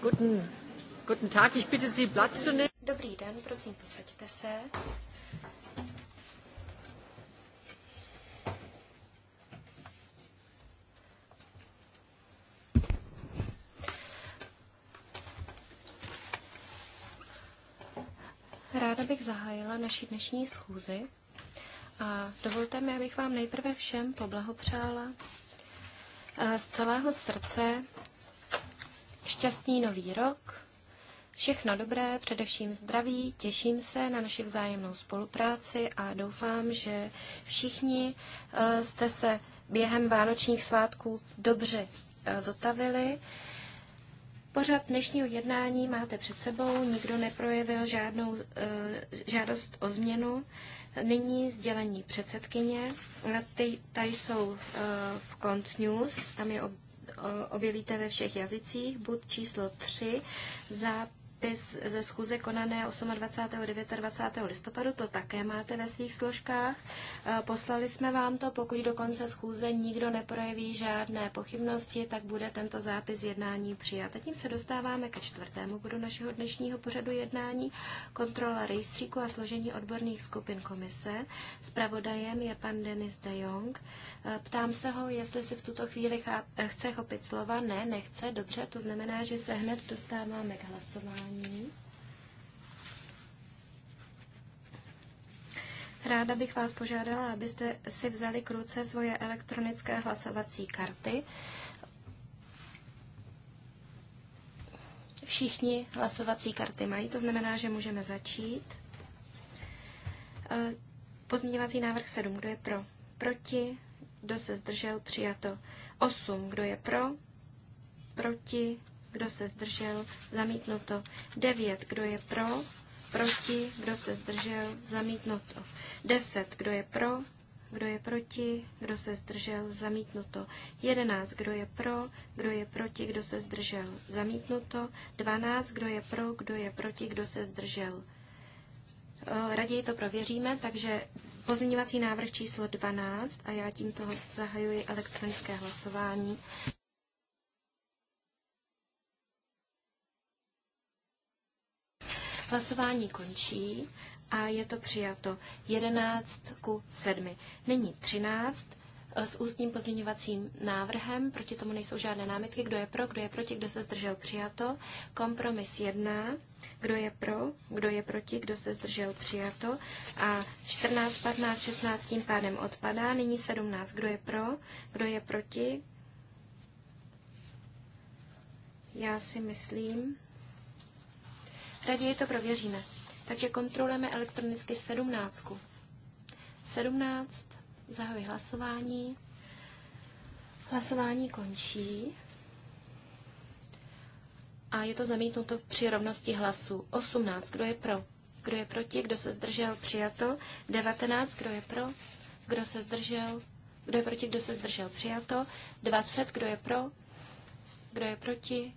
Guten, guten Tag, ich bitte Sie, Platz zu nehmen. Dobrý den, prosím, posaďte se. Ráda bych zahájila naši dnešní schůzi a dovolte mi, abych vám nejprve všem poblahopřála eh, z celého srdce šťastný nový rok, všechno dobré, především zdraví, těším se na naši vzájemnou spolupráci a doufám, že všichni eh, jste se během vánočních svátků dobře eh, zotavili. Pořad dnešního jednání máte před sebou, nikdo neprojevil žádnou eh, žádost o změnu. Nyní sdělení předsedkyně, ta jsou v Cont News, tam je objevíte ve všech jazycích. bud číslo 3, zápis ze schůze konané 28. 29. listopadu, to také máte ve svých složkách. E, poslali jsme vám to, pokud do konce schůze nikdo neprojeví žádné pochybnosti, tak bude tento zápis jednání přijat. A tím se dostáváme ke čtvrtému bodu našeho dnešního pořadu jednání, kontrola rejstříku a složení odborných skupin komise. Spravodajem je pan Denis de Jong. Ptám se ho, jestli si v tuto chvíli chce chopit slova. Ne, nechce. Dobře, to znamená, že se hned dostáváme k hlasování. Ráda bych vás požádala, abyste si vzali k ruce svoje elektronické hlasovací karty. Všichni hlasovací karty mají, to znamená, že můžeme začít. Eh, pozměňovací návrh 7. Kdo je pro? Proti? kdo se zdržel, přijato. 8, kdo je pro, proti, kdo se zdržel, zamítnuto. 9, kdo je pro, proti, kdo se zdržel, zamítnuto. 10, kdo je pro, kdo je proti, kdo se zdržel, zamítnuto. 11, kdo je pro, kdo je proti, kdo se zdržel, zamítnuto. 12, kdo je pro, kdo je proti, kdo se zdržel. Eh, raději to prověříme, takže Pozměňovací návrh číslo 12 a já tímto zahajuji elektronické hlasování. Hlasování končí a je to přijato 11 ku 7. Není 13 s ústním pozměňovacím návrhem. Proti tomu nejsou žádné námitky. Kdo je pro, kdo je proti, kdo se zdržel přijato. Kompromis 1. Kdo je pro, kdo je proti, kdo se zdržel přijato. A 14, 15, 16 tím pádem odpadá. Nyní 17. Kdo je pro, kdo je proti. Já si myslím. Raději to prověříme. Takže kontrolujeme elektronicky 17. 17. Zahajuji hlasování. Hlasování končí. A je to zamítnuto při rovnosti hlasů. 18. Kdo je pro? Kdo je proti? Kdo se zdržel? Přijato. 19. Kdo je pro? Kdo se zdržel? Kdo je proti? Kdo se zdržel? Přijato. 20. Kdo je pro? Kdo je proti?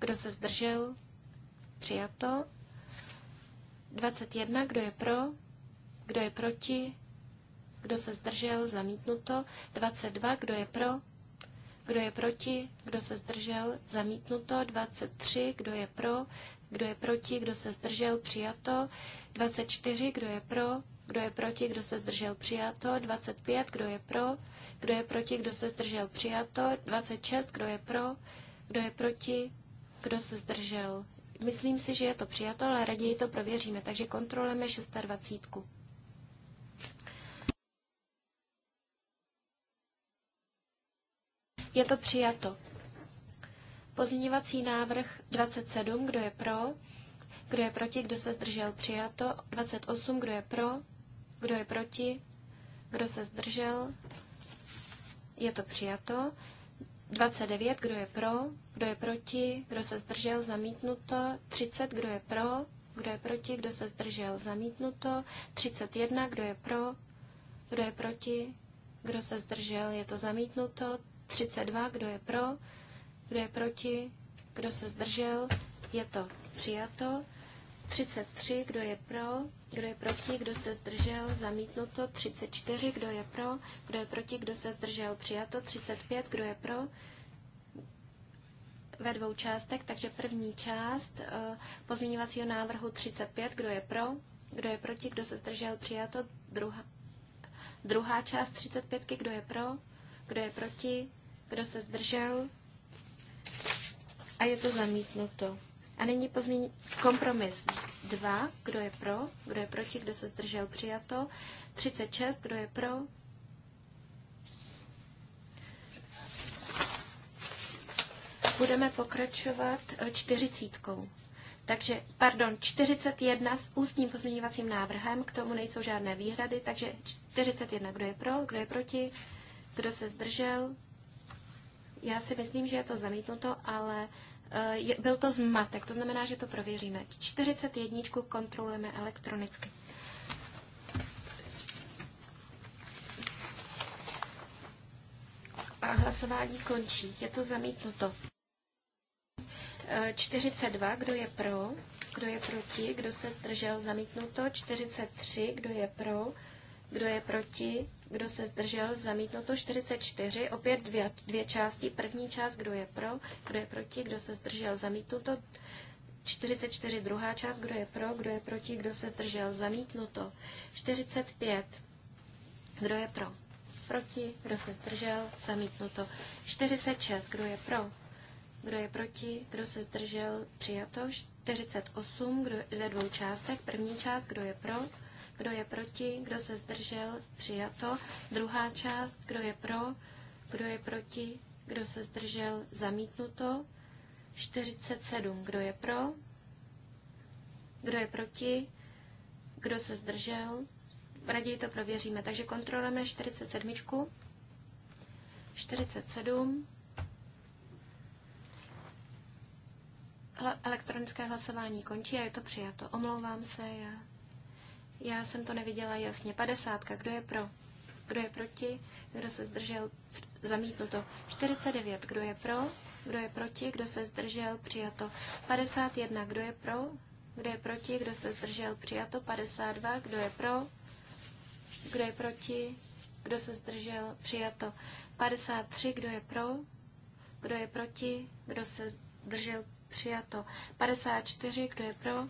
Kdo se zdržel? Přijato. 21. Kdo je pro? Kdo je proti? kdo se zdržel, zamítnuto. 22, kdo je pro, kdo je proti, kdo se zdržel, zamítnuto. 23, kdo je pro, kdo je proti, kdo se zdržel, přijato. 24, kdo je pro, kdo je proti, kdo se zdržel, přijato. 25, kdo je pro, kdo je proti, kdo se zdržel, přijato. 26, kdo je pro, kdo je proti, kdo se zdržel. Myslím si, že je to přijato, ale raději to prověříme, takže kontrolujeme 26. Je to přijato. Pozměňovací návrh 27, kdo je pro, kdo je proti, kdo se zdržel, přijato. 28, kdo je pro, kdo je proti, kdo se zdržel, je to přijato. 29, kdo je pro, kdo je proti, kdo se zdržel, zamítnuto. 30, kdo je pro, kdo je proti, kdo se zdržel, zamítnuto. 31, kdo je pro, kdo je proti, kdo se zdržel, je to zamítnuto. 32, kdo je pro, kdo je proti, kdo se zdržel, je to přijato. 33, kdo je pro, kdo je proti, kdo se zdržel, zamítnuto. 34, kdo je pro, kdo je proti, kdo se zdržel, přijato. 35, kdo je pro, ve dvou částech, takže první část pozměňovacího návrhu 35, kdo je pro, kdo je proti, kdo se zdržel, přijato. Druhá, druhá část 35, kdo je pro, kdo je proti, kdo se zdržel a je to zamítnuto. A nyní pozměň... kompromis 2, kdo je pro, kdo je proti, kdo se zdržel, přijato. 36, kdo je pro, budeme pokračovat eh, čtyřicítkou. Takže, pardon, 41 s ústním pozměňovacím návrhem, k tomu nejsou žádné výhrady, takže 41, kdo je pro, kdo je proti, kdo se zdržel, já si myslím, že je to zamítnuto, ale eh, je, byl to zmatek, to znamená, že to prověříme. 41 kontrolujeme elektronicky. A hlasování končí. Je to zamítnuto. 42, eh, kdo je pro, kdo je proti, kdo se zdržel, zamítnuto. 43, kdo je pro, kdo je proti, kdo se zdržel, zamítnuto 44, opět dvě, dvě části, první část, kdo je pro, kdo je proti, kdo se zdržel, zamítnuto 44, druhá část, kdo je pro, kdo je proti, kdo se zdržel, zamítnuto 45, kdo je pro, proti, kdo se zdržel, zamítnuto 46, kdo je pro, kdo je proti, kdo se zdržel, přijato 48, kdo je ve dvou částech, první část, kdo je pro, kdo je proti, kdo se zdržel, přijato. Druhá část, kdo je pro, kdo je proti, kdo se zdržel, zamítnuto. 47, kdo je pro, kdo je proti, kdo se zdržel, raději to prověříme. Takže kontrolujeme 47. 47. Elektronické hlasování končí a je to přijato. Omlouvám se, já já jsem to neviděla jasně. 50. Kdo je pro? Kdo je proti? Kdo se zdržel? Zamítnuto. 49. Kdo je pro? Kdo je proti? Kdo se zdržel? Přijato. 51. Kdo je pro? Kdo je proti? Kdo se zdržel? Přijato. 52. Kdo je pro? Kdo je proti? Kdo se zdržel? Přijato. 53. Kdo je pro? Kdo je proti? Kdo se zdržel? Přijato. 54. Kdo je pro?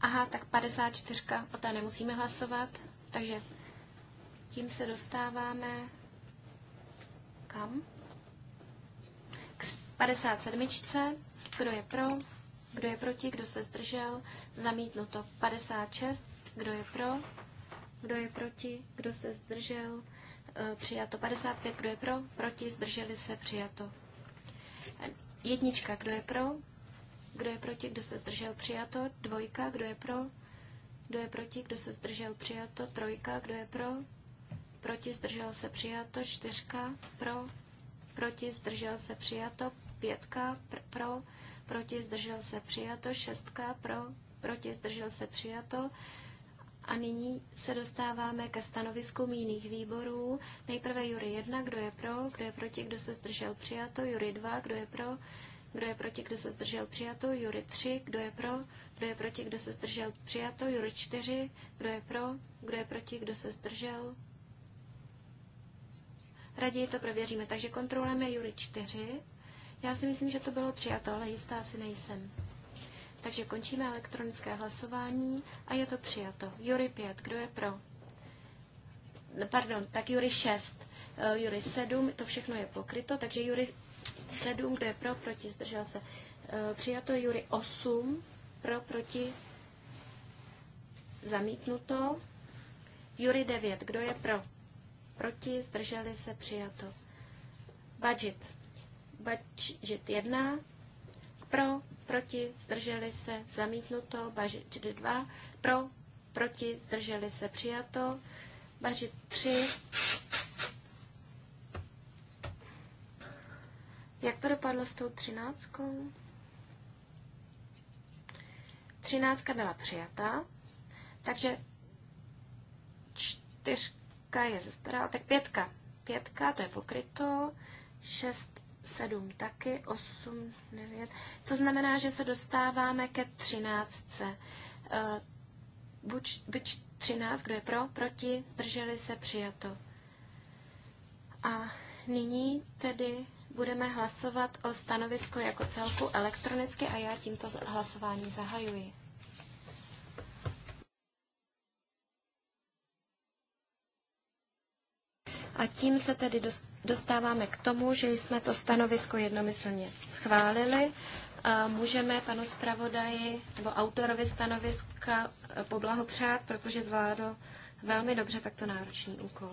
Aha, tak 54, o té nemusíme hlasovat, takže tím se dostáváme kam? K 57. Kdo je pro? Kdo je proti? Kdo se zdržel? Zamítnuto. 56. Kdo je pro? Kdo je proti? Kdo se zdržel? E, přijato. 55. Kdo je pro? Proti? Zdrželi se? Přijato. Jednička. Kdo je pro? kdo je proti, kdo se zdržel přijato, dvojka, kdo je pro, kdo je proti, kdo se zdržel přijato, trojka, kdo je pro, proti, zdržel se přijato, čtyřka, pro, proti, zdržel se přijato, pětka, pr- pro, proti, zdržel se přijato, šestka, pro, proti, zdržel se přijato, a nyní se dostáváme ke stanoviskům jiných výborů. Nejprve Jury 1, kdo je pro, kdo je proti, kdo se zdržel přijato, Jury 2, kdo je pro, kdo je proti, kdo se zdržel přijato, Jury 3, kdo je pro, kdo je proti, kdo se zdržel přijato, Jury 4, kdo je pro, kdo je proti, kdo se zdržel. Raději to prověříme, takže kontrolujeme Jury 4. Já si myslím, že to bylo přijato, ale jistá si nejsem. Takže končíme elektronické hlasování a je to přijato. Jury 5, kdo je pro? Pardon, tak Jury 6, eh, Jury 7, to všechno je pokryto, takže Jury 7, kdo je pro, proti, zdržel se. E, přijato Jury 8, pro, proti, zamítnuto. Jury 9, kdo je pro, proti, zdrželi se, přijato. Budget, budget 1, pro, proti, zdrželi se, zamítnuto. Budget 2, pro, proti, zdrželi se, přijato. Budget 3, Jak to dopadlo s tou třináctkou? Třináctka byla přijatá, takže čtyřka je zastará, tak pětka. Pětka, to je pokryto, šest, sedm taky, osm, devět. To znamená, že se dostáváme ke třináctce. Eh, buď, buď třináct, kdo je pro, proti, zdrželi se, přijato. A nyní tedy budeme hlasovat o stanovisku jako celku elektronicky a já tímto hlasování zahajuji. A tím se tedy dostáváme k tomu, že jsme to stanovisko jednomyslně schválili. Můžeme panu zpravodaji nebo autorovi stanoviska eh, poblahopřát, protože zvládl velmi dobře takto náročný úkol.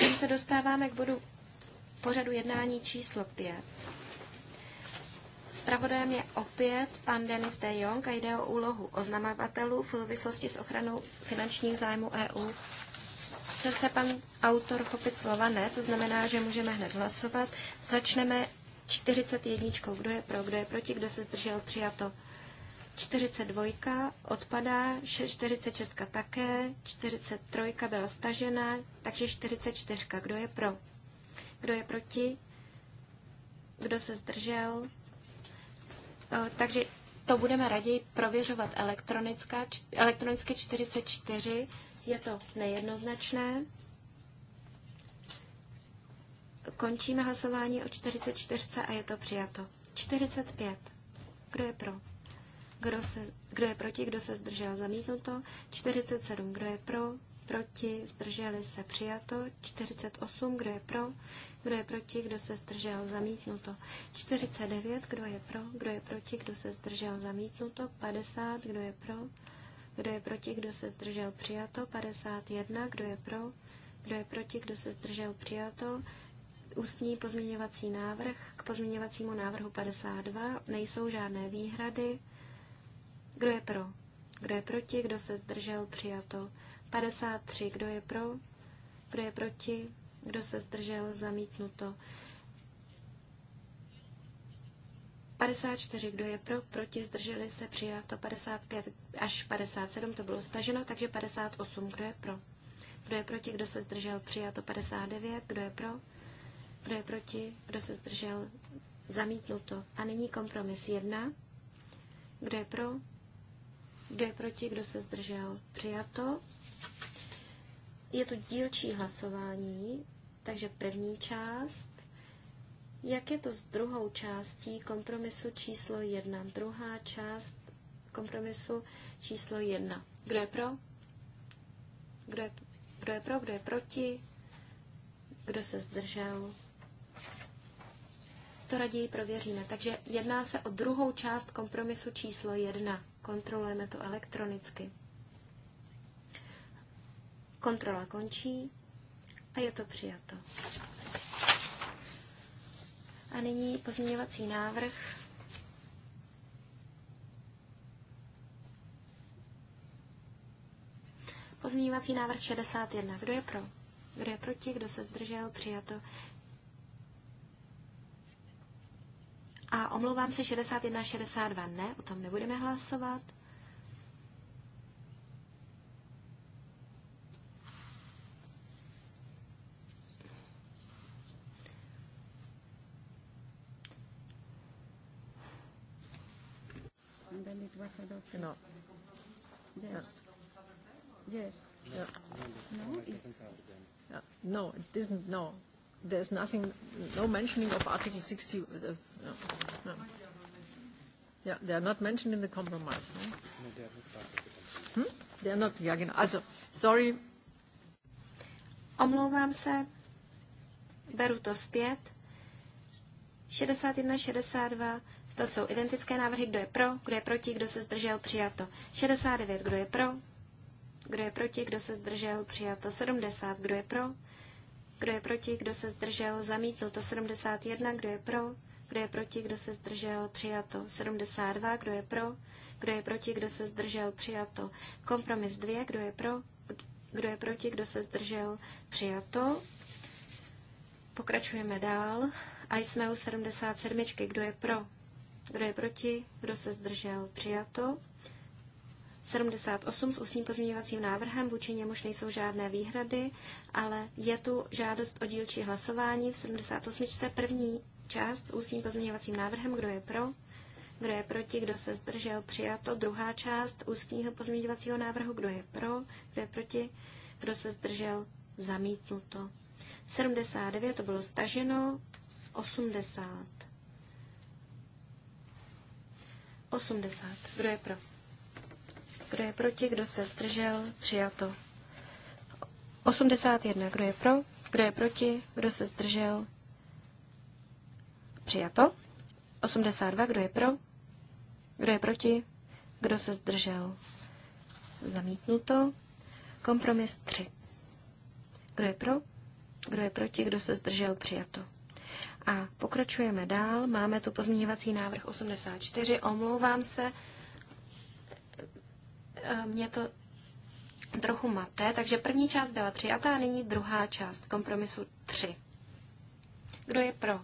Tím se dostáváme k bodu pořadu jednání číslo 5. Spravodajem je opět pan Denis de Jong a jde o úlohu oznamovatelů v souvislosti s ochranou finančních zájmů EU. Chce se pan autor chopit slova? Ne, to znamená, že můžeme hned hlasovat. Začneme 41. Kdo je pro, kdo je proti, kdo se zdržel, přijato. 42 odpadá, 46 také, 43 byla stažena, takže 44. Kdo je pro? Kdo je proti? Kdo se zdržel? Takže to budeme raději prověřovat elektronická elektronicky 44. Je to nejednoznačné. Končíme hlasování o 44 a je to přijato. 45. Kdo je pro? kdo, se, kdo je proti, kdo se zdržel, zamítnuto, 47, kdo je pro, proti, zdrželi se, přijato, 48, kdo je pro, kdo je proti, kdo se zdržel, zamítnuto, 49, kdo je pro, kdo je proti, kdo se zdržel, zamítnuto, 50, kdo je pro, kdo je proti, kdo se zdržel, přijato, 51, kdo je pro, kdo je proti, kdo se zdržel, přijato, ústní pozměňovací návrh k pozměňovacímu návrhu 52. Nejsou žádné výhrady. Kdo je pro? Kdo je proti? Kdo se zdržel? Přijato. 53. Kdo je pro? Kdo je proti? Kdo se zdržel? Zamítnuto. 54, kdo je pro, proti, zdrželi se, přijato 55 až 57, to bylo staženo, takže 58, kdo je pro. Kdo je proti, kdo se zdržel, přijato 59, kdo je pro, kdo je proti, kdo se zdržel, zamítnuto. A nyní kompromis 1, kdo je pro, kdo je proti, kdo se zdržel? Přijato. Je tu dílčí hlasování, takže první část. Jak je to s druhou částí kompromisu číslo jedna? Druhá část kompromisu číslo jedna. Kdo je pro? Kdo je, kdo je pro, kdo je proti? Kdo se zdržel? to raději prověříme. Takže jedná se o druhou část kompromisu číslo jedna. Kontrolujeme to elektronicky. Kontrola končí a je to přijato. A nyní pozměňovací návrh. Pozměňovací návrh 61. Kdo je pro? Kdo je proti? Kdo se zdržel? Přijato. A omlouvám se 61 62 ne, o tom nebudeme hlasovat. then it was adopted. No. Yes. Yes. No. No, it, no, it isn't. No there's nothing, no mentioning of Article 60. Uh, no, no. Yeah, they are not mentioned in the compromise. No? Hmm? They are not, ja genau. Also, sorry. Omlouvám se, beru to zpět. 61, 62, to jsou identické návrhy, kdo je pro, kdo je proti, kdo se zdržel, přijato. 69, kdo je pro, kdo je proti, kdo se zdržel, přijato. 70, kdo je pro, kdo je proti? Kdo se zdržel? to 71. Kdo je pro? Kdo je proti? Kdo se zdržel? Přijato. 72. Kdo je pro? Kdo je proti? Kdo se zdržel? Přijato. Kompromis 2. Kdo je pro? Kdo je proti? Kdo se zdržel? Přijato. Pokračujeme dál. A jsme u 77. Kdo je pro? Kdo je proti? Kdo se zdržel? Přijato. 78 s ústním pozměňovacím návrhem, vůči němuž nejsou žádné výhrady, ale je tu žádost o dílčí hlasování v 78. první část s ústním pozměňovacím návrhem, kdo je pro, kdo je proti, kdo se zdržel, přijato. Druhá část ústního pozměňovacího návrhu, kdo je pro, kdo je proti, kdo se zdržel, zamítnuto. 79 to bylo staženo, 80. 80. Kdo je pro? kdo je proti, kdo se zdržel, přijato. 81, kdo je pro, kdo je proti, kdo se zdržel, přijato. 82, kdo je pro, kdo je proti, kdo se zdržel, zamítnuto. Kompromis 3. Kdo je pro, kdo je proti, kdo se zdržel, přijato. A pokračujeme dál. Máme tu pozměňovací návrh 84. Omlouvám se, Eh, mě to trochu maté, takže první část byla přijatá a nyní druhá část kompromisu 3. Kdo je pro?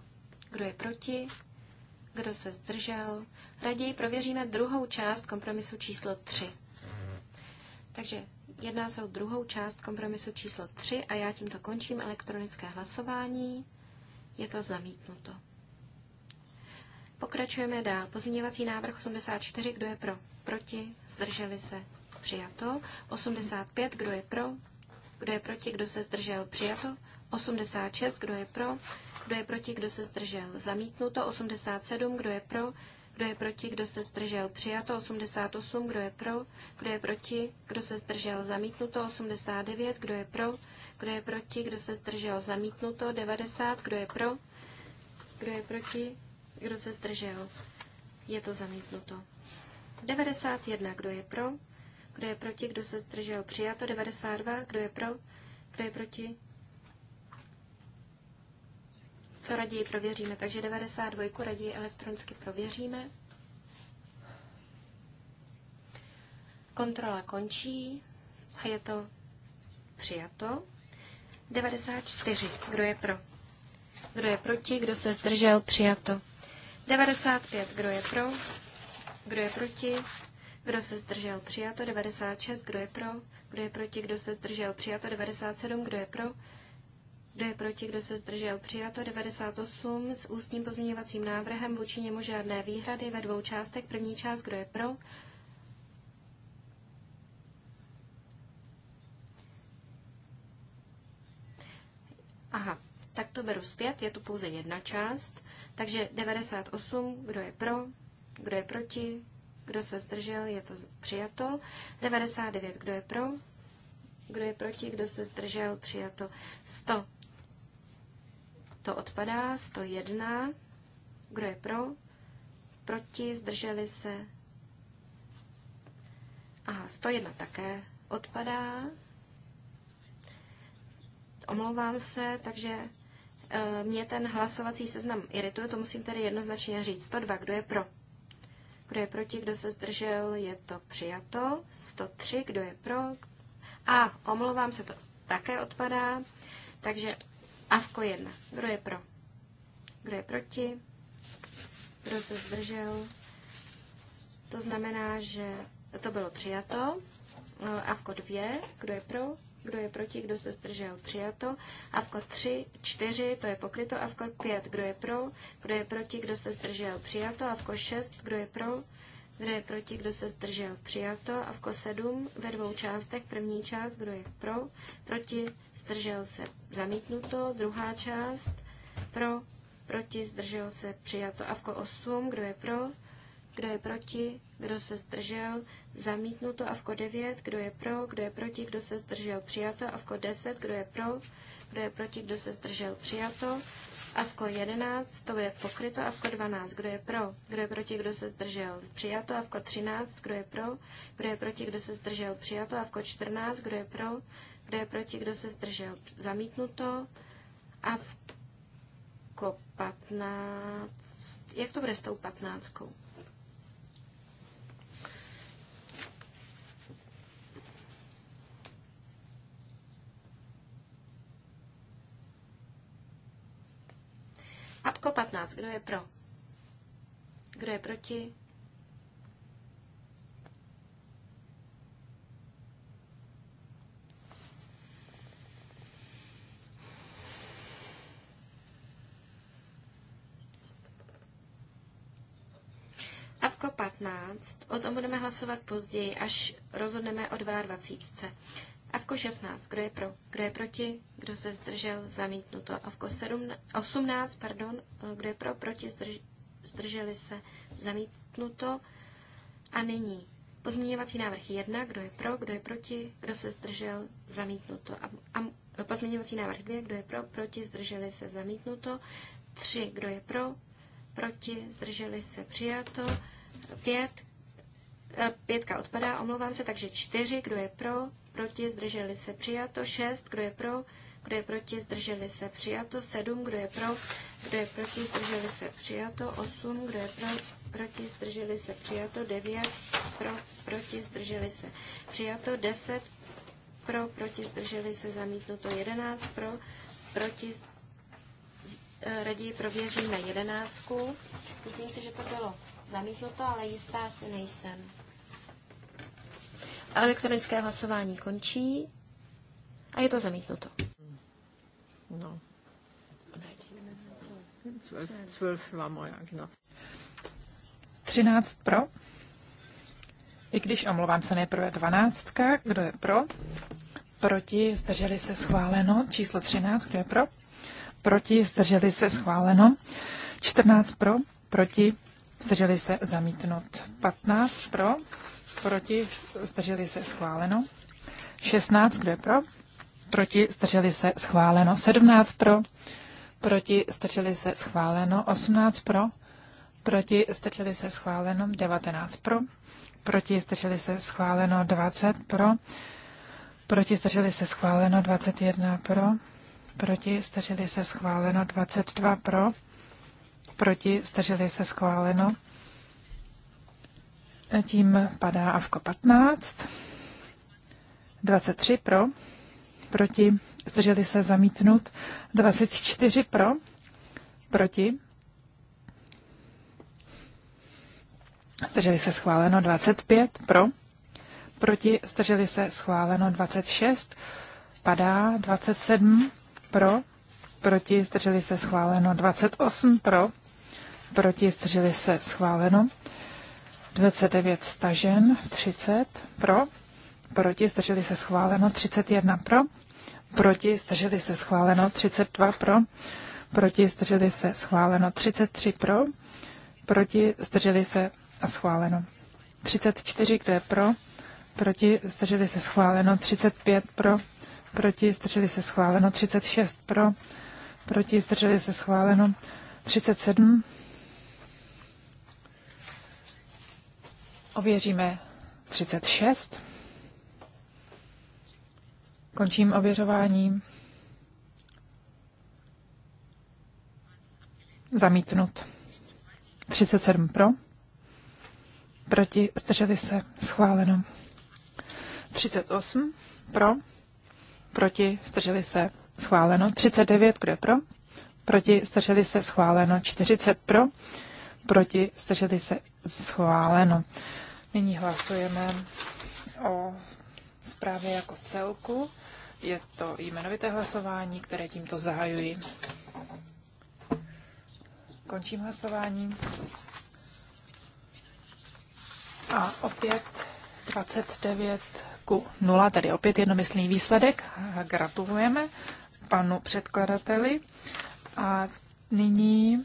Kdo je proti? Kdo se zdržel? Raději prověříme druhou část kompromisu číslo 3. Takže jedná se o druhou část kompromisu číslo 3 a já tímto končím elektronické hlasování. Je to zamítnuto. Pokračujeme dál. Pozměňovací návrh 84, kdo je pro? Proti? Zdrželi se? Přijato. 85, kdo je pro? Kdo je proti? Kdo se zdržel? Přijato. 86, kdo je pro? Kdo je proti? Kdo se zdržel? Zamítnuto. 87, kdo je pro? Kdo je proti? Kdo se zdržel? Přijato. 88, kdo je pro? Kdo je proti? Kdo se zdržel? Zamítnuto. 89, kdo je pro? Kdo je proti? Kdo se zdržel? Zamítnuto. 90, kdo je pro? Kdo je proti? Kdo se zdržel? Je to zamítnuto. 91. Kdo je pro? Kdo je proti? Kdo se zdržel? Přijato. 92. Kdo je pro? Kdo je proti? To raději prověříme. Takže 92 raději elektronicky prověříme. Kontrola končí a je to přijato. 94. Kdo je pro? Kdo je proti? Kdo se zdržel? Přijato. 95. Kdo je pro? Kdo je proti? Kdo se zdržel? Přijato. 96. Kdo je pro? Kdo je proti? Kdo se zdržel? Přijato. 97. Kdo je pro? Kdo je proti? Kdo se zdržel? Přijato. 98. S ústním pozměňovacím návrhem vůči němu žádné výhrady ve dvou částech. První část. Kdo je pro? Aha, tak to beru zpět, je tu pouze jedna část. Takže 98, kdo je pro, kdo je proti, kdo se zdržel, je to přijato. 99, kdo je pro, kdo je proti, kdo se zdržel, přijato. 100, to odpadá. 101, kdo je pro, proti, zdrželi se. A 101 také odpadá. Omlouvám se, takže Eh, mě ten hlasovací seznam irituje, to musím tedy jednoznačně říct. 102, kdo je pro? Kdo je proti, kdo se zdržel, je to přijato. 103, kdo je pro? A, omlouvám se, to také odpadá. Takže avko 1, kdo je pro? Kdo je proti? Kdo se zdržel? To znamená, že to bylo přijato. Eh, avko 2, kdo je pro? kdo je proti, kdo se zdržel, přijato. A v kod 3, 4, to je pokryto. A v kod 5, kdo je pro, kdo je proti, kdo se zdržel, přijato. A v kod 6, kdo je pro, kdo je proti, kdo se zdržel, přijato. A v kod 7, ve dvou částech. První část, kdo je pro, proti, zdržel se, zamítnuto. Druhá část, pro, proti, zdržel se, přijato. A v kod 8, kdo je pro, kdo je proti, kdo se zdržel, zamítnuto. a v kod 9, kdo je pro, kdo je proti, kdo se zdržel, přijato. a v kod 10, kdo je pro, kdo je proti, kdo se zdržel, přijato. a v kod 11, to je pokryto. a v kod 12, kdo je pro, kdo je proti, kdo se zdržel, přijato. a v kod 13, kdo je pro, kdo je proti, kdo se zdržel, přijato. a v kod 14, kdo je pro, kdo je proti, kdo se zdržel, zamítnuto. a v kod 15, jak to bude s tou 15? APKO 15. Kdo je pro? Kdo je proti? AVKO 15. O tom budeme hlasovat později, až rozhodneme o 22. Avko 16, kdo je pro, kdo je proti, kdo se zdržel, zamítnuto. Avko 17, 18, pardon, eh, kdo je pro, proti, zdrž, zdrželi se, zamítnuto. A nyní pozměňovací návrh 1, kdo je pro, kdo je proti, kdo se zdržel, zamítnuto. A, a pozměňovací návrh 2, kdo je pro, proti, zdrželi se, zamítnuto. 3, kdo je pro, proti, zdrželi se, přijato. 5, pět, eh, pětka odpadá, omlouvám se, takže 4, kdo je pro, proti, zdrželi se přijato, 6, kdo je pro, kdo je proti, zdrželi se přijato, 7, kdo je pro, kdo je proti, zdrželi se přijato, 8, kdo je pro, proti, zdrželi se přijato, 9, pro, proti, zdrželi se přijato, 10, pro, proti, zdrželi se zamítnuto, 11, pro, proti, e, raději prověříme jedenáctku. Myslím si, že to bylo zamítnuto, ale jistá si nejsem. Elektronické hlasování končí a je to zamítnuto. No. 12 vám, 13 pro. I když omlouvám se nejprve 12, kdo je pro? Proti, zdrželi se schváleno. Číslo 13, kdo je pro? Proti, zdrželi se schváleno. 14 pro, proti, zdrželi se zamítnut. 15 pro, proti, zdrželi se schváleno. 16, kdo je pro, proti, zdrželi se schváleno. 17 pro, proti, zdrželi se schváleno. 18 pro, proti, zdrželi se schváleno. 19 pro, proti, zdrželi se schváleno. 20 pro, proti, zdrželi se schváleno. 21 pro, proti, zdrželi se schváleno. 22 pro, proti, zdrželi se schváleno. Tím padá Avko 15. 23 pro, proti, zdrželi se zamítnut. 24 pro, proti, zdrželi se schváleno 25 pro, proti, zdrželi se schváleno 26, padá 27 pro, proti, zdrželi se schváleno 28 pro, proti, zdrželi se schváleno 29 stažen, 30 pro, proti, zdrželi se schváleno, 31 pro, proti, zdrželi se schváleno, 32 pro, proti, zdrželi se schváleno, 33 pro, proti, zdrželi se a schváleno. 34, kdo je pro, proti, zdrželi se schváleno, 35 pro, proti, zdrželi se schváleno, 36 pro, proti, zdrželi se schváleno, 37 Ověříme 36. Končím ověřováním. Zamítnut. 37 pro. Proti zdrželi se. Schváleno. 38 pro. Proti zdrželi se. Schváleno. 39 kdo je pro. Proti zdrželi se. Schváleno. 40 pro. Proti zdrželi se. Schváleno. Nyní hlasujeme o zprávě jako celku. Je to jmenovité hlasování, které tímto zahajuji. Končím hlasování. A opět 29 ku 0, tedy opět jednomyslný výsledek. Gratulujeme panu předkladateli. A nyní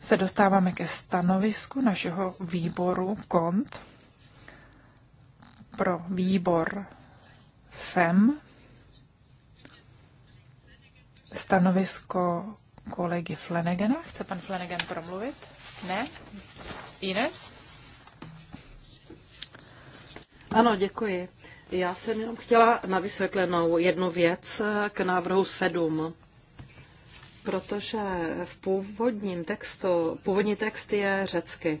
se dostáváme ke stanovisku našeho výboru KONT pro výbor FEM stanovisko kolegy Flanagana. Chce pan Flanagan promluvit? Ne? Ines? Ano, děkuji. Já jsem jenom chtěla na vysvětlenou jednu věc k návrhu 7 protože v původním textu, původní text je řecky.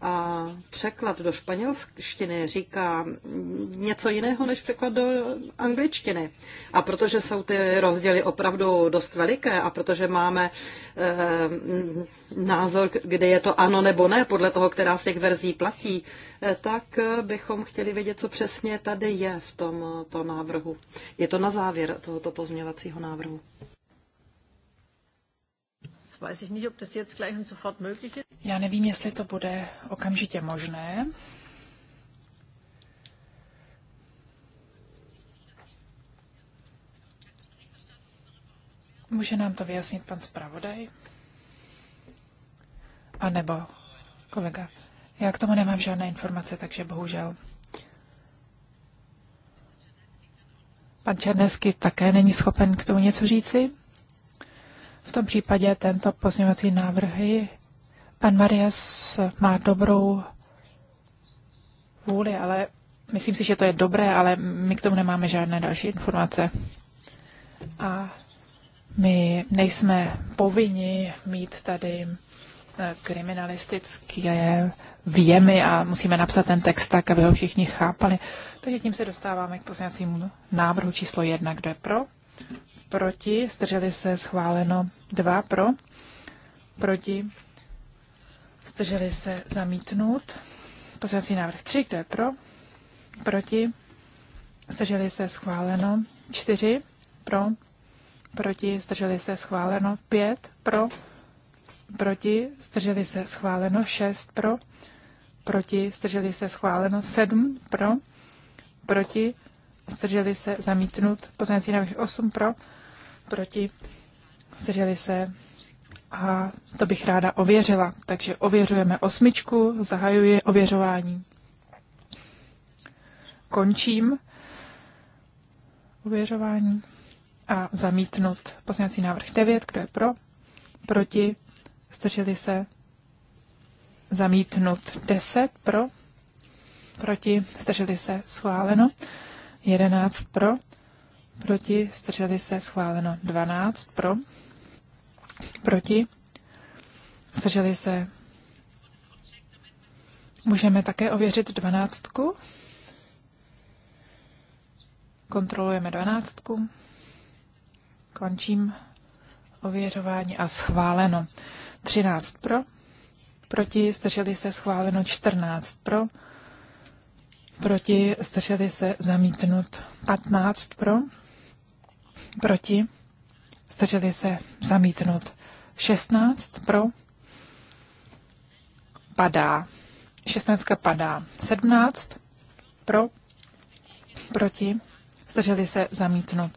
A překlad do španělštiny říká něco jiného než překlad do angličtiny. A protože jsou ty rozdíly opravdu dost veliké a protože máme e, názor, kde je to ano nebo ne, podle toho, která z těch verzí platí, eh, tak eh, bychom chtěli vědět, co přesně tady je v tomto návrhu. Je to na závěr tohoto pozměvacího návrhu. Já nevím, jestli to bude okamžitě možné. Může nám to vyjasnit pan zpravodaj? A nebo kolega? Já k tomu nemám žádné informace, takže bohužel. Pan Černesky také není schopen k tomu něco říci? V tom případě tento pozměňovací návrhy pan Marias má dobrou vůli, ale myslím si, že to je dobré, ale my k tomu nemáme žádné další informace. A my nejsme povinni mít tady eh, kriminalistické věmy a musíme napsat ten text tak, aby ho všichni chápali. Takže tím se dostáváme k pozněcímu návrhu číslo jedna. Kdo je pro? proti, zdrželi se schváleno 2 pro, proti, zdrželi se zamítnout. Pozvací návrh 3, kdo je pro, proti, zdrželi se schváleno 4 pro, proti, zdrželi se schváleno 5 pro, proti, zdrželi se schváleno 6 pro, proti, zdrželi se schváleno 7 pro, proti, zdrželi se zamítnut, pozvací návrh 8 pro, proti, zdrželi se a to bych ráda ověřila. Takže ověřujeme osmičku, zahajuji ověřování. Končím ověřování a zamítnut poslanecí návrh 9, kdo je pro, proti, zdrželi se, zamítnut 10 pro, proti, zdrželi se, schváleno, 11 pro, proti, zdrželi se, schváleno 12 pro, proti, zdrželi se. Můžeme také ověřit dvanáctku. Kontrolujeme dvanáctku. Končím ověřování a schváleno. 13 pro, proti, zdrželi se, schváleno 14 pro, proti, zdrželi se, zamítnut 15 pro, proti, stačili se zamítnout. 16 pro, padá. 16 padá. 17 pro, proti, stačili se zamítnout.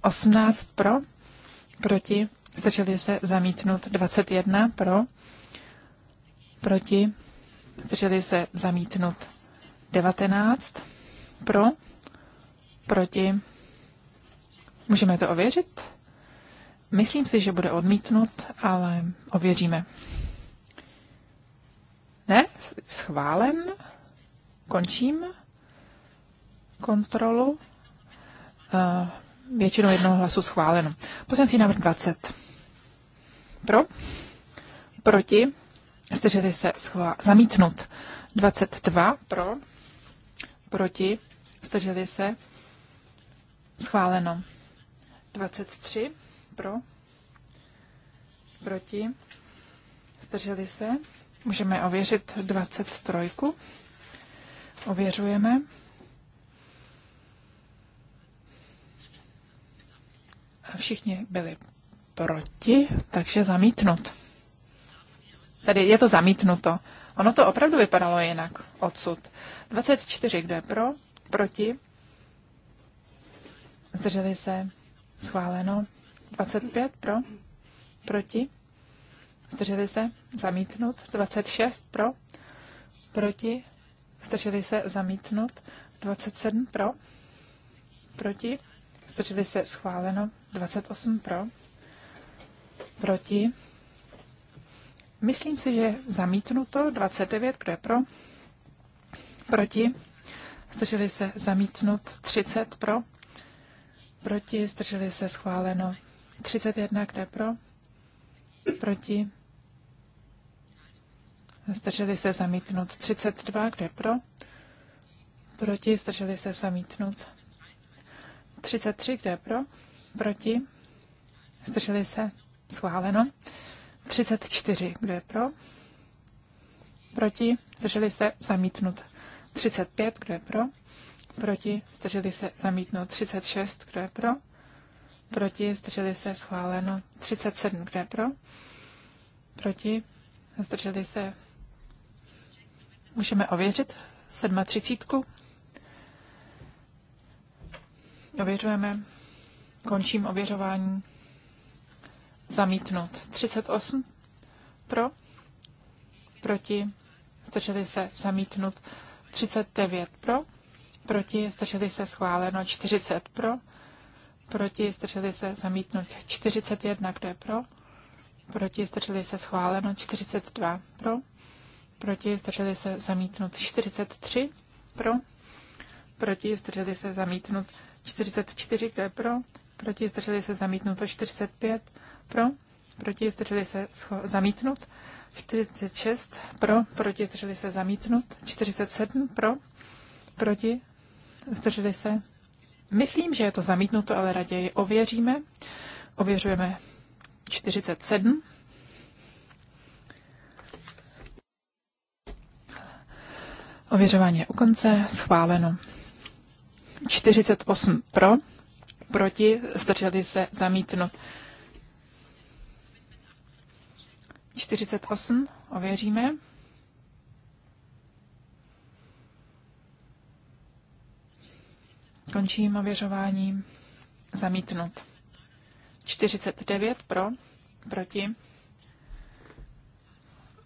18 pro, proti, stačili se zamítnout. 21 pro, proti, stačili se zamítnout. 19 pro, proti, Můžeme to ověřit? Myslím si, že bude odmítnut, ale ověříme. Ne, schválen. Končím kontrolu. Eh, většinou jednoho hlasu schváleno. Poslanecí návrh 20. Pro? Proti? Zdrželi se schvál... zamítnut. 22 pro, proti, zdrželi se, schváleno. 23 pro, proti, zdrželi se. Můžeme ověřit 23. Ověřujeme. A všichni byli proti, takže zamítnut. Tady je to zamítnuto. Ono to opravdu vypadalo jinak odsud. 24, kdo je pro, proti, zdrželi se, Schváleno. 25 pro. Proti. Zdrželi se. Zamítnut. 26 pro. Proti. Zdrželi se. Zamítnut. 27 pro. Proti. Zdrželi se. Schváleno. 28 pro. Proti. Myslím si, že zamítnuto. 29. Kdo je pro? Proti. Zdrželi se. Zamítnut. 30 pro proti, zdrželi se schváleno. 31, kde pro, proti, zdrželi se zamítnut. 32, kde pro, proti, zdrželi se zamítnut. 33, kde pro, proti, zdrželi se schváleno. 34, kde pro? Proti, zdrželi se, zamítnut. 35, kde pro? proti, zdrželi se zamítnout 36, kdo je pro, proti, zdrželi se schváleno 37, kdo je pro, proti, zdrželi se, můžeme ověřit, 37. Ověřujeme, končím ověřování, zamítnout 38, pro, proti, zdrželi se zamítnout 39 pro, proti, zdrželi se schváleno 40 pro, proti, zdrželi se zamítnut 41, kdo je pro, proti, zdrželi se schváleno 42 pro, proti, zdrželi se zamítnut 43 pro, proti, zdrželi se zamítnut 44, kdo je pro, proti, zdrželi se zamítnuto 45 pro, proti, zdrželi se zamítnut 46 pro, proti, zdrželi se zamítnut 47 pro, proti, zdrželi se. Myslím, že je to zamítnuto, ale raději ověříme. Ověřujeme 47. Ověřování je u konce, schváleno. 48 pro, proti, zdrželi se, zamítnut. 48, ověříme. Končím ověřování. Zamítnut. 49 pro, proti.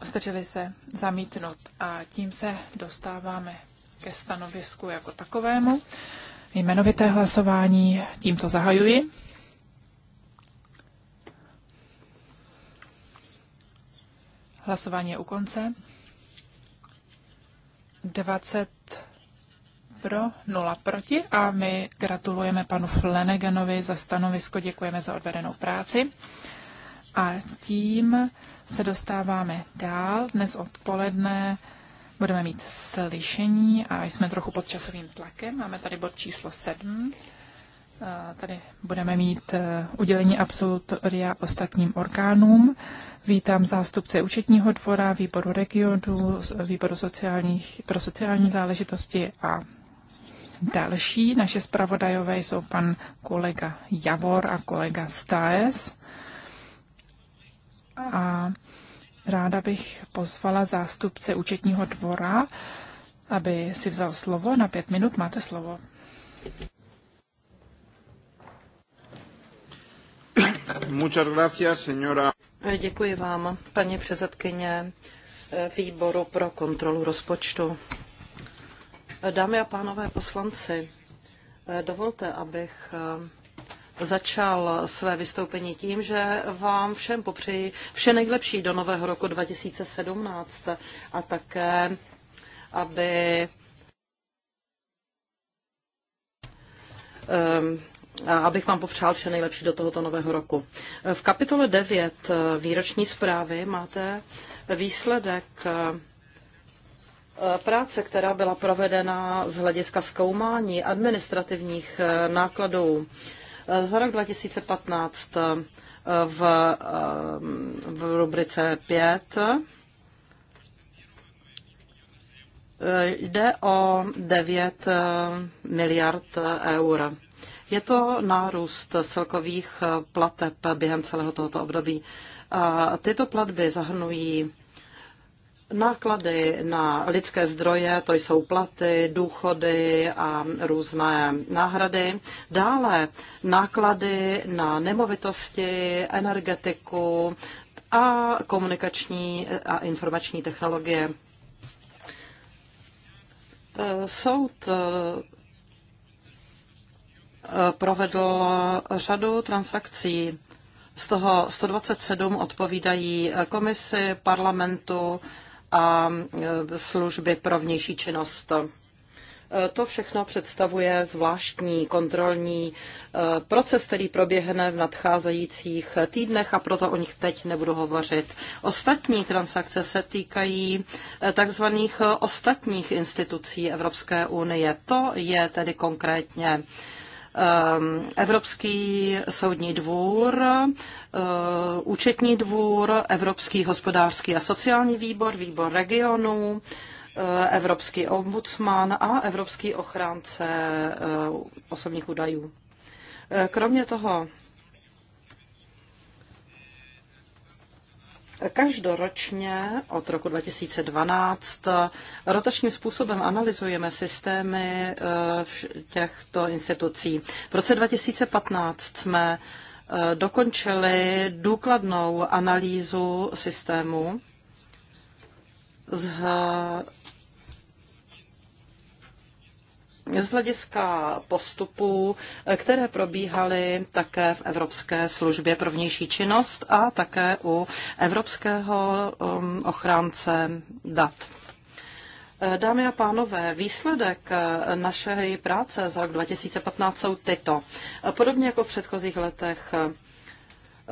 Zdrželi se zamítnut a tím se dostáváme ke stanovisku jako takovému. Jmenovité hlasování tímto zahajuji. Hlasování je u konce. 20 pro, nula proti a my gratulujeme panu Flanaganovi za stanovisko, děkujeme za odvedenou práci. A tím se dostáváme dál. Dnes odpoledne budeme mít slyšení a jsme trochu pod časovým tlakem. Máme tady bod číslo 7. Tady budeme mít e, udělení absolutoria ostatním orgánům. Vítám zástupce účetního dvora, výboru regionu, výboru sociálních, pro sociální záležitosti a Další naše zpravodajové jsou pan kolega Javor a kolega Staes. A ráda bych pozvala zástupce účetního dvora, aby si vzal slovo. Na pět minut máte slovo. Děkuji vám, paní předsedkyně výboru pro kontrolu rozpočtu. Dámy a pánové poslanci, eh, dovolte, abych eh, začal své vystoupení tím, že vám všem popřeji vše nejlepší do nového roku 2017 a také, aby eh, abych vám popřál vše nejlepší do tohoto nového roku. V kapitole 9 výroční zprávy máte výsledek Eh, práce, která byla provedena z hlediska zkoumání administrativních eh, nákladů eh, za rok 2015 v, v rubrice 5 jde o 9 miliard eur. Je to nárůst celkových plateb během celého tohoto období. A tyto platby zahrnují Náklady na lidské zdroje, to jsou platy, důchody a různé náhrady. Dále náklady na nemovitosti, energetiku a komunikační a informační technologie. Soud eh, provedl řadu transakcí. Z toho 127 odpovídají komisi, parlamentu, a e, služby pro vnější činnost. E, to všechno představuje zvláštní kontrolní e, proces, který proběhne v nadcházejících týdnech a proto o nich teď nebudu hovořit. Ostatní transakce se týkají takzvaných ostatních institucí Evropské unie. To je tedy konkrétně Ehm, Evropský soudní dvůr, eh, účetní dvůr, Evropský hospodářský a sociální výbor, výbor regionů, eh, Evropský ombudsman a Evropský ochránce eh, osobních údajů. Kromě toho Každoročně od roku 2012 rotačním způsobem analyzujeme systémy eh, těchto institucí. V roce 2015 jsme eh, dokončili důkladnou analýzu systému z z hlediska postupů, které probíhaly také v Evropské službě pro vnější činnost a také u Evropského um, ochránce dat. Eh, dámy a pánové, výsledek eh, naší práce za rok 2015 jsou tyto. Podobně jako v předchozích letech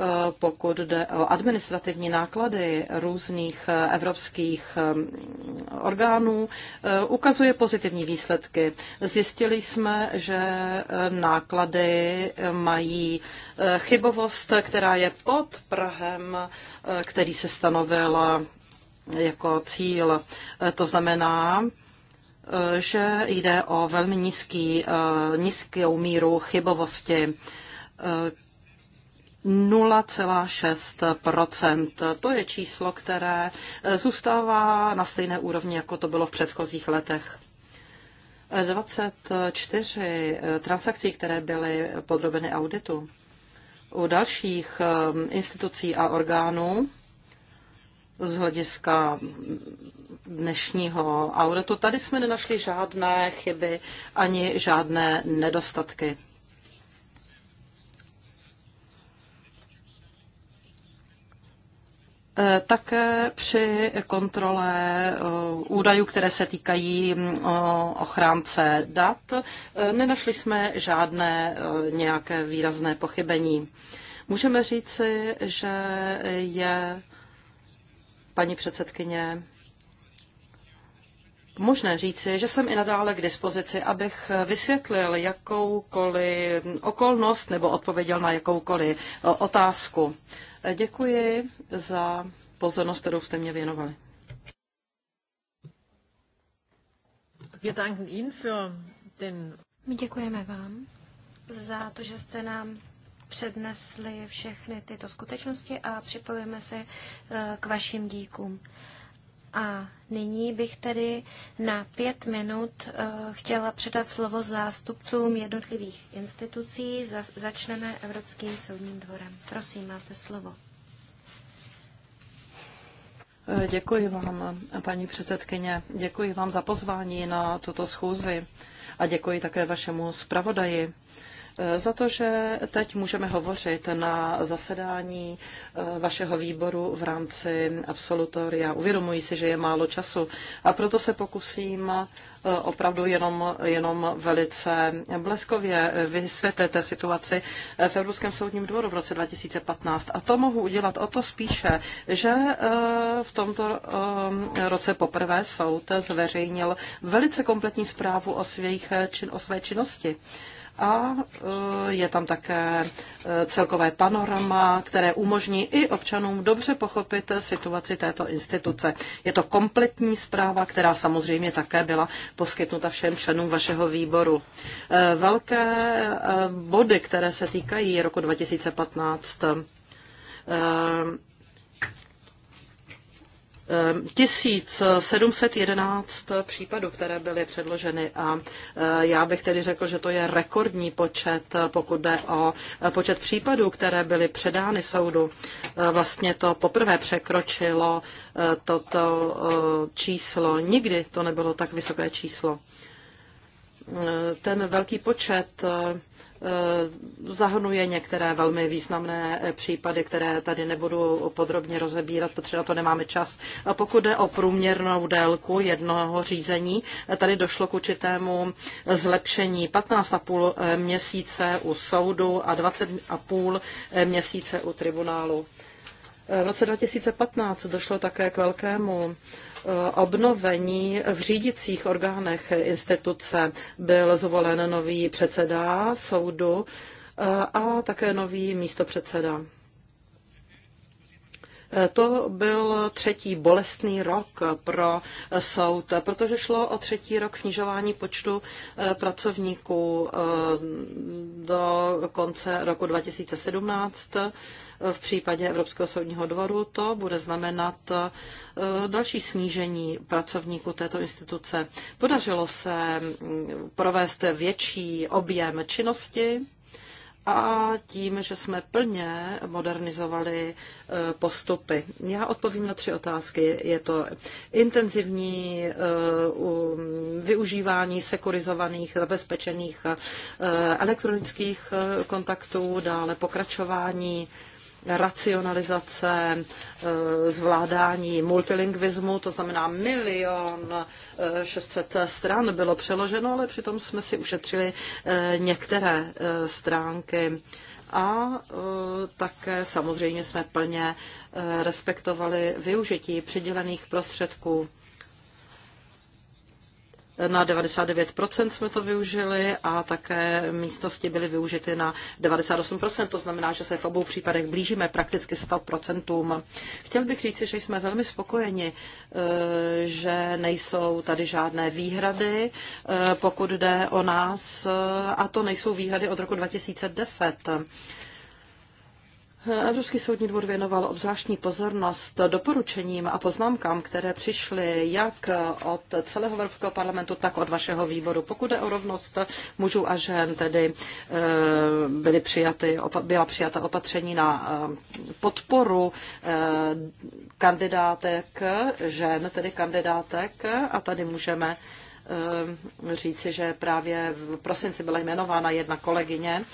Eh, pokud jde o administrativní náklady různých eh, evropských eh, orgánů, ukazuje pozitivní výsledky. Zjistili jsme, že náklady mají chybovost, která je pod Prahem, který se stanovil jako cíl. To znamená, že jde o velmi nízký, nízkou míru chybovosti 0,6 To je číslo, které eh, zůstává na stejné úrovni, jako to bylo v předchozích letech. 24 eh, eh, transakcí, které byly podrobeny auditu u dalších institucí a orgánů z hlediska mm, dnešního auditu. Tady jsme nenašli žádné chyby ani žádné nedostatky. Eh, také při kontrole eh, údajů, které se týkají mm, ochránce dat, eh, nenašli jsme žádné nějaké výrazné pochybení. Můžeme říci, že je paní předsedkyně možné říci, že jsem i nadále k dispozici, abych vysvětlil jakoukoliv okolnost nebo odpověděl na jakoukoliv otázku. Děkuji za pozornost, kterou jste mě věnovali. My děkujeme vám za to, že jste nám přednesli všechny tyto skutečnosti a připojíme se eh, k vašim díkům. A nyní bych tedy na pět minut eh, chtěla předat slovo zástupcům jednotlivých institucí. Začneme Evropským soudním dvorem. Prosím, máte slovo. Eh, děkuji vám, paní předsedkyně. Děkuji vám za pozvání na tuto schůzi a děkuji také vašemu zpravodaji Eh, za to, že teď můžeme hovořit na zasedání eh, vašeho výboru v rámci absolutoria. Uvědomuji si, že je málo času a proto se pokusím eh, opravdu jenom, jenom velice bleskově vysvětlit situaci v Evropském soudním dvoru v roce 2015. A to mohu udělat o to spíše, že v tomto roce poprvé soud zveřejnil velice kompletní zprávu o, svých, o své činnosti a e, je tam také e, celkové panorama, které umožní i občanům dobře pochopit situaci této instituce. Je to kompletní zpráva, která samozřejmě také byla poskytnuta všem členům vašeho výboru. E, velké body, které se týkají roku 2015, 1711 případů, které byly předloženy a e, já bych tedy řekl, že to je rekordní počet, pokud jde o e, počet případů, které byly předány soudu. E, vlastně to poprvé překročilo toto číslo. Nikdy to nebylo tak vysoké číslo. Ten velký počet Eh, zahrnuje některé velmi významné eh, případy, které tady nebudu podrobně rozebírat, protože na to nemáme čas. pokud jde o průměrnou délku jednoho řízení, eh, tady došlo k určitému zlepšení 15,5 měsíce u soudu a 20,5 měsíce u tribunálu. V roce 2015 došlo také k velkému obnovení v řídicích orgánech instituce. Byl zvolen nový předseda soudu eh, a také nový místopředseda. Eh, to byl třetí bolestný rok pro soud, protože šlo o třetí rok snižování počtu eh, pracovníků do konce roku 2017 v případě Evropského soudního dvoru to bude znamenat eh, další snížení pracovníků této instituce. Podařilo se mm, provést větší objem činnosti a tím, že jsme plně modernizovali eh, postupy. Já odpovím na tři otázky. Je to intenzivní eh, využívání sekurizovaných, zabezpečených elektronických kontaktů, dále pokračování racionalizace, eh, zvládání multilingvismu, to znamená milion 600 eh, stran bylo přeloženo, ale přitom jsme si ušetřili eh, některé stránky. A také samozřejmě jsme plně respektovali využití přidělených prostředků na 99% jsme to využili a také místnosti byly využity na 98%, to znamená, že se v obou případech blížíme prakticky 100%. Chtěl bych říci, že jsme velmi spokojeni, eh, že nejsou tady žádné výhrady, eh, pokud jde o nás, eh, a to nejsou výhrady od roku 2010. Evropský soudní dvůr věnoval obzvláštní pozornost doporučením a poznámkám, které přišly jak od celého Evropského parlamentu, tak od vašeho výboru. Pokud je o rovnost mužů a žen, tedy eh, byly přijaty, byla přijata opatření na eh, podporu eh, kandidátek žen, tedy kandidátek, a tady můžeme říci, že právě v prosinci byla jmenována jedna kolegyně,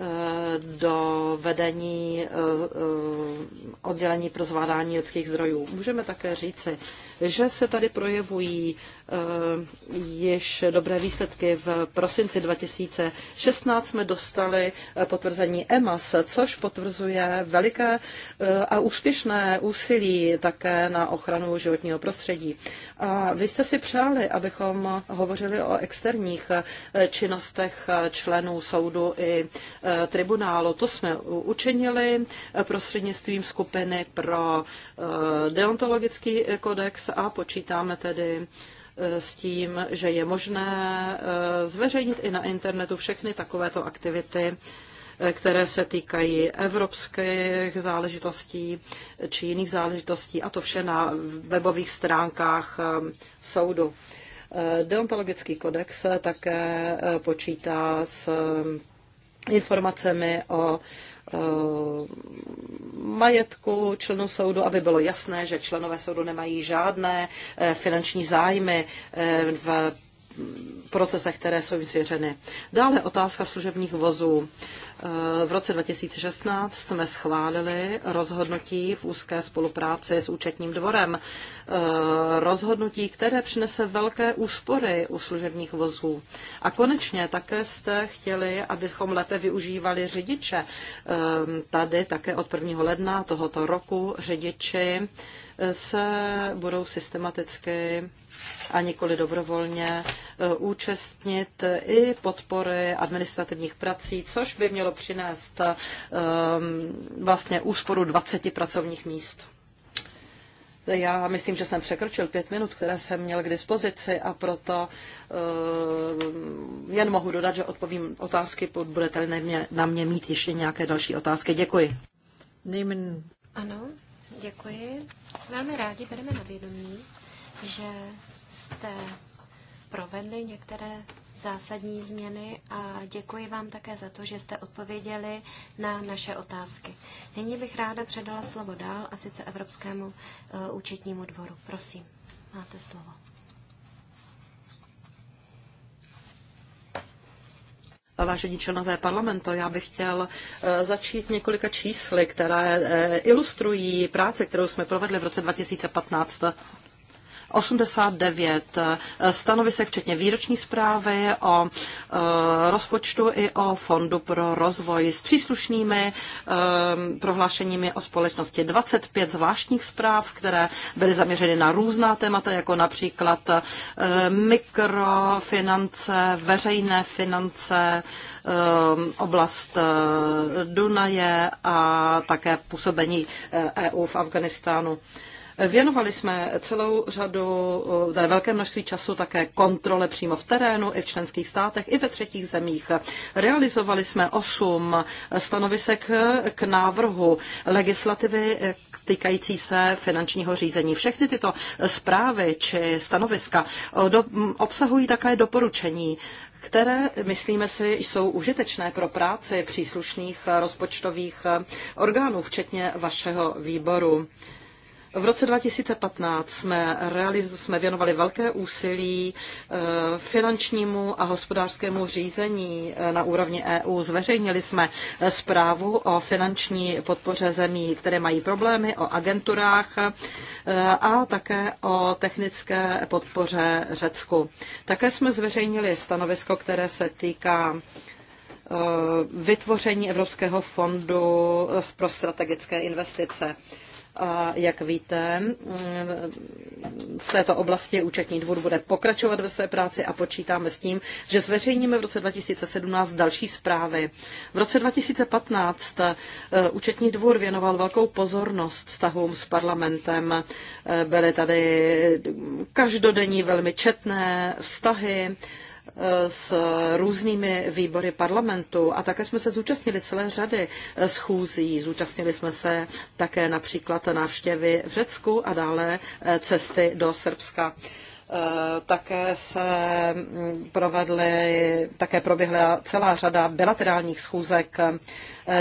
Eh, do vedení eh, eh, oddělení pro zvládání lidských zdrojů. Můžeme také říci, že se tady projevují Eh, již dobré výsledky. V prosinci 2016 jsme dostali eh, potvrzení EMAS, což potvrzuje veliké eh, a úspěšné úsilí také na ochranu životního prostředí. A vy jste si přáli, abychom hovořili o externích činnostech členů soudu i tribunálu. To jsme učinili prostřednictvím skupiny pro deontologický kodex a počítáme tedy E, s tím, že je možné e, zveřejnit i na internetu všechny takovéto aktivity, e, které se týkají evropských záležitostí či jiných záležitostí, a to vše na webových stránkách soudu. Deontologický kodex také počítá s informacemi o majetku členů soudu, aby bylo jasné, že členové soudu nemají žádné eh, finanční zájmy eh, v procesech, které jsou jim svěřeny. Dále otázka služebních vozů. V roce 2016 jsme schválili rozhodnutí v úzké spolupráci s účetním dvorem. Eh, rozhodnutí, které přinese velké úspory u služebních vozů. A konečně také jste chtěli, abychom lépe využívali řidiče. Eh, tady také od 1. ledna tohoto roku řidiči se budou systematicky a nikoli dobrovolně e, účastnit i podpory administrativních prací, což by mělo přinést e, vlastně úsporu 20 pracovních míst. Já myslím, že jsem překročil pět minut, které jsem měl k dispozici a proto uh, jen mohu dodat, že odpovím otázky, pokud budete na mě, na mě mít ještě nějaké další otázky. Děkuji. Nejmen. Ano, Děkuji. Velmi rádi bereme na vědomí, že jste provedli některé zásadní změny a děkuji vám také za to, že jste odpověděli na naše otázky. Nyní bych ráda předala slovo dál a sice Evropskému eh, účetnímu dvoru. Prosím, máte slovo. Vážení členové parlamentu, já bych chtěl eh, začít několika čísly, které eh, ilustrují práci, kterou jsme provedli v roce 2015. 89 eh, stanovisek, včetně výroční zprávy o eh, rozpočtu i o Fondu pro rozvoj s příslušnými eh, prohlášeními o společnosti. 25 zvláštních zpráv, které byly zaměřeny na různá témata, jako například mikrofinance, veřejné finance, oblast Dunaje a také působení EU e v Afganistánu. Věnovali jsme celou řadu, eh, velké množství času také kontrole přímo v terénu, i v členských státech, i ve třetích zemích. Realizovali jsme osm stanovisek k návrhu legislativy eh, týkající se finančního řízení. Všechny tyto zprávy či stanoviska eh, do, obsahují také doporučení které, myslíme si, jsou užitečné pro práci příslušných rozpočtových orgánů, včetně vašeho výboru. V roce 2015 jsme, realiz, jsme věnovali velké úsilí eh, finančnímu a hospodářskému řízení eh, na úrovni EU. Zveřejnili jsme eh, zprávu o finanční podpoře zemí, které mají problémy, o agenturách a také o technické podpoře Řecku. Také jsme zveřejnili stanovisko, které se týká vytvoření Evropského fondu pro strategické investice. A jak víte, v této oblasti účetní dvůr bude pokračovat ve své práci a počítáme s tím, že zveřejníme v roce 2017 další zprávy. V roce 2015 eh, účetní dvůr věnoval velkou pozornost vztahům s parlamentem. Eh, byly tady eh, každodenní velmi četné vztahy, s různými výbory parlamentu a také jsme se zúčastnili celé řady eh, schůzí. Zúčastnili jsme se také například návštěvy v Řecku a dále eh, cesty do Srbska. Eh, také se mm, provedly, také proběhla celá řada bilaterálních schůzek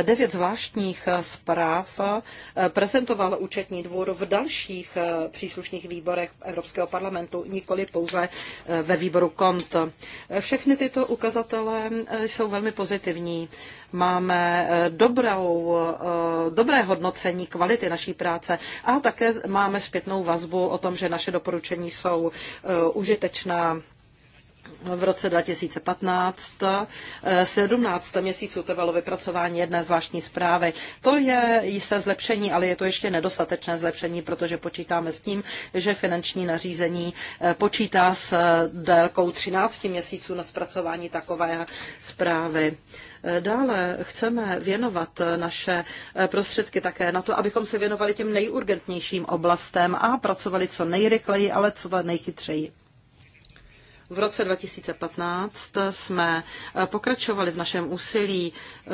Devět zvláštních eh, zpráv eh, prezentoval účetní dvůr v dalších eh, příslušných výborech Evropského parlamentu, nikoli pouze ve výboru KONT. Všechny tyto ukazatele jsou velmi pozitivní. Máme dobrou, dobré hodnocení kvality naší práce a také máme zpětnou vazbu o tom, že naše doporučení jsou užitečná v roce 2015. 17 eh, měsíců trvalo vypracování jedné zvláštní zprávy. To je jisté zlepšení, ale je to ještě nedostatečné zlepšení, protože počítáme s tím, že finanční nařízení eh, počítá s eh, délkou 13 měsíců na zpracování takové zprávy. Dále chceme věnovat naše prostředky také na to, abychom se věnovali těm nejurgentnějším oblastem a pracovali co nejrychleji, ale co nejchytřeji. V roce 2015 jsme eh, pokračovali v našem úsilí eh,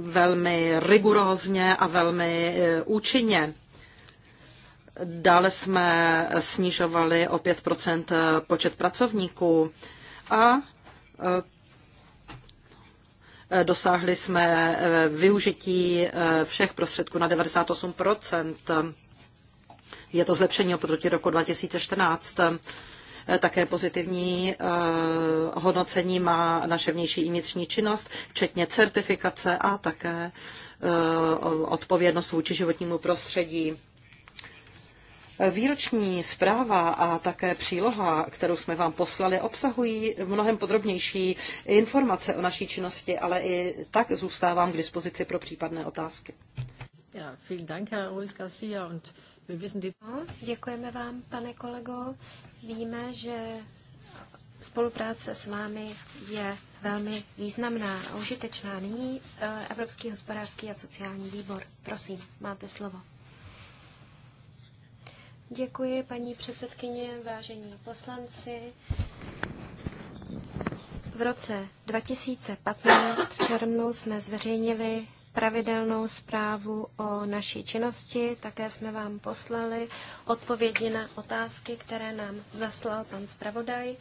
velmi rigorózně a velmi eh, účinně. Dále jsme snižovali o 5 počet pracovníků a dosáhli jsme využití všech prostředků na 98 Je to zlepšení oproti roku 2014. Eh, také pozitivní eh, hodnocení má naše vnější i vnitřní činnost, včetně certifikace a také eh, odpovědnost vůči životnímu prostředí. Výroční zpráva a také příloha, kterou jsme vám poslali, obsahují mnohem podrobnější informace o naší činnosti, ale i tak zůstávám k dispozici pro případné otázky. Ja, vielen Dank, Herr Ruiz Garcia. Und No, děkujeme vám, pane kolego. Víme, že spolupráce s vámi je velmi významná a užitečná. Nyní eh, Evropský hospodářský a sociální výbor. Prosím, máte slovo. Děkuji, paní předsedkyně, vážení poslanci. V roce 2015 v červnu jsme zveřejnili pravidelnou zprávu o naší činnosti. Také jsme vám poslali odpovědi na otázky, které nám zaslal pan zpravodaj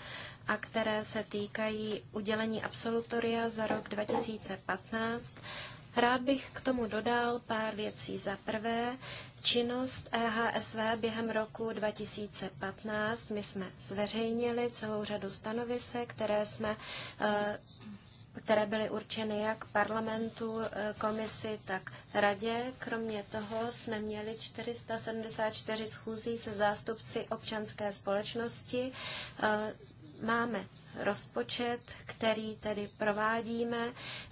a které se týkají udělení absolutoria za rok 2015. Rád bych k tomu dodal pár věcí. Za prvé, činnost EHSV během roku 2015. My jsme zveřejnili celou řadu stanovisek, které jsme eh, které byly určeny jak parlamentu, eh, komisi, tak radě. Kromě toho jsme měli 474 schůzí se zástupci občanské společnosti. Eh, máme rozpočet, který tedy provádíme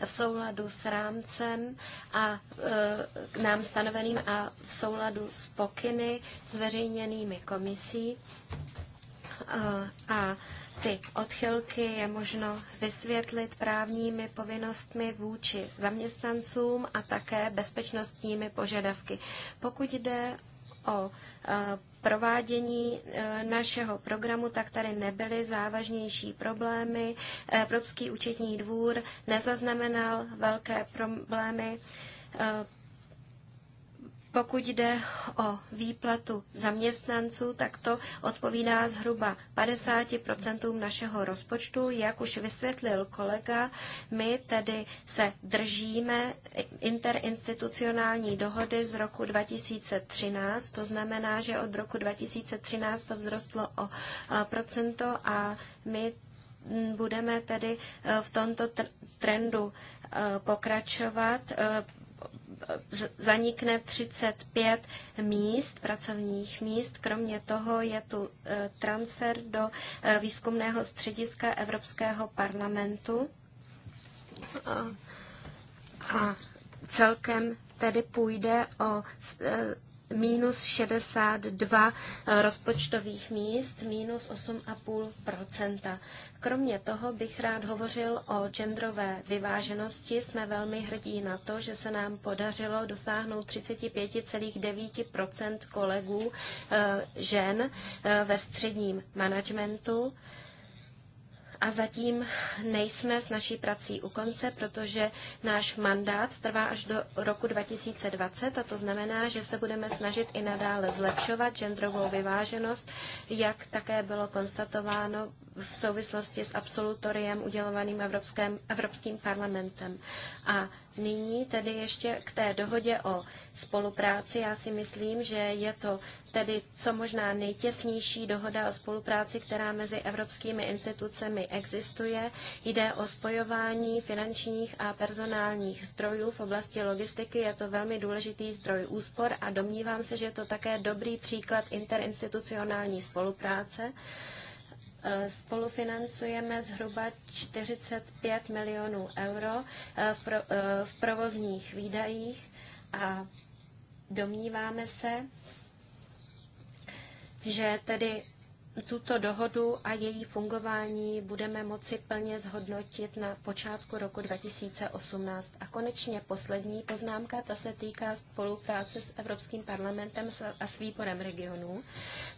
v souladu s rámcem a k eh, nám stanoveným a v souladu s pokyny zveřejněnými komisí a ty odchylky je možno vysvětlit právními povinnostmi vůči zaměstnancům a také bezpečnostními požadavky. Pokud jde o e, provádění e, našeho programu, tak tady nebyly závažnější problémy. Evropský účetní dvůr nezaznamenal velké problémy e, pokud jde o výplatu zaměstnanců, tak to odpovídá zhruba 50% našeho rozpočtu. Jak už vysvětlil kolega, my tedy se držíme interinstitucionální dohody z roku 2013. To znamená, že od roku 2013 to vzrostlo o procento a my budeme tedy e, v tomto trendu e, pokračovat. E, zanikne 35 míst, pracovních míst. Kromě toho je tu e, transfer do e, výzkumného střediska Evropského parlamentu. A celkem tedy půjde o e, minus 62 eh, rozpočtových míst, minus 8,5 Kromě toho bych rád hovořil o genderové vyváženosti. Jsme velmi hrdí na to, že se nám podařilo dosáhnout 35,9 kolegů žen ve středním managementu. A zatím nejsme s naší prací u konce, protože náš mandát trvá až do roku 2020 a to znamená, že se budeme snažit i nadále zlepšovat genderovou vyváženost, jak také bylo konstatováno v souvislosti s absolutoriem udělovaným Evropském, Evropským parlamentem. A nyní tedy ještě k té dohodě o spolupráci. Já si myslím, že je to tedy co možná nejtěsnější dohoda o spolupráci, která mezi evropskými institucemi existuje. Jde o spojování finančních a personálních zdrojů v oblasti logistiky. Je to velmi důležitý zdroj úspor a domnívám se, že je to také dobrý příklad interinstitucionální spolupráce. E, spolufinancujeme zhruba 45 milionů euro e, e, v provozních výdajích a domníváme se, že tedy tuto dohodu a její fungování budeme moci plně zhodnotit na počátku roku 2018. A konečně poslední poznámka, ta se týká spolupráce s Evropským parlamentem a s výborem regionů.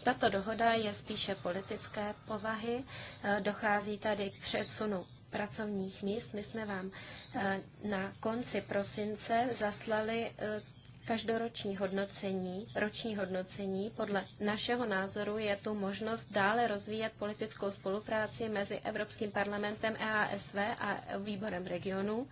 Tato dohoda je spíše politické povahy, e, dochází tady k přesunu pracovních míst. My jsme vám e, na konci prosince zaslali e, každoroční hodnocení, roční hodnocení. Podle našeho názoru je tu možnost dále rozvíjet politickou spolupráci mezi Evropským parlamentem EASV a výborem regionu.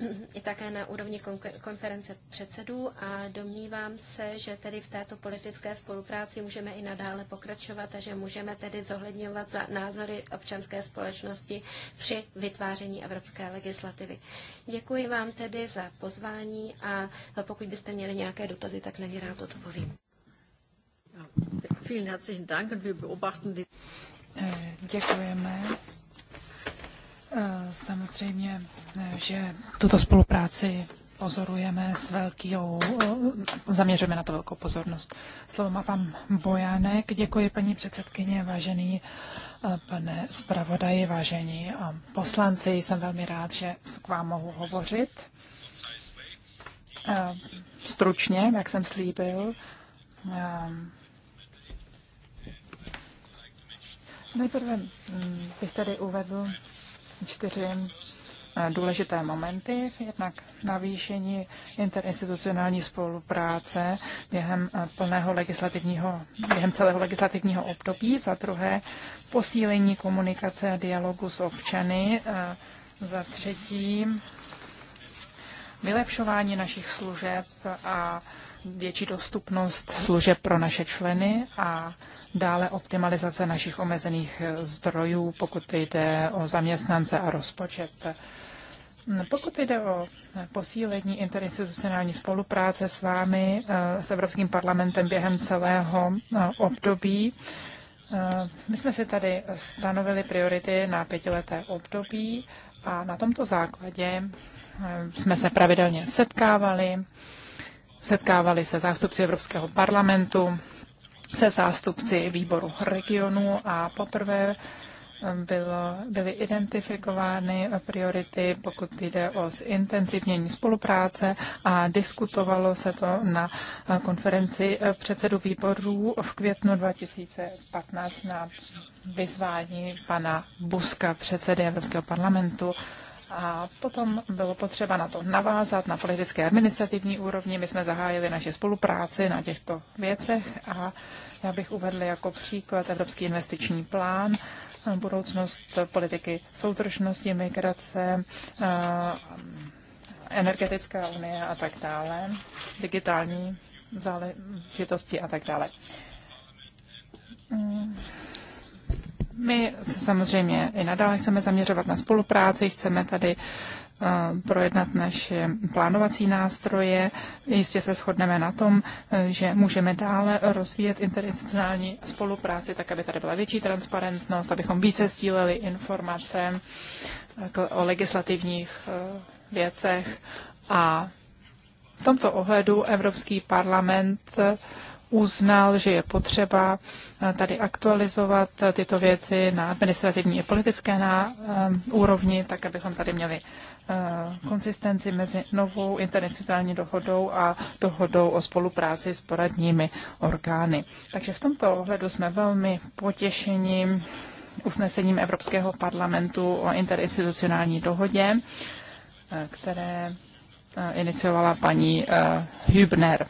i také na úrovni konference předsedů a domnívám se, že tedy v této politické spolupráci můžeme i nadále pokračovat a že můžeme tedy zohledňovat za názory občanské společnosti při vytváření evropské legislativy. Děkuji vám tedy za pozvání a pokud byste měli nějaké dotazy, tak na ně rád odpovím. Vielen herzlichen Dank und wir beobachten die eh, Děkujeme. Eh, samozřejmě, eh, že tuto spolupráci pozorujeme s velkou, eh, zaměřujeme na to velkou pozornost. Slovo má pan Bojánek. Děkuji, paní předsedkyně, vážený pane zpravodaji, vážení poslanci. Jsem velmi rád, že k vám mohu hovořit. Stručně, jak jsem slíbil. Nejprve hm, bych tady uvedl čtyři eh, důležité momenty, jednak navýšení interinstitucionální spolupráce během eh, plného legislativního, během celého legislativního období, za druhé posílení komunikace a dialogu s občany, eh, za třetí vylepšování našich služeb a větší dostupnost služeb pro naše členy a dále optimalizace našich omezených eh, zdrojů, pokud jde o zaměstnance a rozpočet. Hm, pokud jde o eh, posílení interinstitucionální spolupráce s vámi, eh, s Evropským parlamentem během celého období, my jsme si tady stanovili priority na pětileté období a na tomto základě jsme se pravidelně setkávali, setkávali se zástupci Evropského parlamentu, se zástupci výboru regionu a poprvé eh, bylo, byly identifikovány priority, pokud jde o zintenzivnění spolupráce a diskutovalo se to na eh, konferenci eh, předsedu výborů v květnu 2015 na vyzvání pana Buska, předsedy Evropského parlamentu. A potom bylo potřeba na to navázat na politické administrativní úrovni. My jsme zahájili naše spolupráci na těchto věcech a já bych uvedl jako příklad Evropský investiční plán, budoucnost politiky soudržnosti, migrace, eh, energetická unie a tak dále, digitální záležitosti a tak dále. My samozřejmě i nadále chceme zaměřovat na spolupráci, chceme tady eh, projednat naše plánovací nástroje. Jistě se shodneme na tom, eh, že můžeme dále rozvíjet interinstitucionální spolupráci, tak aby tady byla větší transparentnost, abychom více sdíleli informace eh, o legislativních věcech. A v tomto ohledu Evropský parlament uznal, že je potřeba eh, tady aktualizovat eh, tyto věci na administrativní i politické na, eh, úrovni, tak abychom tady měli konsistenci mezi novou internacionální dohodou a dohodou o spolupráci s poradními orgány. Takže v tomto ohledu jsme velmi potěšeni usnesením Evropského parlamentu o interinstitucionální dohodě, které iniciovala paní Hübner.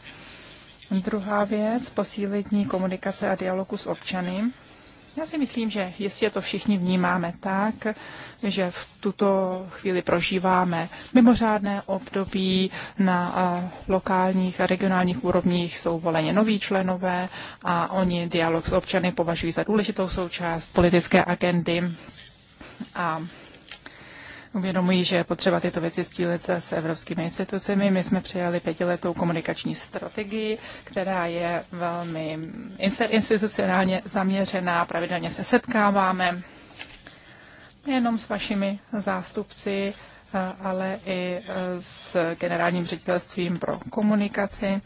Druhá věc, posílení komunikace a dialogu s občany. Já si myslím, že jistě to všichni vnímáme tak, že v tuto chvíli prožíváme mimořádné období na lokálních a regionálních úrovních jsou voleně noví členové a oni dialog s občany považují za důležitou součást politické agendy. A uvědomují, že je potřeba tyto věci stílit se s evropskými institucemi. My jsme přijali pětiletou komunikační strategii, která je velmi institucionálně zaměřená. Pravidelně se setkáváme nejenom s vašimi zástupci, eh, ale i eh, s generálním ředitelstvím pro komunikaci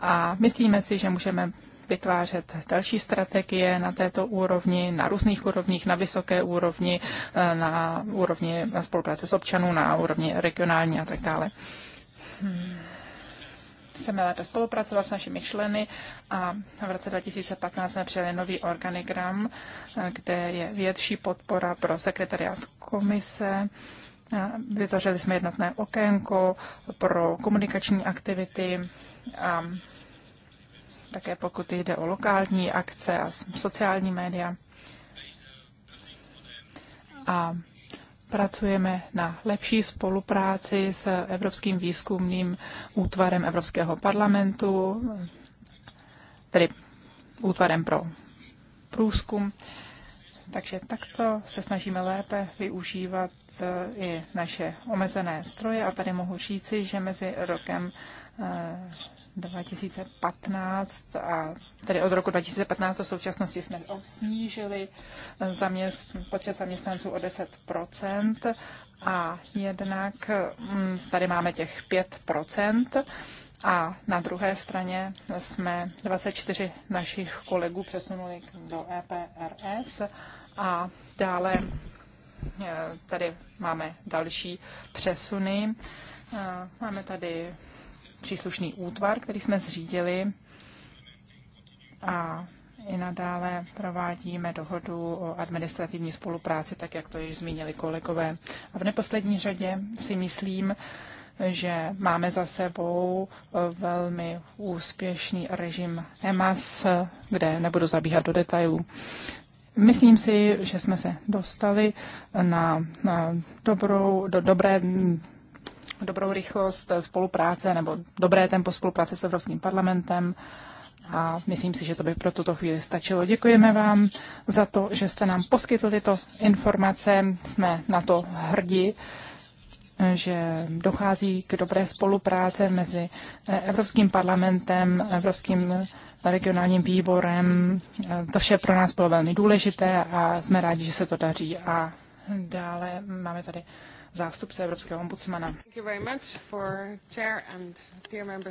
a myslíme si, že můžeme vytvářet další strategie na této úrovni, na různých úrovních, na vysoké úrovni, eh, na úrovni spolupráce s občanů, na úrovni regionální a tak dále. Hmm. chceme lépe spolupracovat s našimi členy a v roce 2015 jsme přijeli nový organigram, eh, kde je větší podpora pro sekretariat komise. Eh, vytvořili jsme jednotné okénko pro komunikační aktivity a také pokud jde o lokální akce a sociální média. A pracujeme na lepší spolupráci s Evropským výzkumným útvarem Evropského parlamentu, tedy útvarem pro průzkum. Takže takto se snažíme lépe využívat eh, i naše omezené stroje a tady mohu říci, že mezi rokem eh, 2015 a tedy od roku 2015 do současnosti jsme snížili zaměst, počet zaměstnanců o 10 a jednak mm, tady máme těch 5 a na druhé straně jsme 24 našich kolegů přesunuli do EPRS a dále e, tady máme další přesuny. E, máme tady příslušný útvar, který jsme zřídili a i nadále provádíme dohodu o administrativní spolupráci, tak jak to již zmínili kolegové. A v neposlední řadě si myslím, že máme za sebou velmi úspěšný režim EMAS, kde nebudu zabíhat do detailů. Myslím si, že jsme se dostali na, na dobrou, do dobré dobrou rychlost spolupráce nebo dobré tempo spolupráce s Evropským parlamentem a myslím si, že to by pro tuto chvíli stačilo. Děkujeme vám za to, že jste nám poskytli tyto informace. Jsme na to hrdí, že dochází k dobré spolupráce mezi Evropským parlamentem, Evropským regionálním výborem. To vše pro nás bylo velmi důležité a jsme rádi, že se to daří. A dále máme tady zástupce Evropského ombudsmana.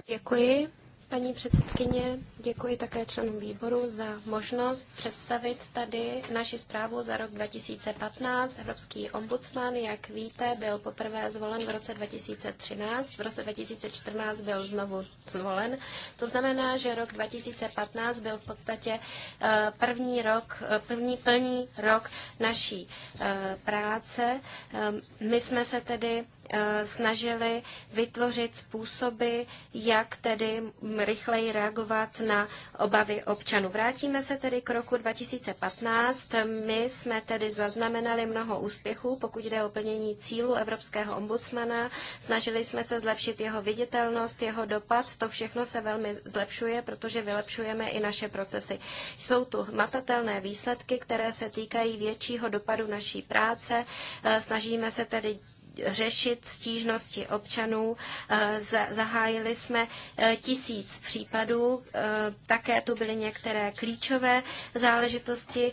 Děkuji paní předsedkyně. Děkuji také členům výboru za možnost představit tady naši zprávu za rok 2015. Evropský ombudsman, jak víte, byl poprvé zvolen v roce 2013, v roce 2014 byl znovu zvolen. To znamená, že rok 2015 byl v podstatě eh, první rok, eh, první plný rok naší eh, práce. Ehm, my jsme se tedy Eh, snažili vytvořit způsoby, jak tedy rychleji reagovat na obavy občanů. Vrátíme se tedy k roku 2015. My jsme tedy zaznamenali mnoho úspěchů, pokud jde o plnění cílu Evropského ombudsmana. Snažili jsme se zlepšit jeho viditelnost, jeho dopad. To všechno se velmi zlepšuje, protože vylepšujeme i naše procesy. Jsou tu matatelné výsledky, které se týkají většího dopadu naší práce. Eh, snažíme se tedy řešit stížnosti občanů. Eh, zahájili jsme eh, tisíc případů, eh, také tu byly některé klíčové záležitosti,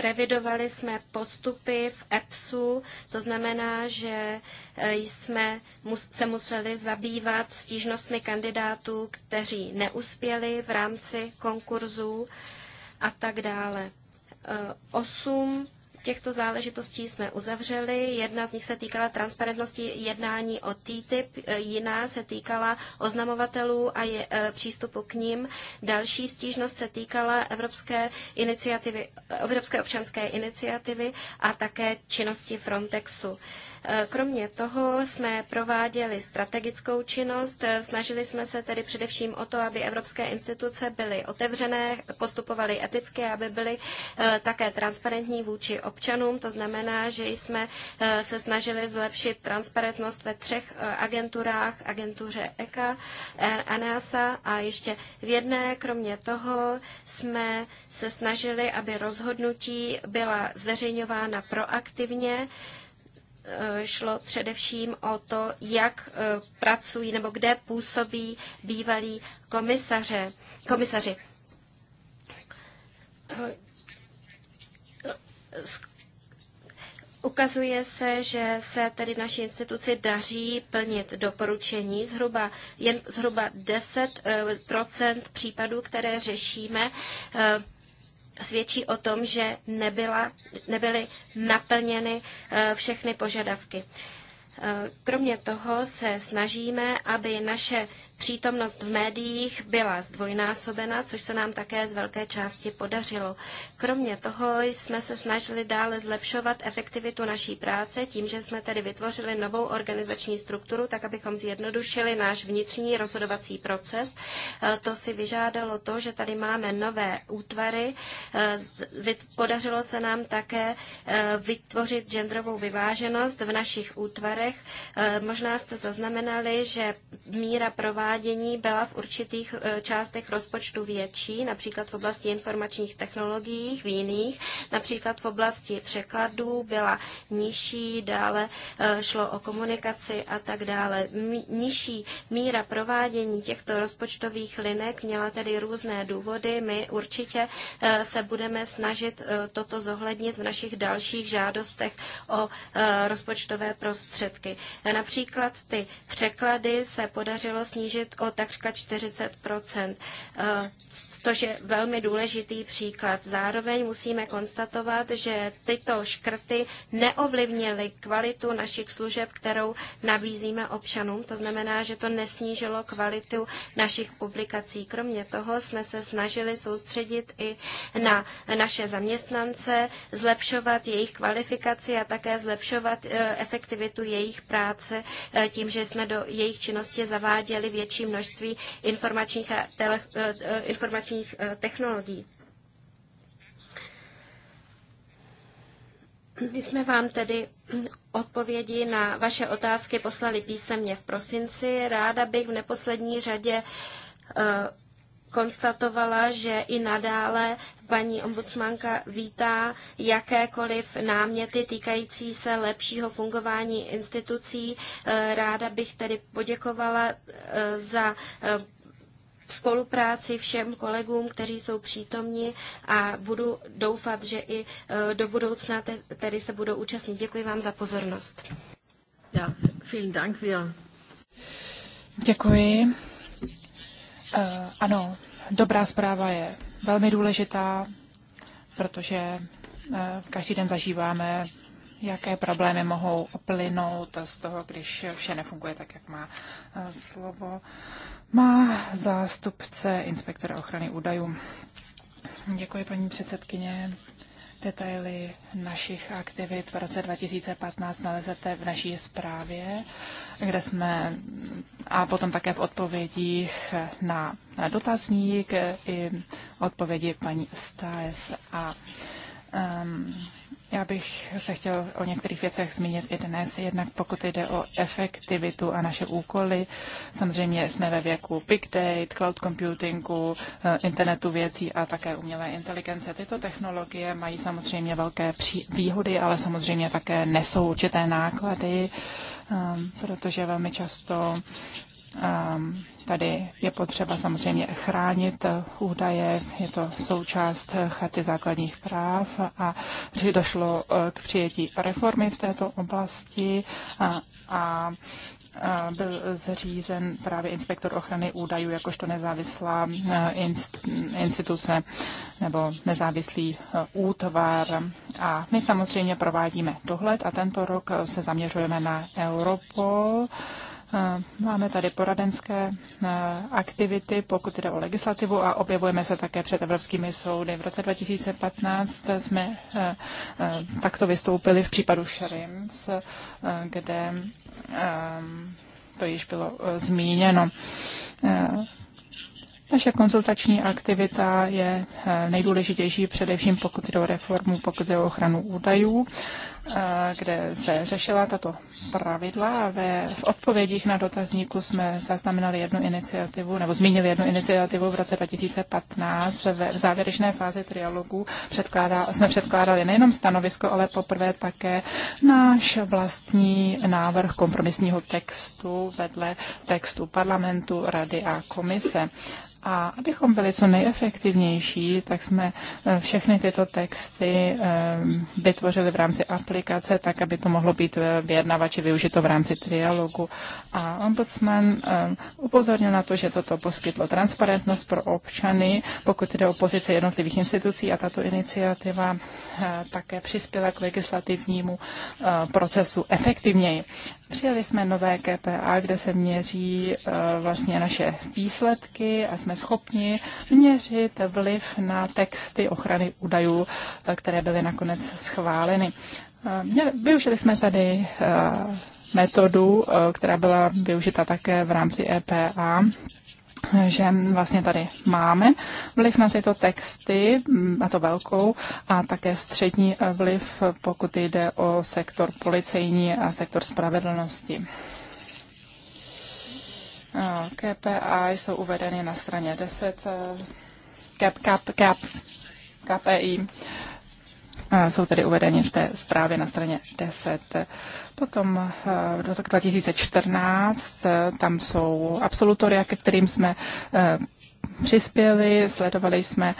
Revidovali jsme postupy v EPSu, to znamená, že jsme se museli zabývat stížnostmi kandidátů, kteří neuspěli v rámci konkurzu a tak dále. Osm těchto záležitostí jsme uzavřeli. Jedna z nich se týkala transparentnosti jednání o TTIP, e, jiná se týkala oznamovatelů a je, e, přístupu k ním. Další stížnost se týkala Evropské, iniciativy, e, Evropské občanské iniciativy a také činnosti Frontexu. Kromě toho jsme prováděli strategickou činnost. Snažili jsme se tedy především o to, aby evropské instituce byly otevřené, postupovaly eticky, aby byly také transparentní vůči občanům občanům. To znamená, že jsme eh, se snažili zlepšit transparentnost ve třech eh, agenturách, agentuře ECA, ANASA e a ještě v jedné. Kromě toho jsme se snažili, aby rozhodnutí byla zveřejňována proaktivně eh, šlo především o to, jak pracují nebo kde působí bývalí komisaři. Ukazuje se, že se tedy naší instituci daří plnit doporučení. Zhruba, jen zhruba 10 eh, případů, které řešíme, eh, svědčí o tom, že nebyla, nebyly naplněny eh, všechny požadavky. Kromě toho se snažíme, aby naše Přítomnost v médiích byla zdvojnásobena, což se nám také z velké části podařilo. Kromě toho jsme se snažili dále zlepšovat efektivitu naší práce tím, že jsme tedy vytvořili novou organizační strukturu, tak abychom zjednodušili náš vnitřní rozhodovací proces. E, to si vyžádalo to, že tady máme nové útvary. E, podařilo se nám také e, vytvořit genderovou vyváženost v našich útvarech. Možná jste zaznamenali, že míra provádění provádění byla v určitých eh, částech rozpočtu větší, například v oblasti informačních technologií, v jiných, například v oblasti překladů byla nižší, dále eh, šlo o komunikaci a tak dále. Nižší míra provádění těchto rozpočtových linek měla tedy různé důvody. My určitě eh, se budeme snažit toto zohlednit v našich dalších žádostech o rozpočtové prostředky. Například ty překlady se podařilo snížit snížit o takřka 40 eh, což je velmi důležitý příklad. Zároveň musíme konstatovat, že tyto škrty neovlivnily kvalitu našich služeb, kterou nabízíme občanům. To znamená, že to nesnížilo kvalitu našich publikací. Kromě toho jsme se snažili soustředit i na naše zaměstnance, zlepšovat jejich kvalifikaci a také zlepšovat eh, efektivitu jejich práce eh, tím, že jsme do jejich činnosti zaváděli větší větší množství informačních, a tele, eh, eh, informačních eh, technologií. My jsme vám tedy odpovědi na vaše otázky poslali písemně v prosinci. Ráda bych v neposlední řadě konstatovala, že i nadále paní ombudsmanka vítá jakékoliv náměty týkající se lepšího fungování institucí. Eh, ráda bych tedy poděkovala eh, za eh, spolupráci všem kolegům, kteří jsou přítomni a budu doufat, že i do budoucna tedy se budou účastnit. Děkuji vám za pozornost. Ja, vielen Dank. Wir Děkuji. Eh, ano, dobrá zpráva je velmi důležitá, protože eh, každý den zažíváme, jaké problémy mohou plynout z toho, když vše nefunguje tak, jak má eh, slovo. Má zástupce inspektora ochrany údajů. Děkuji, paní předsedkyně. Detaily našich aktivit v roce 2015 nalezete v naší zprávě, kde jsme a potom také v odpovědích na dotazník i odpovědi paní Stáes a um, já bych se chtěl o některých věcech zmínit i dnes. Jednak pokud jde o efektivitu a naše úkoly, samozřejmě jsme ve věku big data, cloud computingu, eh, internetu věcí a také umělé inteligence. Tyto technologie mají samozřejmě velké výhody, ale samozřejmě také nesou určité náklady, ehm, protože velmi často Ehm, tady je potřeba samozřejmě chránit údaje, je to součást chaty základních práv a došlo eh, k přijetí reformy v této oblasti a, a eh, byl zřízen právě inspektor ochrany údajů jakožto nezávislá eh, instituce nebo nezávislý útvar. A my samozřejmě provádíme dohled a tento rok se zaměřujeme na Europol Eh, máme tady poradenské eh, aktivity, pokud jde o legislativu a objevujeme se také před evropskými soudy. V roce 2015 jsme eh, takto vystoupili v případu Šerims, kde to již bylo zmíněno. Naše konzultační aktivita je nejdůležitější především pokud jde o reformu, pokud jde o ochranu údajů Eh, kde se řešila tato pravidla. Ve, v odpovědích na dotazníku jsme zaznamenali jednu iniciativu, nebo zmínili jednu iniciativu v roce 2015. Ve, v závěrečné fázi trialogu předkládá, jsme předkládali nejenom stanovisko, ale poprvé také náš vlastní návrh kompromisního textu vedle textu parlamentu, rady a komise. A abychom byli co nejefektivnější, tak jsme eh, všechny tyto texty eh, vytvořili v rámci aplikace aplikace, tak aby to mohlo být eh, vyjednavači využito v rámci trialogu. A ombudsman eh, upozornil na to, že toto poskytlo transparentnost pro občany, pokud jde o pozice jednotlivých institucí a tato iniciativa eh, také přispěla k legislativnímu procesu efektivněji. Přijali jsme nové KPA, kde se měří vlastně naše výsledky a jsme schopni měřit vliv na texty ochrany údajů, které byly nakonec schváleny. Eh, využili jsme tady eh, metodu, eh, která byla využita také v rámci EPA, že vlastně tady máme vliv na tyto texty, mm, a to velkou, a také střední vliv, pokud jde o sektor policejní a sektor spravedlnosti. KPA jsou uvedeny na straně 10, KAP, KAP, KPI jsou tedy uvedeny v té zprávě na straně 10. Potom eh, do roku 2014 eh, tam jsou absolutoria, ke kterým jsme eh, přispěli, sledovali jsme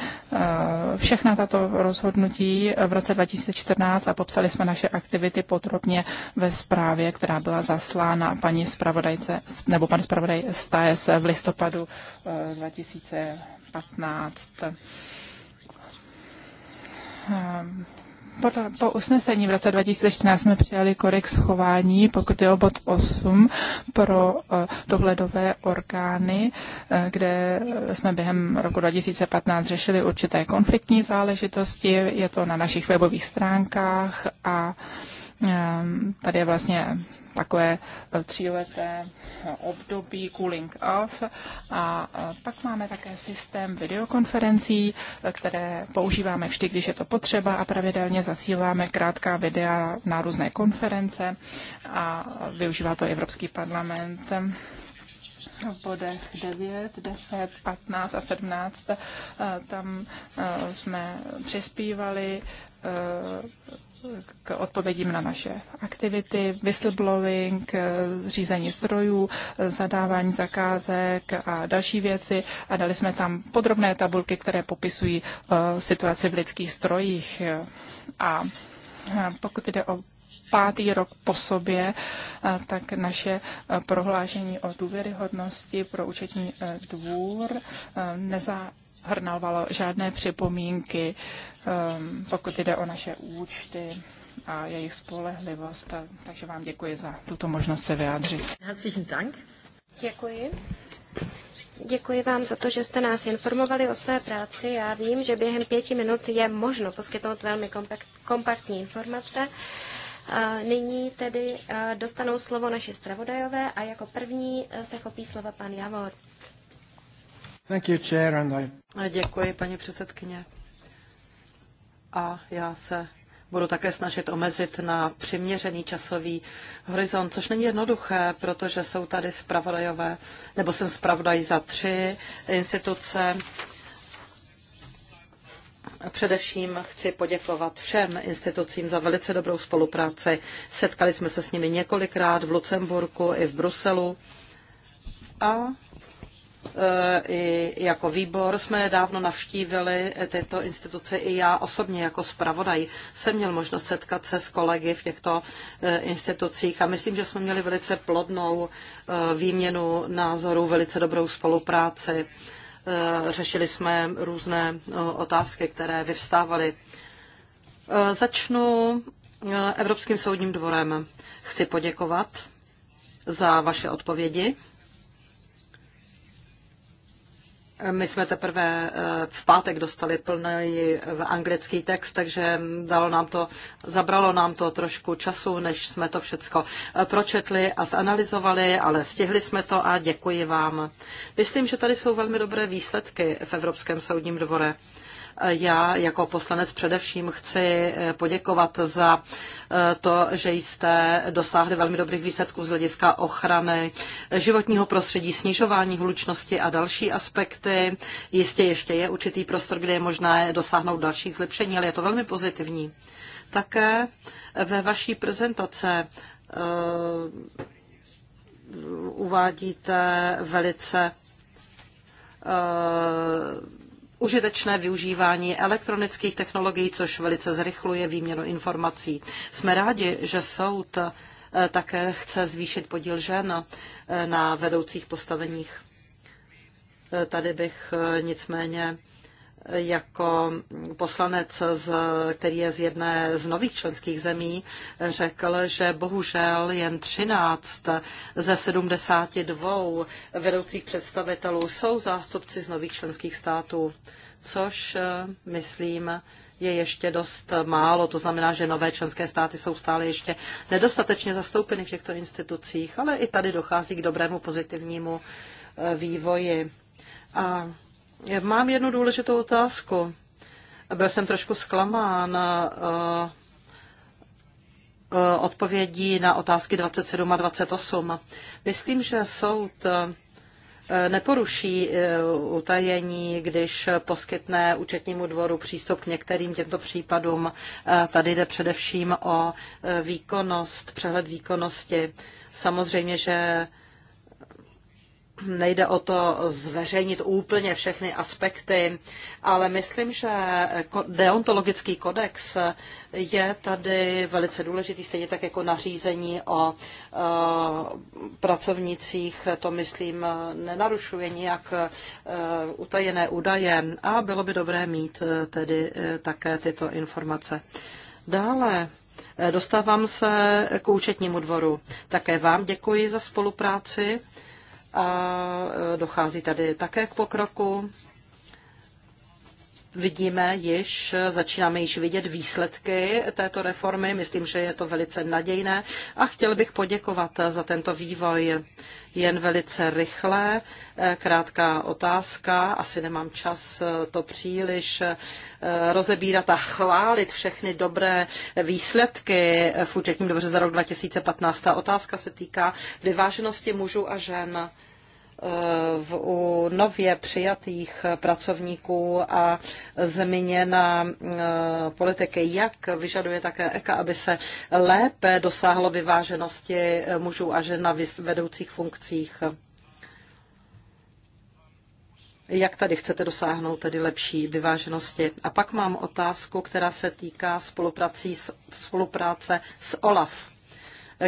všechna tato rozhodnutí v roce 2014 a popsali jsme naše aktivity podrobně ve zprávě, která byla zaslána paní zpravodajce, nebo pan zpravodaj Stajes v listopadu 2015. Eh, po usnesení v roce 2014 jsme přijali kodex chování, pokud je o bod 8 pro eh, dohledové orgány, eh, kde jsme během roku 2015 řešili určité konfliktní záležitosti. Je to na našich webových stránkách a tady je vlastně takové eh, tříleté eh, období cooling off. A eh, pak máme také systém videokonferencí, které používáme vždy, když je to potřeba a pravidelně zasíláme krátká videa na různé konference a využívá to Evropský parlament v bodech 9, 10, 15 a 17. Eh, tam eh, jsme přispívali eh, k odpovědím na naše aktivity, whistleblowing, řízení strojů, zadávání zakázek a další věci. A dali jsme tam podrobné tabulky, které popisují situaci v lidských strojích. A pokud jde o pátý rok po sobě, tak naše prohlášení o důvěryhodnosti pro účetní e, dvůr e, nezahrnovalo žádné připomínky, e, pokud jde o naše účty a jejich spolehlivost. Takže vám děkuji za tuto možnost se vyjádřit. Herzlichen Dank. Děkuji. Děkuji vám za to, že jste nás informovali o své práci. Já vím, že během pěti minut je možno poskytnout velmi kompaktní informace. Nyní tedy dostanou slovo naši zpravodajové a jako první e, se chopí slova pan Javor. Thank you, chair, and I... Děkuji, paní předsedkyně. A já se budu také snažit omezit na přiměřený časový horizont, což není jednoduché, protože jsou tady zpravodajové, nebo jsem zpravodaj za tři instituce, Především chci poděkovat všem institucím za velice dobrou spolupráci. Setkali jsme se s nimi několikrát v Lucemburku i v Bruselu a e, i jako výbor jsme nedávno navštívili tyto instituce. I já osobně jako zpravodaj jsem měl možnost setkat se s kolegy v těchto e, institucích a myslím, že jsme měli velice plodnou e, výměnu názorů, velice dobrou spolupráci. Eh, řešili jsme různé eh, otázky, které vyvstávaly. Eh, začnu Evropským soudním dvorem. Chci poděkovat za vaše odpovědi my jsme teprve eh, v pátek dostali plný eh, anglický text, takže dalo nám to, zabralo nám to trošku času, než jsme to všecko eh, pročetli a zanalizovali, ale stihli jsme to a děkuji vám. Myslím, že tady jsou velmi dobré výsledky v Evropském soudním dvore. Já jako poslanec především chci eh, poděkovat za eh, to, že jste dosáhli velmi dobrých výsledků z hlediska ochrany životního prostředí, snižování hlučnosti a další aspekty. Jistě ještě je určitý prostor, kde je možné dosáhnout dalších zlepšení, ale je to velmi pozitivní. Také eh, ve vaší prezentace uvádíte velice užitečné využívání elektronických technologií, což velice zrychluje výměnu informací. Jsme rádi, že soud eh, také chce zvýšit podíl žen eh, na vedoucích postaveních. Eh, tady bych nicméně jako poslanec, z, který je z jedné z nových členských zemí, řekl, že bohužel jen 13 ze 72 vedoucích představitelů jsou zástupci z nových členských států, což eh, myslím, je ještě dost málo. To znamená, že nové členské státy jsou stále ještě nedostatečně zastoupeny v těchto institucích, ale i tady dochází k dobrému pozitivnímu eh, vývoji. A Mám jednu důležitou otázku. Byl jsem trošku zklamán eh, eh, odpovědí na otázky 27 a 28. Myslím, že soud eh, neporuší utajení, když poskytne účetnímu dvoru přístup k některým těmto případům. Tady jde především o výkonnost, přehled výkonnosti. Samozřejmě, že Nejde o to zveřejnit úplně všechny aspekty, ale myslím, že deontologický kodex je tady velice důležitý, stejně tak jako nařízení o eh, pracovnicích. To, myslím, nenarušuje nijak eh, utajené údaje a bylo by dobré mít eh, tedy také tyto informace. Dále dostávám se k účetnímu dvoru. Také vám děkuji za spolupráci a e, dochází tady také k pokroku. Vidíme již, začínáme již vidět výsledky této reformy. Myslím, že je to velice nadějné a chtěl bych poděkovat za tento vývoj. Jen velice rychle, e, krátká otázka, asi nemám čas e, to příliš rozebírat a chválit všechny dobré výsledky v účetním dobře za rok 2015. Ta otázka se týká vyváženosti mužů a žen v, u nově přijatých pracovníků a změna eh, politiky, jak vyžaduje také EKA, aby se lépe dosáhlo vyváženosti eh, mužů a žen na vedoucích funkcích. Jak tady chcete dosáhnout tedy lepší vyváženosti? A pak mám otázku, která se týká spoluprací, spolupráce s OLAF.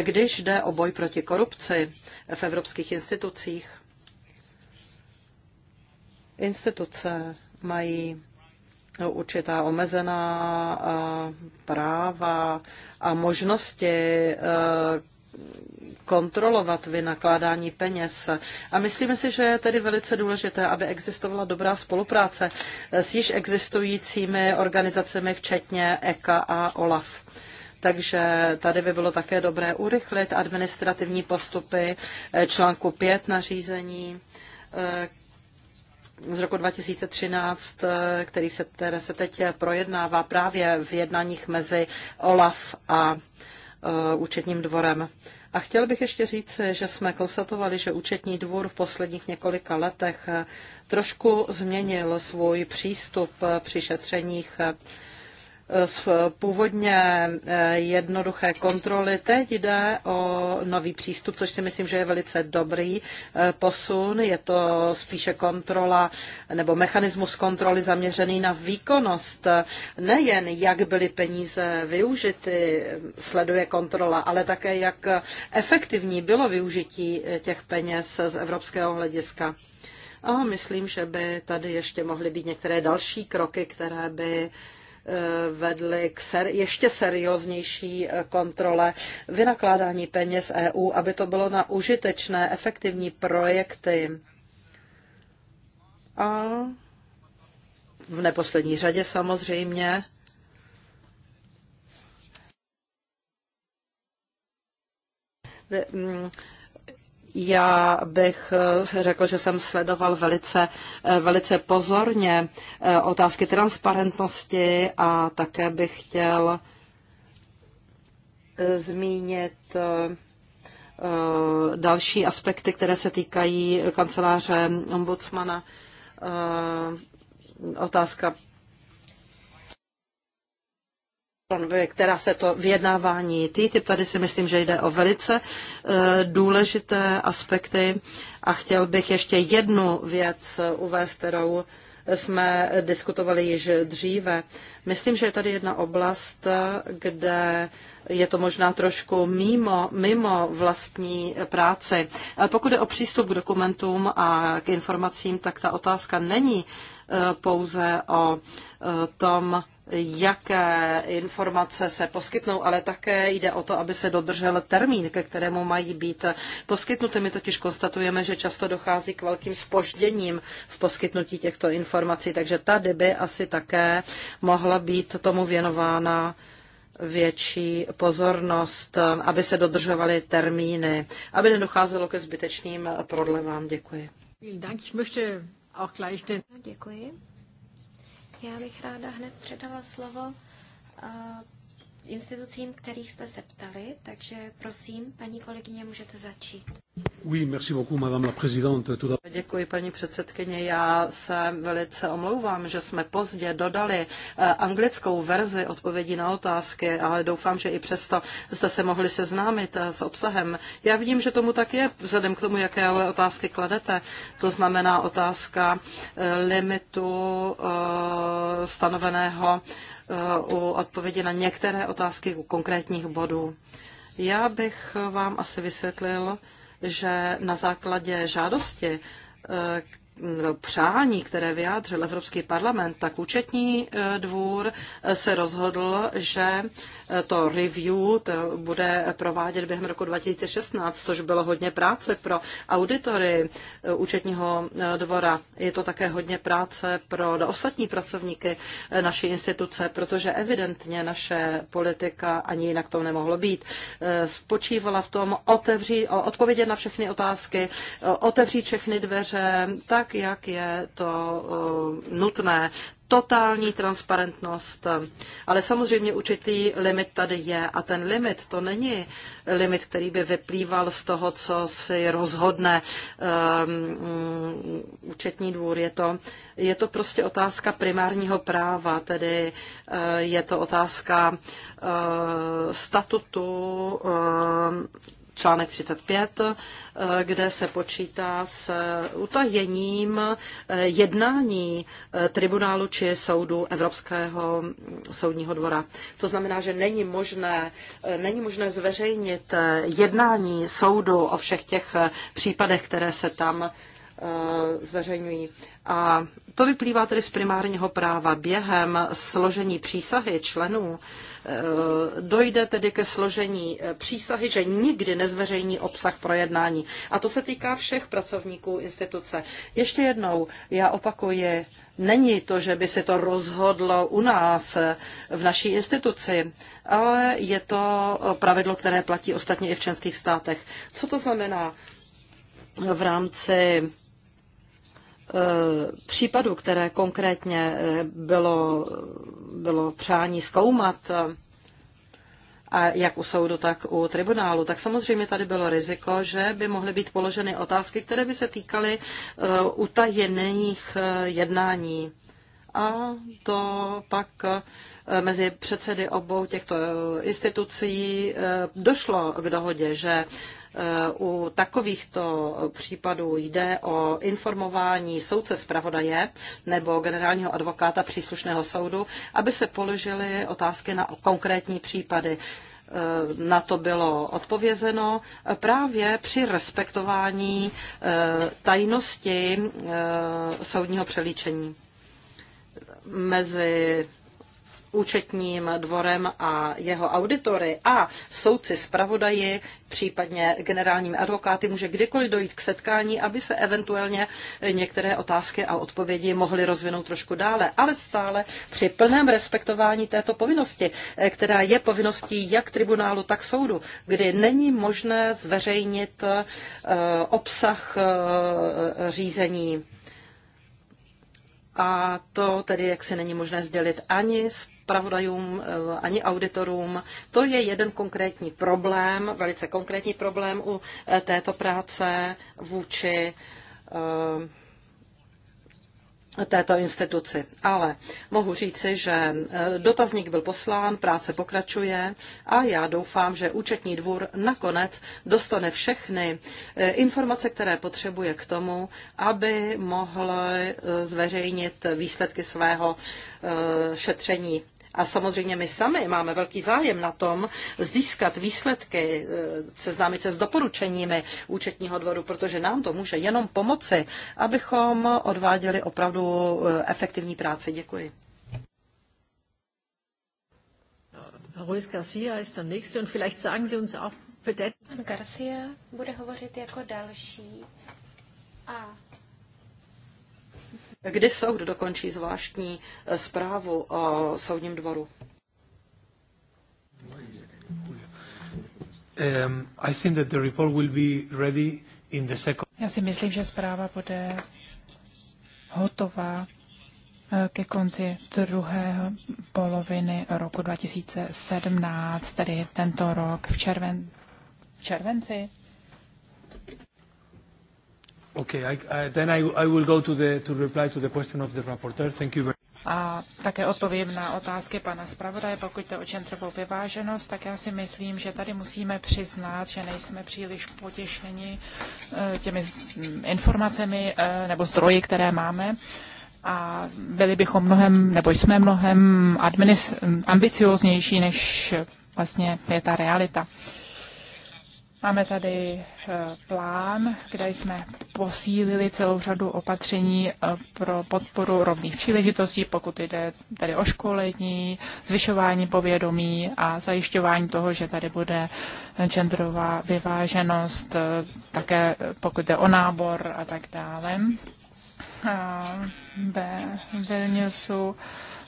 Když jde o boj proti korupci v evropských institucích, Instituce mají určitá omezená eh, práva a možnosti eh, kontrolovat vynakládání peněz. A myslíme si, že je tedy velice důležité, aby existovala dobrá spolupráce s již existujícími organizacemi, včetně ECA a OLAF. Takže tady by bylo také dobré urychlit administrativní postupy eh, článku 5 nařízení z roku 2013, eh, který se, které se teď projednává právě v jednáních mezi OLAF a eh, účetním dvorem. A chtěl bych ještě říct, že jsme konstatovali, že účetní dvůr v posledních několika letech eh, trošku změnil svůj přístup při šetřeních Eh, z původně eh, jednoduché kontroly. Teď jde o nový přístup, což si myslím, že je velice dobrý eh, posun. Je to spíše kontrola nebo mechanismus kontroly zaměřený na výkonnost. Nejen jak byly peníze využity, sleduje kontrola, ale také jak efektivní bylo využití těch peněz z evropského hlediska. A myslím, že by tady ještě mohly být některé další kroky, které by uh, vedly k ser- ještě serióznější eh, kontrole vynakládání peněz EU, aby to bylo na užitečné, efektivní projekty. A v neposlední řadě samozřejmě já bych eh, řekl, že jsem sledoval velice, eh, velice pozorně eh, otázky transparentnosti a také bych chtěl zmínit další aspekty, které se týkají kanceláře ombudsmana. Otázka která se to vyjednávání TTIP. Tady si myslím, že jde o velice eh, důležité aspekty a chtěl bych ještě jednu věc uvést, kterou jsme diskutovali již dříve. Myslím, že je tady jedna oblast, kde je to možná trošku mimo, mimo vlastní práci. pokud je o přístup k dokumentům a k informacím, tak ta otázka není eh, pouze o eh, tom, jaké informace se poskytnou, ale také jde o to, aby se dodržel termín, ke kterému mají být poskytnuty. My totiž konstatujeme, že často dochází k velkým spožděním v poskytnutí těchto informací, takže tady by asi také mohla být tomu věnována větší pozornost, aby se dodržovaly termíny, aby nedocházelo ke zbytečným prodlevám. Děkuji. Děkuji. Já bych ráda hned předala slovo eh, institucím, kterých jste se ptali, takže prosím, paní kolegyně, můžete začít. Oui, merci beaucoup, madame la présidente. Děkuji, paní předsedkyně. Já se velice omlouvám, že jsme pozdě dodali eh, anglickou verzi odpovědi na otázky, ale doufám, že i přesto jste se mohli seznámit eh, s obsahem. Já vidím, že tomu tak je, vzhledem k tomu, jaké otázky kladete. To znamená otázka eh, limitu stanoveného u odpovědi na některé otázky u konkrétních bodů. Já bych vám asi vysvětlil, že na základě žádosti, přání, které vyjádřil Evropský parlament, tak účetní eh, dvůr eh, se rozhodl, že eh, to review to bude provádět během roku 2016, což bylo hodně práce pro auditory účetního dvora. Je to také hodně práce pro ostatní pracovníky naší instituce, protože evidentně naše politika, ani jinak to nemohlo být, spočívala v tom otevřít, odpovědět na všechny otázky, otevřít všechny dveře, tak tak, jak je to eh, nutné. Totální transparentnost. Ale samozřejmě určitý limit tady je. A ten limit to není limit, který by vyplýval z toho, co si rozhodne um, účetní dvůr. Je to, je to prostě otázka primárního práva, tedy uh, je to otázka uh, statutu. Uh, článek 35, eh, kde se počítá s eh, utajením eh, jednání tribunálu či soudu Evropského mm, soudního dvora. To znamená, že není možné, není možné zveřejnit jednání soudu o všech těch případech, které se tam Eh, zveřejňují. A to vyplývá tedy z primárního práva. Během složení přísahy členů eh, dojde tedy ke složení eh, přísahy, že nikdy nezveřejní obsah projednání. A to se týká všech pracovníků instituce. Ještě jednou, já opakuji, není to, že by se to rozhodlo u nás v naší instituci, ale je to pravidlo, které platí ostatně i v členských státech. Co to znamená v rámci Eh, případů, které konkrétně eh, bylo, bylo přání zkoumat, eh, a jak u soudu, tak u tribunálu, tak samozřejmě tady bylo riziko, že by mohly být položeny otázky, které by se týkaly utajených jednání. A to pak mezi předsedy obou těchto institucí došlo k dohodě, že u takovýchto případů jde o informování soudce zpravodaje nebo generálního advokáta příslušného soudu, aby se položily otázky na konkrétní případy na to bylo odpovězeno právě při respektování eh, tajnosti eh, soudního přelíčení. Mezi účetním dvorem a jeho auditory a soudci zpravodaji, případně generálními advokáty, může kdykoliv dojít k setkání, aby se eventuálně některé otázky a odpovědi mohly rozvinout trošku dále, ale stále při plném respektování této povinnosti, která je povinností jak tribunálu, tak soudu, kdy není možné zveřejnit eh, obsah eh, řízení a to tedy jak se není možné sdělit ani s zpravodajům eh, ani auditorům. To je jeden konkrétní problém, velice konkrétní problém u eh, této práce vůči eh, této instituci. Ale mohu říci, že dotazník byl poslán, práce pokračuje a já doufám, že účetní dvůr nakonec dostane všechny informace, které potřebuje k tomu, aby mohl zveřejnit výsledky svého šetření. A samozřejmě my sami máme velký zájem na tom získat výsledky, eh, seznámit se s doporučeními účetního dvoru, protože nám to může jenom pomoci, abychom odváděli opravdu eh, efektivní práci. Děkuji. Ruiz Garcia nächste und vielleicht sagen Sie uns auch bitte. Garcia bude hovořit jako další a kdy soud dokončí zvláštní eh, zprávu o soudním dvoru? Um, I think that the report will be ready in the second... Já si myslím, že zpráva bude hotová eh, ke konci druhé poloviny roku 2017, tedy tento rok v červen, v červenci. Okay, I, I, then I, I will go to the to reply to the question of the rapporteur. Thank you very a také odpovím na otázky pana zpravodaje, pokud to o genderovou vyváženost, tak já si myslím, že tady musíme přiznat, že nejsme příliš potěšeni eh, těmi informacemi eh, nebo zdroji, které máme a byli bychom mnohem, nebo jsme mnohem administ- ambicioznější, než vlastně je ta realita. Máme tady eh, plán, kde jsme posílili celou řadu opatření eh, pro podporu rovných příležitostí, pokud jde tady o školení, zvyšování povědomí a zajišťování toho, že tady bude genderová vyváženost, eh, také pokud jde o nábor a tak dále. A ve Vilniusu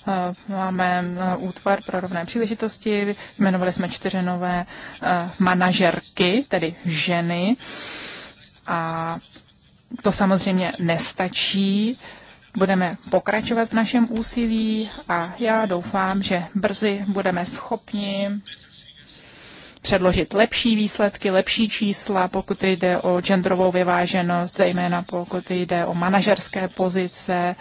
Eh, máme eh, útvar pro rovné příležitosti, jmenovali jsme čtyři nové eh, manažerky, tedy ženy. A to samozřejmě nestačí. Budeme pokračovat v našem úsilí a já doufám, že brzy budeme schopni předložit lepší výsledky, lepší čísla, pokud jde o genderovou vyváženost, zejména pokud jde o manažerské pozice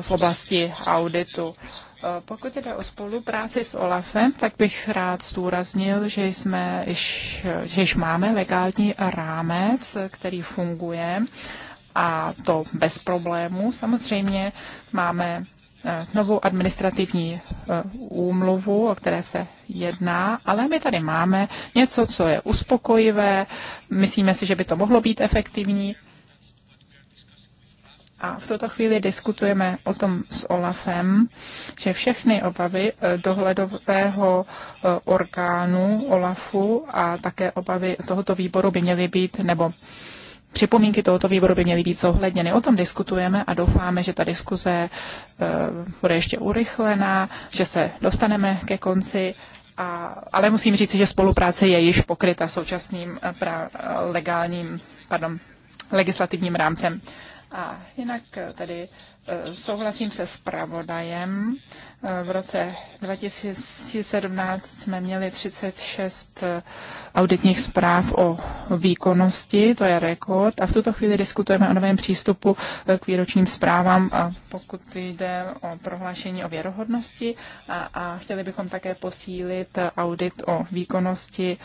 v oblasti auditu. Eh, pokud jde o spolupráci s OLAFem, tak bych rád zdůraznil, že, jsme, že již máme legální rámec, který funguje a to bez problémů. Samozřejmě máme eh, novou administrativní eh, úmluvu, o které se jedná, ale my tady máme něco, co je uspokojivé, myslíme si, že by to mohlo být efektivní a v tuto chvíli diskutujeme o tom s OLAFem, že všechny obavy eh, dohledového eh, orgánu OLAFu a také obavy tohoto výboru by měly být, nebo připomínky tohoto výboru by měly být zohledněny. O tom diskutujeme a doufáme, že ta diskuze eh, bude ještě urychlená, že se dostaneme ke konci. A, ale musím říct, že spolupráce je již pokryta současným pra, legálním, pardon, legislativním rámcem. A jinak eh, tedy eh, souhlasím se pravodajem. Eh, v roce 2017 jsme měli 36 auditních zpráv o výkonnosti, to je rekord, a v tuto chvíli diskutujeme o novém přístupu k výročním zprávám, a pokud jde o prohlášení o věrohodnosti a, a chtěli bychom také posílit audit o výkonnosti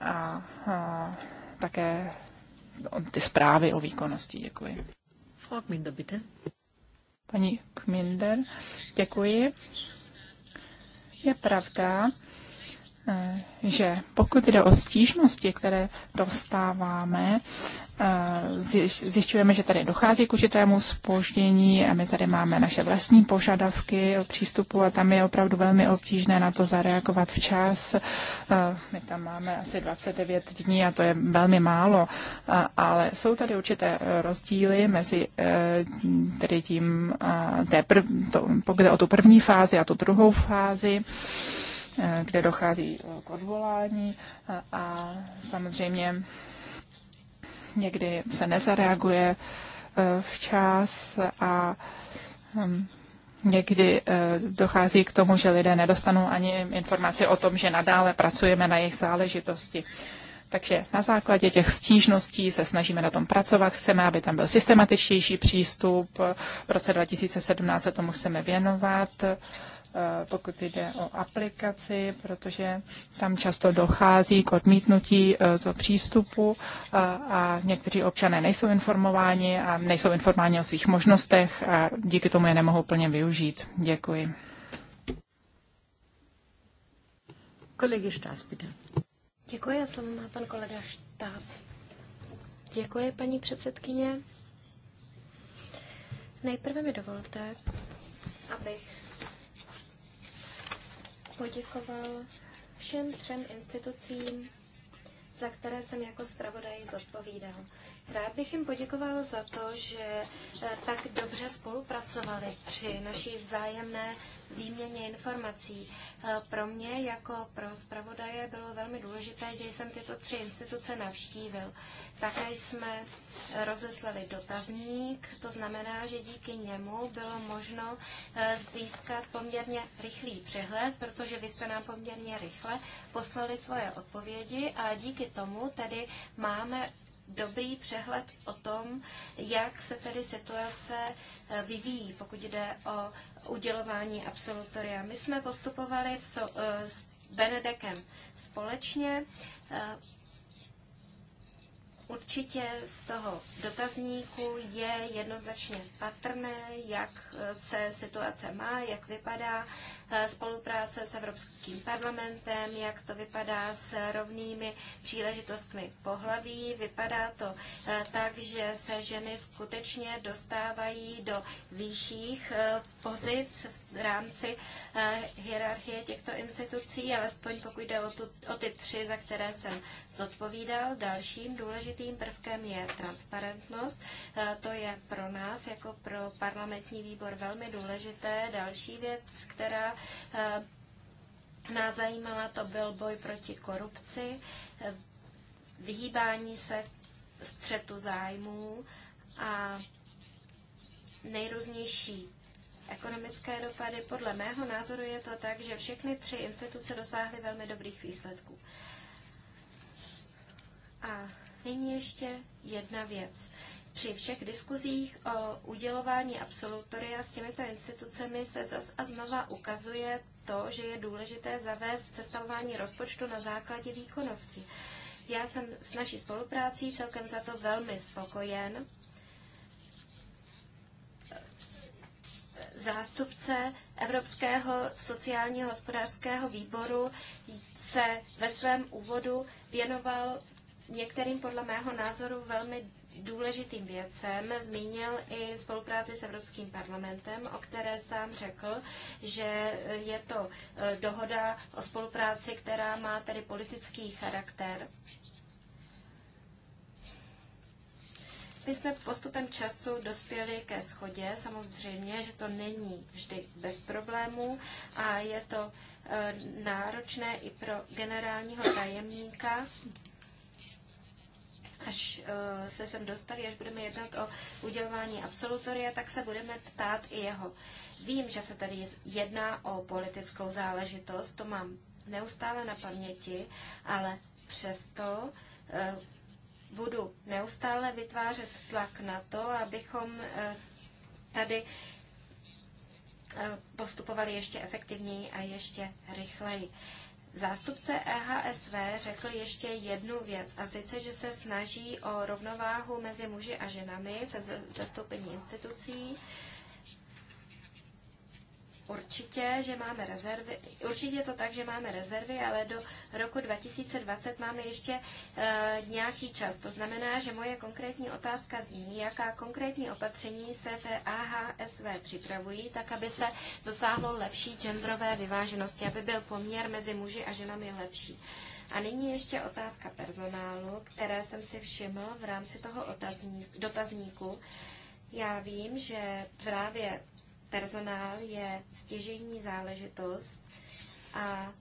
a, a také ty zprávy o výkonnosti. Děkuji. Frau Gminder, bitte. Paní Kminder, děkuji. Je pravda, Eh, že pokud jde o stížnosti, které dostáváme, eh, zjišťujeme, že tady dochází k určitému spoždění a my tady máme naše vlastní požadavky o přístupu a tam je opravdu velmi obtížné na to zareagovat včas. Eh, my tam máme asi 29 dní a to je velmi málo, ale jsou tady určité rozdíly mezi tedy tím, prv, to, pokud jde o tu první fázi a tu druhou fázi. Eh, kde dochází eh, k odvolání eh, a samozřejmě někdy se nezareaguje včas a hm, někdy dochází k tomu, že lidé nedostanou ani informaci o tom, že nadále pracujeme na jejich záležitosti. Takže na základě těch stížností se snažíme na tom pracovat. Chceme, aby tam byl systematičtější přístup. V roce 2017 se tomu chceme věnovat. Eh, pokud jde o aplikaci, protože tam často dochází k odmítnutí eh, toho přístupu eh, a někteří občané nejsou informováni a nejsou informováni o svých možnostech a díky tomu je nemohou plně využít. Děkuji. Kolegy Štás, bitte. Děkuji a slovo má pan kolega Štás. Děkuji, paní předsedkyně. Nejprve mi dovolte, abych poděkoval všem třem institucím, za které jsem jako zpravodaj zodpovídal. Rád bych jim poděkoval za to, že eh, tak dobře spolupracovali při naší vzájemné výměně informací. Eh, pro mě jako pro zpravodaje bylo velmi důležité, že jsem tyto tři instituce navštívil. Také jsme rozeslali dotazník, to znamená, že díky němu bylo možno eh, získat poměrně rychlý přehled, protože vy jste nám poměrně rychle poslali svoje odpovědi a díky tomu tedy máme dobrý přehled o tom, jak se tedy situace eh, vyvíjí, pokud jde o udělování absolutoria. My jsme postupovali v so, eh, s Benedekem společně. Eh, Určitě z toho dotazníku je jednoznačně patrné, jak eh, se situace má, jak vypadá eh, spolupráce s Evropským parlamentem, jak to vypadá s rovnými příležitostmi pohlaví. Vypadá to eh, tak, že se ženy skutečně dostávají do vyšších pozic v rámci eh, hierarchie těchto institucí, alespoň pokud jde o, tu, o ty tři, za které jsem zodpovídal. Dalším důležitým prvkem je transparentnost. Eh, to je pro nás, jako pro parlamentní výbor, velmi důležité. Další věc, která eh, nás zajímala, to byl boj proti korupci, vyhýbání se střetu zájmů a nejrůznější ekonomické dopady. Podle mého názoru je to tak, že všechny tři instituce dosáhly velmi dobrých výsledků. A nyní ještě jedna věc. Při všech diskuzích o udělování absolutoria s těmito institucemi se zas a znova ukazuje to, že je důležité zavést sestavování rozpočtu na základě výkonnosti. Já jsem s naší spoluprácí celkem za to velmi spokojen. zástupce Evropského sociálního hospodářského výboru se ve svém úvodu věnoval některým podle mého názoru velmi důležitým věcem. Zmínil i spolupráci s Evropským parlamentem, o které sám řekl, že je to eh, dohoda o spolupráci, která má tedy politický charakter. My jsme postupem času dospěli ke schodě. Samozřejmě, že to není vždy bez problémů a je to eh, náročné i pro generálního tajemníka, až eh, se sem dostali, až budeme jednat o udělování absolutoria, tak se budeme ptát i jeho. Vím, že se tady jedná o politickou záležitost, to mám neustále na paměti, ale přesto eh, budu neustále vytvářet tlak na to, abychom eh, tady eh, postupovali ještě efektivněji a ještě rychleji. Zástupce EHSV řekl ještě jednu věc, a sice, že se snaží o rovnováhu mezi muži a ženami ve zastoupení institucí. Uh, Určitě, že máme rezervy, určitě je to tak, že máme rezervy, ale do roku 2020 máme ještě uh, nějaký čas. To znamená, že moje konkrétní otázka zní, jaká konkrétní opatření se v AHSV připravují, tak aby se dosáhlo lepší genderové vyváženosti, aby byl poměr mezi muži a ženami lepší. A nyní ještě otázka personálu, které jsem si všiml v rámci toho otazník, dotazníku. Já vím, že právě personál je stěžejní záležitost a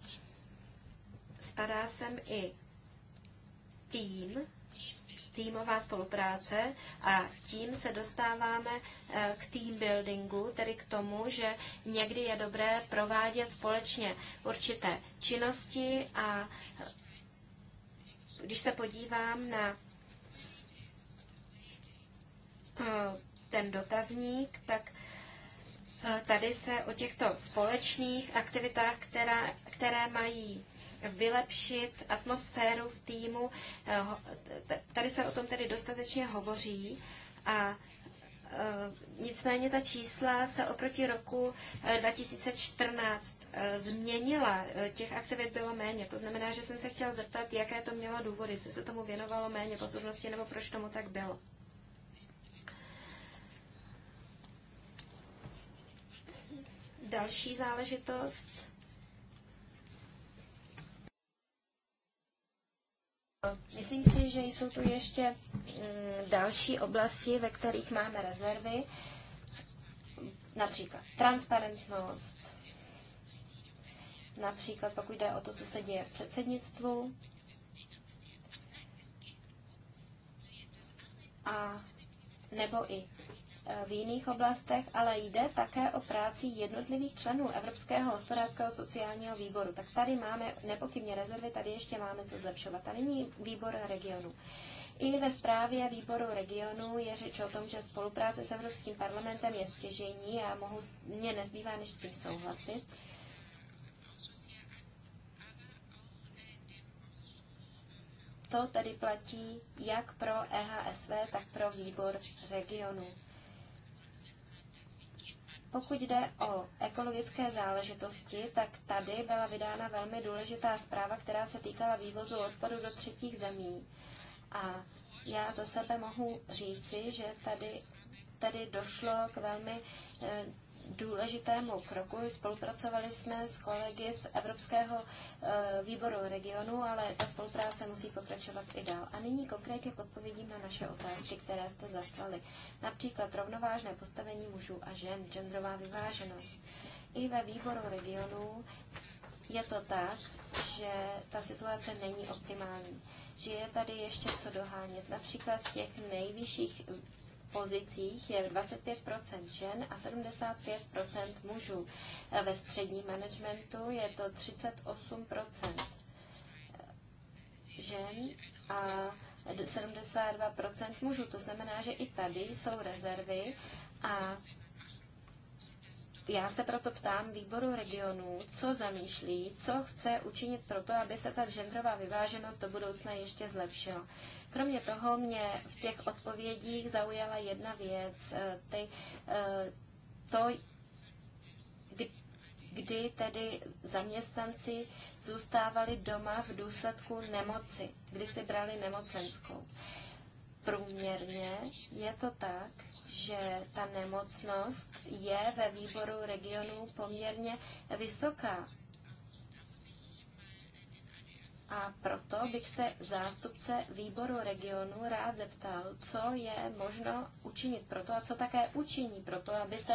spadá sem i tým, týmová spolupráce a tím se dostáváme eh, k team buildingu, tedy k tomu, že někdy je dobré provádět společně určité činnosti a eh, když se podívám na eh, ten dotazník, tak Tady se o těchto společných aktivitách, která, které mají vylepšit atmosféru v týmu, eh, tady se o tom tedy dostatečně hovoří a eh, Nicméně ta čísla se oproti roku 2014 eh, změnila. Těch aktivit bylo méně. To znamená, že jsem se chtěl zeptat, jaké to mělo důvody, jestli se tomu věnovalo méně pozornosti nebo proč tomu tak bylo. další záležitost. Myslím si, že jsou tu ještě mm, další oblasti, ve kterých máme rezervy, například transparentnost, například pokud jde o to, co se děje v předsednictvu. A nebo i v jiných oblastech, ale jde také o práci jednotlivých členů Evropského hospodářského sociálního výboru. Tak tady máme nepochybně rezervy, tady ještě máme co zlepšovat. A nyní výbor regionu. I ve zprávě výboru regionu je řeč o tom, že spolupráce s Evropským parlamentem je stěžení a mohu, mě nezbývá než s tím souhlasit. To tedy platí jak pro EHSV, tak pro výbor regionu. Pokud jde o ekologické záležitosti, tak tady byla vydána velmi důležitá zpráva, která se týkala vývozu odpadu do třetích zemí. A já za sebe mohu říci, že tady, tady došlo k velmi eh, důležitému kroku. Spolupracovali jsme s kolegy z Evropského eh, výboru regionu, ale ta spolupráce musí pokračovat i dál. A nyní konkrétně k odpovědím na naše otázky, které jste zaslali. Například rovnovážné postavení mužů a žen, genderová vyváženost. I ve výboru regionu je to tak, že ta situace není optimální že je tady ještě co dohánět. Například v těch nejvyšších pozicích je 25 žen a 75 mužů. Ve středním managementu je to 38 žen a 72 mužů. To znamená, že i tady jsou rezervy a já se proto ptám výboru regionů, co zamýšlí, co chce učinit pro to, aby se ta genderová vyváženost do budoucna ještě zlepšila. Kromě toho mě v těch odpovědích zaujala jedna věc. Eh, ty, eh, to, kdy tedy zaměstnanci zůstávali doma v důsledku nemoci, kdy si brali nemocenskou. Průměrně je to tak, že ta nemocnost je ve výboru regionů poměrně vysoká. A proto bych se zástupce výboru regionu rád zeptal, co je možno učinit pro to a co také učiní to, aby se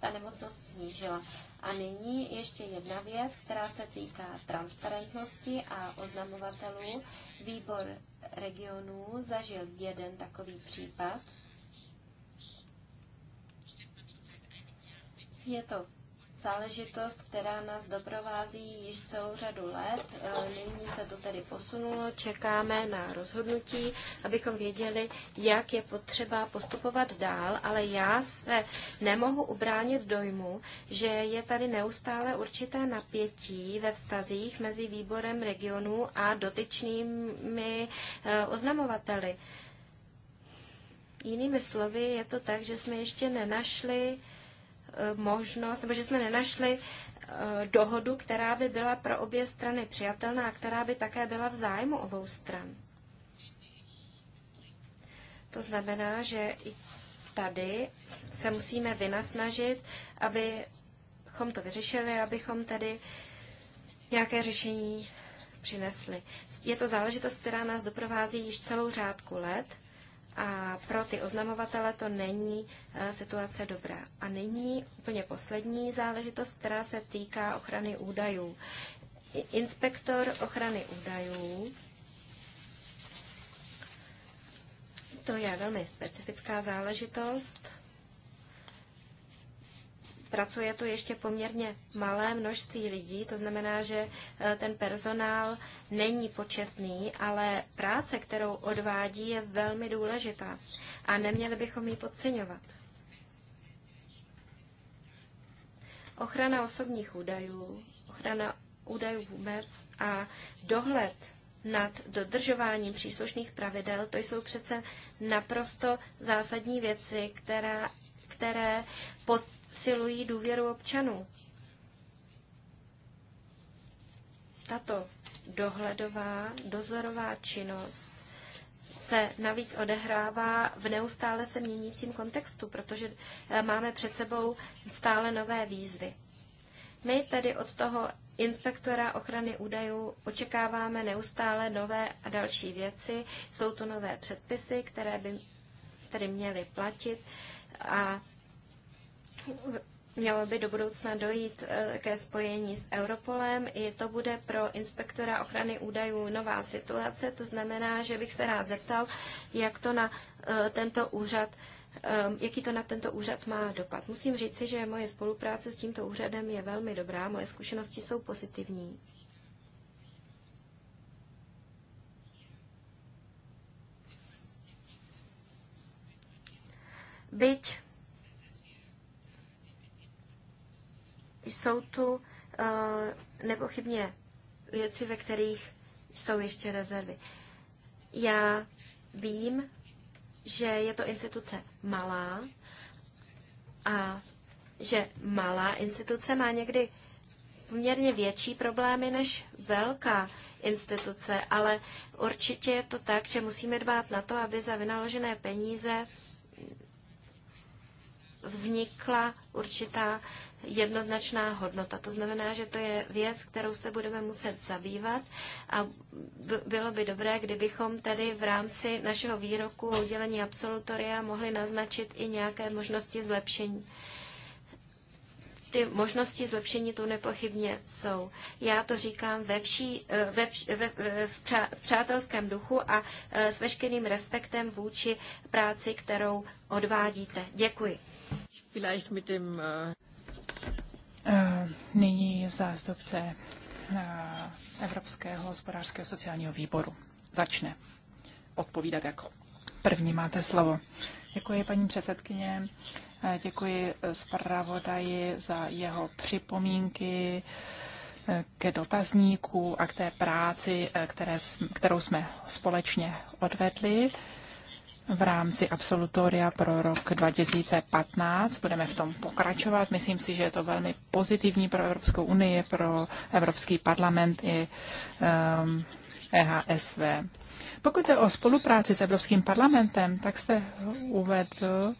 ta nemocnost snížila. A nyní ještě jedna věc, která se týká transparentnosti a oznamovatelů. Výbor regionů zažil jeden takový případ Je to záležitost, která nás doprovází již celou řadu let. E, nyní se to tedy posunulo, čekáme na rozhodnutí, abychom věděli, jak je potřeba postupovat dál, ale já se nemohu ubránit dojmu, že je tady neustále určité napětí ve vztazích mezi výborem regionů a dotyčnými e, oznamovateli. Jinými slovy, je to tak, že jsme ještě nenašli Eh, možnost, nebo že jsme nenašli eh, dohodu, která by byla pro obě strany přijatelná a která by také byla v zájmu obou stran. To znamená, že i tady se musíme vynasnažit, abychom to vyřešili, abychom tedy nějaké řešení přinesli. Je to záležitost, která nás doprovází již celou řádku let a pro ty oznamovatele to není eh, situace dobrá. A nyní úplně poslední záležitost, která se týká ochrany údajů. Inspektor ochrany údajů to je velmi specifická záležitost. Pracuje tu ještě poměrně malé množství lidí, to znamená, že e, ten personál není početný, ale práce, kterou odvádí, je velmi důležitá a neměli bychom ji podceňovat. Ochrana osobních údajů, ochrana údajů vůbec a dohled nad dodržováním příslušných pravidel, to jsou přece naprosto zásadní věci, která, které pod silují důvěru občanů. Tato dohledová, dozorová činnost se navíc odehrává v neustále se měnícím kontextu, protože eh, máme před sebou stále nové výzvy. My tedy od toho inspektora ochrany údajů očekáváme neustále nové a další věci. Jsou to nové předpisy, které by tedy měly platit a Mělo by do budoucna dojít e, ke spojení s Europolem. I to bude pro inspektora ochrany údajů nová situace. To znamená, že bych se rád zeptal, jak to na e, tento úřad e, jaký to na tento úřad má dopad. Musím říci, že moje spolupráce s tímto úřadem je velmi dobrá, moje zkušenosti jsou pozitivní. Byť Jsou tu eh, nepochybně věci, ve kterých jsou ještě rezervy. Já vím, že je to instituce malá a že malá instituce má někdy poměrně větší problémy než velká instituce, ale určitě je to tak, že musíme dbát na to, aby za vynaložené peníze vznikla určitá jednoznačná hodnota. To znamená, že to je věc, kterou se budeme muset zabývat a bylo by dobré, kdybychom tedy v rámci našeho výroku o udělení absolutoria mohli naznačit i nějaké možnosti zlepšení ty možnosti zlepšení tu nepochybně jsou. Já to říkám ve, vší, eh, ve, vš, ve, ve v, přá, v přátelském duchu a eh, s veškerým respektem vůči práci, kterou odvádíte. Děkuji. Äh, äh, nyní zástupce äh, Evropského hospodářského sociálního výboru začne odpovídat jako první. Máte slovo. Děkuji, paní předsedkyně. Děkuji zpravodaji za jeho připomínky ke dotazníku a k té práci, které, kterou jsme společně odvedli v rámci absolutoria pro rok 2015. Budeme v tom pokračovat. Myslím si, že je to velmi pozitivní pro Evropskou unii, pro Evropský parlament i um, ehm, EHSV. Pokud je o spolupráci s Evropským parlamentem, tak jste uvedl,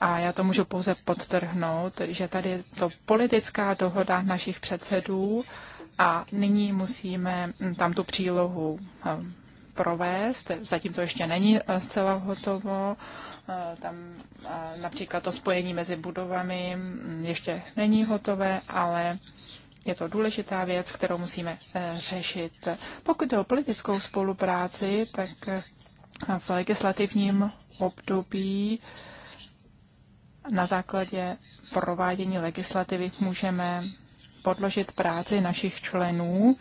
a já to můžu pouze podtrhnout, že tady je to politická dohoda našich předsedů a nyní musíme tam tu přílohu ehm, provést. Zatím to ještě není eh, zcela hotovo. Eh, tam eh, například to spojení mezi budovami mm, ještě není hotové, ale je to důležitá věc, kterou musíme řešit. Pokud jde o politickou spolupráci, tak v legislativním období na základě provádění legislativy můžeme podložit práci našich členů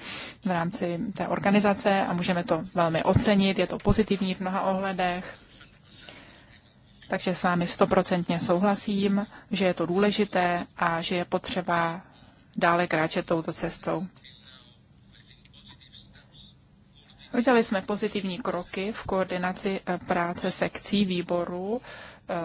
v rámci té organizace a můžeme to velmi ocenit. Je to pozitivní v mnoha ohledech. Takže s vámi stoprocentně souhlasím, že je to důležité a že je potřeba dále kráčet touto cestou. Udělali jsme pozitivní kroky v koordinaci eh, práce sekcí výboru, eh,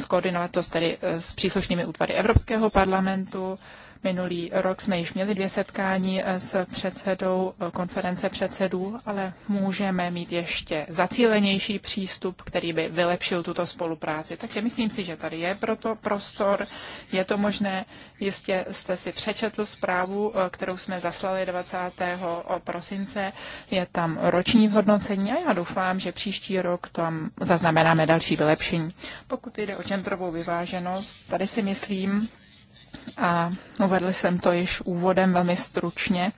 skoordinovat to tedy eh, s příslušnými útvary Evropského parlamentu Minulý rok jsme již měli dvě setkání eh, s předsedou eh, konference předsedů, ale můžeme mít ještě zacílenější přístup, který by vylepšil tuto spolupráci. Takže myslím si, že tady je proto prostor, je to možné. Jistě jste si přečetl zprávu, eh, kterou jsme zaslali 20. prosince. Je tam roční hodnocení a já doufám, že příští rok tam zaznamenáme další vylepšení. Pokud jde o centrovou vyváženost, tady si myslím, a uvedl jsem to již úvodem velmi stručně.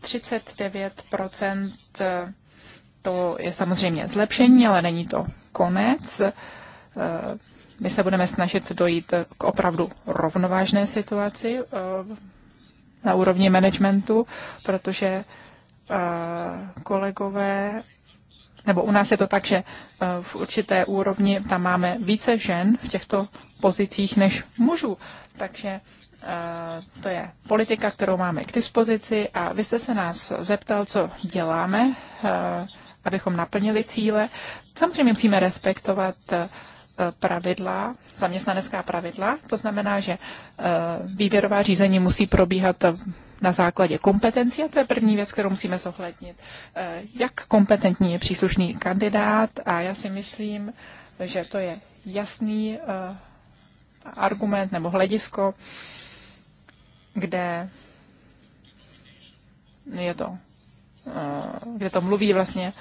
39 eh, eh, to je samozřejmě zlepšení, ale není to konec. Eh, my se budeme snažit dojít k opravdu rovnovážné situaci na úrovni managementu, protože kolegové, nebo u nás je to tak, že v určité úrovni tam máme více žen v těchto pozicích než mužů. Takže eh, to je politika, kterou máme k dispozici a vy jste se nás zeptal, co děláme, eh, abychom naplnili cíle. Samozřejmě musíme respektovat eh, pravidla, zaměstnanecká pravidla. To znamená, že výběrová řízení musí probíhat na základě kompetencí a to je první věc, kterou musíme zohlednit. Jak kompetentní je příslušný kandidát a já si myslím, že to je jasný argument nebo hledisko, kde je to, eh, kde to mluví vlastně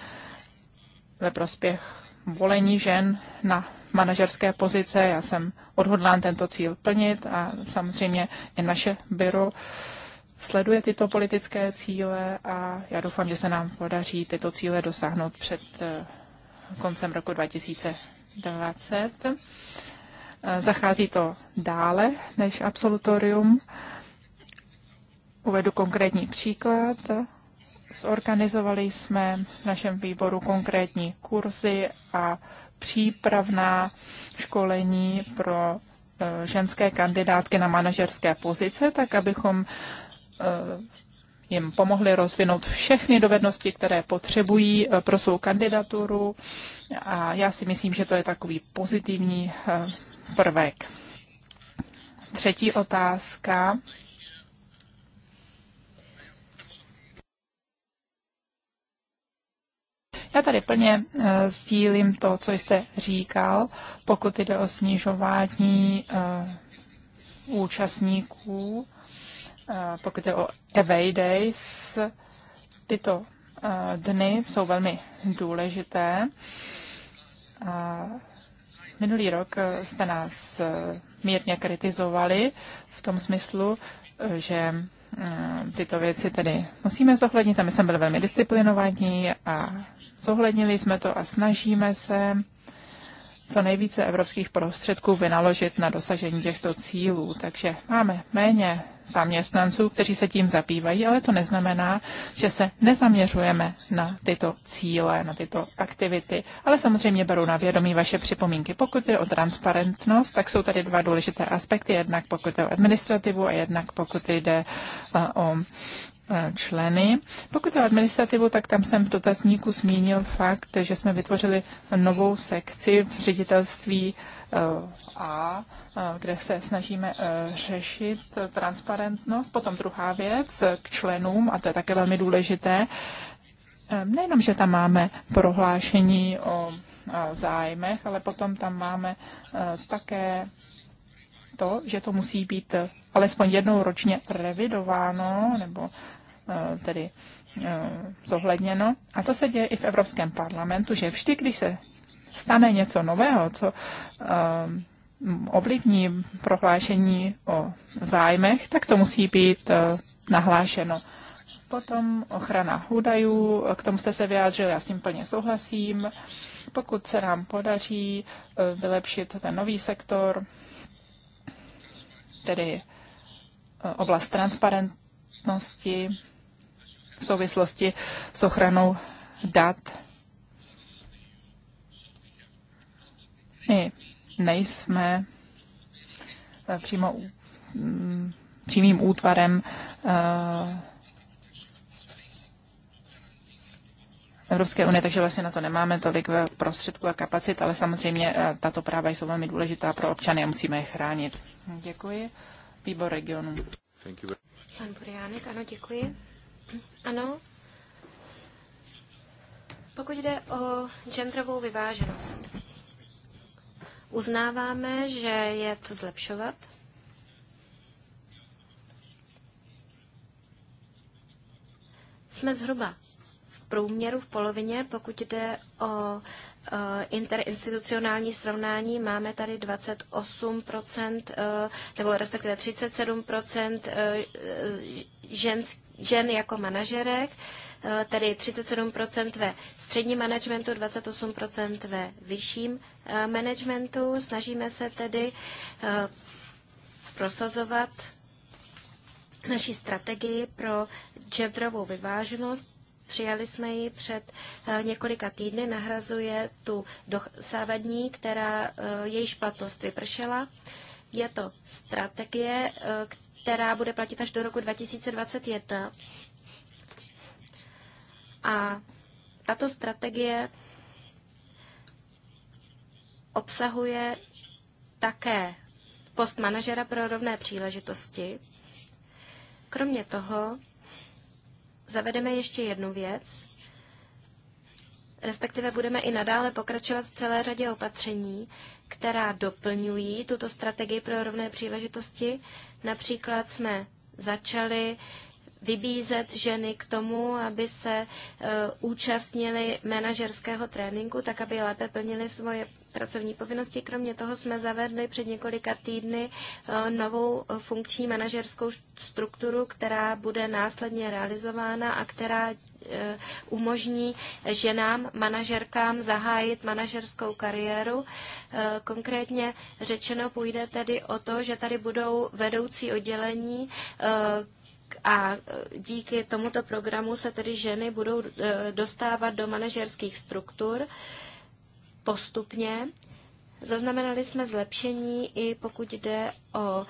ve prospěch volení žen na manažerské pozice. Já jsem odhodlán tento cíl plnit a samozřejmě i naše byro sleduje tyto politické cíle a já doufám, že se nám podaří tyto cíle dosáhnout před eh, koncem roku 2020. Zachází to dále než absolutorium. Uvedu konkrétní příklad. Zorganizovali jsme v našem výboru konkrétní kurzy a přípravná školení pro e, ženské kandidátky na manažerské pozice, tak abychom e, jim pomohli rozvinout všechny dovednosti, které potřebují e, pro svou kandidaturu. A já si myslím, že to je takový pozitivní prvek. Třetí otázka. Já tady plně eh, sdílím to, co jste říkal, pokud jde o snižování eh, účastníků, eh, pokud jde o away days, tyto dny jsou velmi důležité. Minulý rok eh, jste nás eh, mírně kritizovali v tom smyslu, eh, že tyto věci tedy musíme zohlednit a my jsme byli velmi disciplinovaní a zohlednili jsme to a snažíme se co nejvíce evropských prostředků vynaložit na dosažení těchto cílů. Takže máme méně zaměstnanců, kteří se tím zabývají, ale to neznamená, že se nezaměřujeme na tyto cíle, na tyto aktivity. Ale samozřejmě beru na vědomí vaše připomínky. Pokud je o transparentnost, tak jsou tady dva důležité aspekty. Jednak pokud je o administrativu a jednak pokud jde eh, o Eh, členy. Pokud je administrativu, tak tam jsem v dotazníku zmínil fakt, že jsme vytvořili novou sekci v ředitelství eh, a, eh, kde se snažíme řešit transparentnost. Potom druhá věc k členům, a to je také velmi důležité, Nejenom, že tam máme prohlášení o zájmech, ale potom tam máme také to, že to musí být alespoň jednou ročně revidováno nebo Eh, tedy eh, zohledněno. A to se děje i v Evropském parlamentu, že vždy, když se stane něco nového, co eh, ovlivní prohlášení o zájmech, tak to musí být nahlášeno. Potom ochrana údajů, k tomu jste se vyjádřil, já s tím plně souhlasím. Pokud se nám podaří vylepšit ten nový sektor, tedy oblast transparentnosti, v souvislosti s ochranou dat. My nejsme eh, přímo přímým útvarem eh, Evropské unie, takže vlastně na to nemáme tolik eh, prostředků a kapacit, ale samozřejmě tato práva jsou velmi důležitá pro občany a musíme je chránit. Děkuji. Výbor regionu. Pan Buriánek, ano, děkuji. Ano. Pokud jde o genderovou vyváženost, uznáváme, že je co zlepšovat. Jsme zhruba v průměru v polovině, pokud jde o e, interinstitucionální srovnání máme tady 28%, e, nebo respektive 37% e, ženských žen jako manažerek, eh, tedy 37% ve středním managementu, 28% ve vyšším eh, managementu. Snažíme se tedy eh, prosazovat naší strategii pro genderovou vyváženost. Přijali jsme ji před několika týdny, nahrazuje tu dosávadní, která jejíž platnost vypršela. Je to strategie, která která bude platit až do roku 2021. A tato strategie obsahuje také post manažera pro rovné příležitosti. Kromě toho zavedeme ještě jednu věc, respektive budeme i nadále pokračovat v celé řadě opatření, která doplňují tuto strategii pro rovné příležitosti. Například jsme začali vybízet ženy k tomu, aby se e, účastnili manažerského tréninku, tak aby lépe plnili svoje pracovní povinnosti. Kromě toho jsme zavedli před několika týdny e, novou funkční manažerskou strukturu, která bude následně realizována a která Eh, umožní ženám, manažerkám zahájit manažerskou kariéru. Eh, konkrétně řečeno půjde tedy o to, že tady budou vedoucí oddělení, eh, a díky tomuto programu se tedy ženy budou dostávat do manažerských struktur postupně. Zaznamenali jsme zlepšení i pokud jde o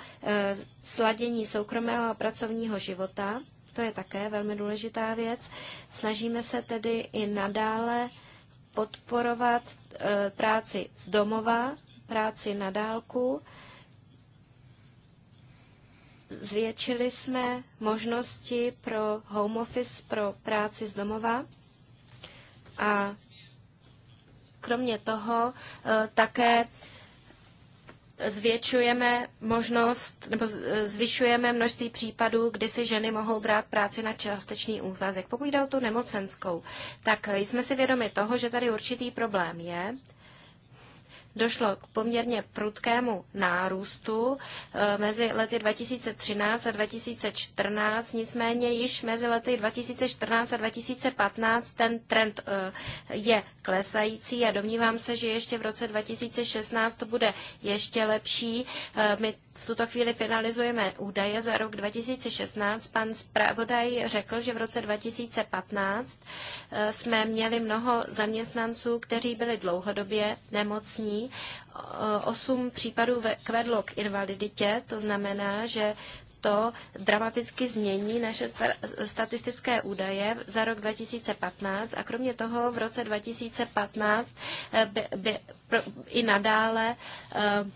sladění soukromého a pracovního života to je také velmi důležitá věc. Snažíme se tedy i nadále podporovat e, práci z domova, práci na dálku. Zvětšili jsme možnosti pro home office, pro práci z domova a kromě toho e, také zvětšujeme možnost nebo zvyšujeme množství případů, kdy si ženy mohou brát práci na částečný úvazek. Pokud jde o tu nemocenskou, tak jsme si vědomi toho, že tady určitý problém je došlo k poměrně prudkému nárůstu eh, mezi lety 2013 a 2014, nicméně již mezi lety 2014 a 2015 ten trend eh, je klesající a domnívám se, že ještě v roce 2016 to bude ještě lepší. Eh, my v tuto chvíli finalizujeme údaje za rok 2016. Pan zpravodaj řekl, že v roce 2015 jsme měli mnoho zaměstnanců, kteří byli dlouhodobě nemocní Eh, osm případů kvedlo k invaliditě, to znamená, že to dramaticky změní naše statistické údaje za rok 2015 a kromě toho v roce 2015 eh, by, by, pro, i nadále uh,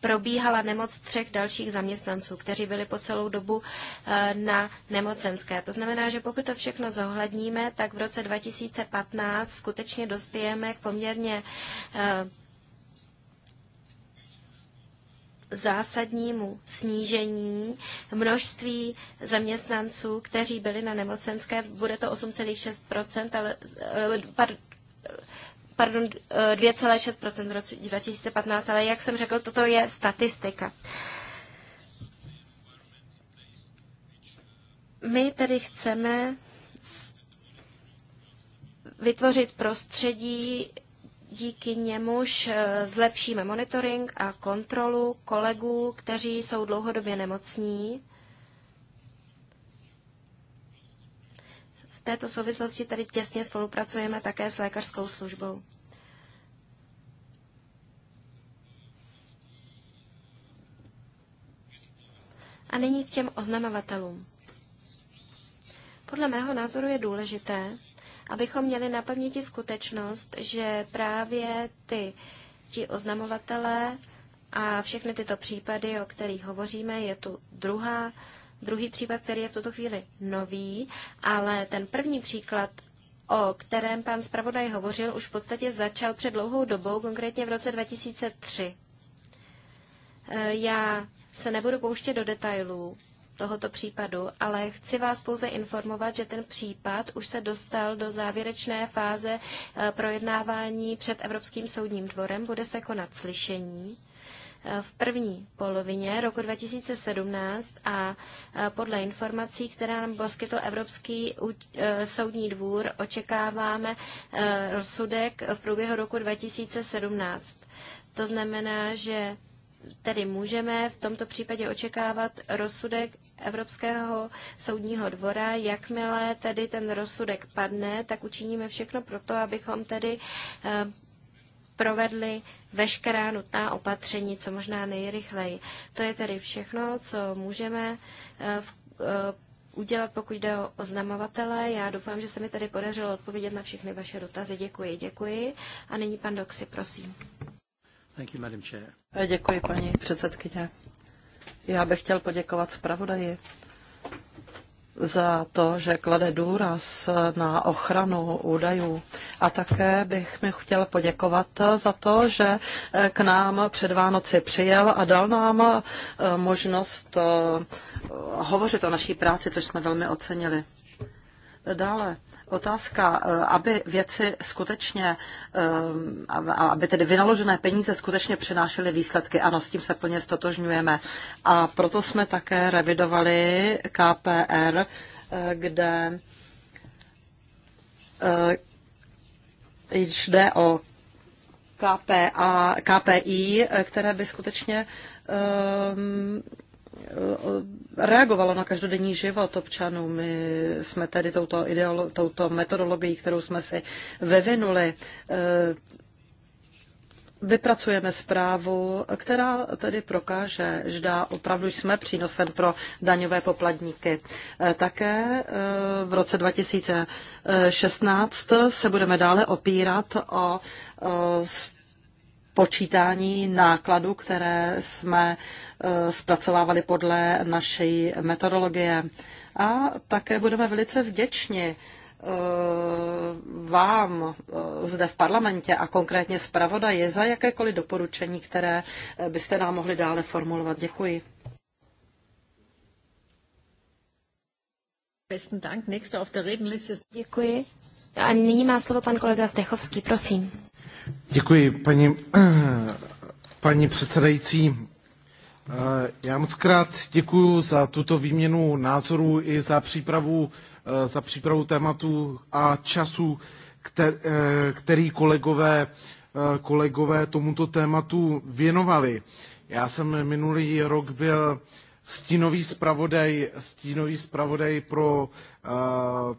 probíhala nemoc třech dalších zaměstnanců, kteří byli po celou dobu eh, na nemocenské. To znamená, že pokud to všechno zohledníme, tak v roce 2015 skutečně dospějeme k poměrně eh, zásadnímu snížení množství zaměstnanců, kteří byli na nemocenské. Bude to 8,6%, ale, eh, pardon, 2,6% v roce 2015, ale jak jsem řekl, toto je statistika. My tedy chceme vytvořit prostředí, díky němuž eh, zlepšíme monitoring a kontrolu kolegů, kteří jsou dlouhodobě nemocní této souvislosti tady těsně spolupracujeme také s lékařskou službou. A nyní k těm oznamovatelům. Podle mého názoru je důležité, abychom měli na paměti skutečnost, že právě ty, ti oznamovatelé a všechny tyto případy, o kterých hovoříme, je tu druhá druhý případ, který je v tuto chvíli nový, ale ten první příklad o kterém pan zpravodaj hovořil, už v podstatě začal před dlouhou dobou, konkrétně v roce 2003. E, já se nebudu pouštět do detailů tohoto případu, ale chci vás pouze informovat, že ten případ už se dostal do závěrečné fáze e, projednávání před Evropským soudním dvorem. Bude se konat slyšení v první polovině roku 2017 a podle informací, která nám poskytl Evropský e, soudní dvůr, očekáváme e, rozsudek v průběhu roku 2017. To znamená, že tedy můžeme v tomto případě očekávat rozsudek Evropského soudního dvora. Jakmile tedy ten rozsudek padne, tak učiníme všechno pro to, abychom tedy e, provedli veškerá nutná opatření, co možná nejrychleji. To je tedy všechno, co můžeme eh, eh, udělat, pokud jde o oznamovatele. Já doufám, že se mi tady podařilo odpovědět na všechny vaše dotazy. Děkuji, děkuji. A nyní pan Doxy, prosím. Thank you, Madam Chair. Děkuji, paní předsedkyně. Já bych chtěl poděkovat zpravodaji za to, že klade důraz na ochranu údajů. A také bych mi chtěl poděkovat za to, že k nám před Vánoci přijel a dal nám eh, možnost eh, hovořit o naší práci, což jsme velmi ocenili. Dále otázka, eh, aby věci skutečně, eh, aby tedy vynaložené peníze skutečně přinášely výsledky. Ano, s tím se plně stotožňujeme. A proto jsme také revidovali KPR, eh, kde jde o KPA, KPI, které by skutečně reagovalo na každodenní život občanů. My jsme tady touto, ideolo- touto metodologií, kterou jsme si vyvinuli, eh, vypracujeme zprávu, která tedy prokáže, že dá, opravdu jsme přínosem pro daňové poplatníky. Eh, také eh, v roce 2016 se budeme dále opírat o počítání nákladů, které jsme eh, zpracovávali podle naší metodologie. A také budeme velice vděční eh, vám eh, zde v parlamentě a konkrétně zpravodaji za jakékoliv doporučení, které byste nám mohli dále formulovat. Děkuji. Děkuji. A nyní má slovo pan kolega Zdechovský, prosím. Děkuji, paní, paní předsedající. Eh, já moc krát děkuji za tuto výměnu názorů i za přípravu, eh, za přípravu tématu a času, eh, který kolegové, kolegové tomuto tématu věnovali. Já jsem minulý rok byl stínový zpravodaj, stínový zpravodaj pro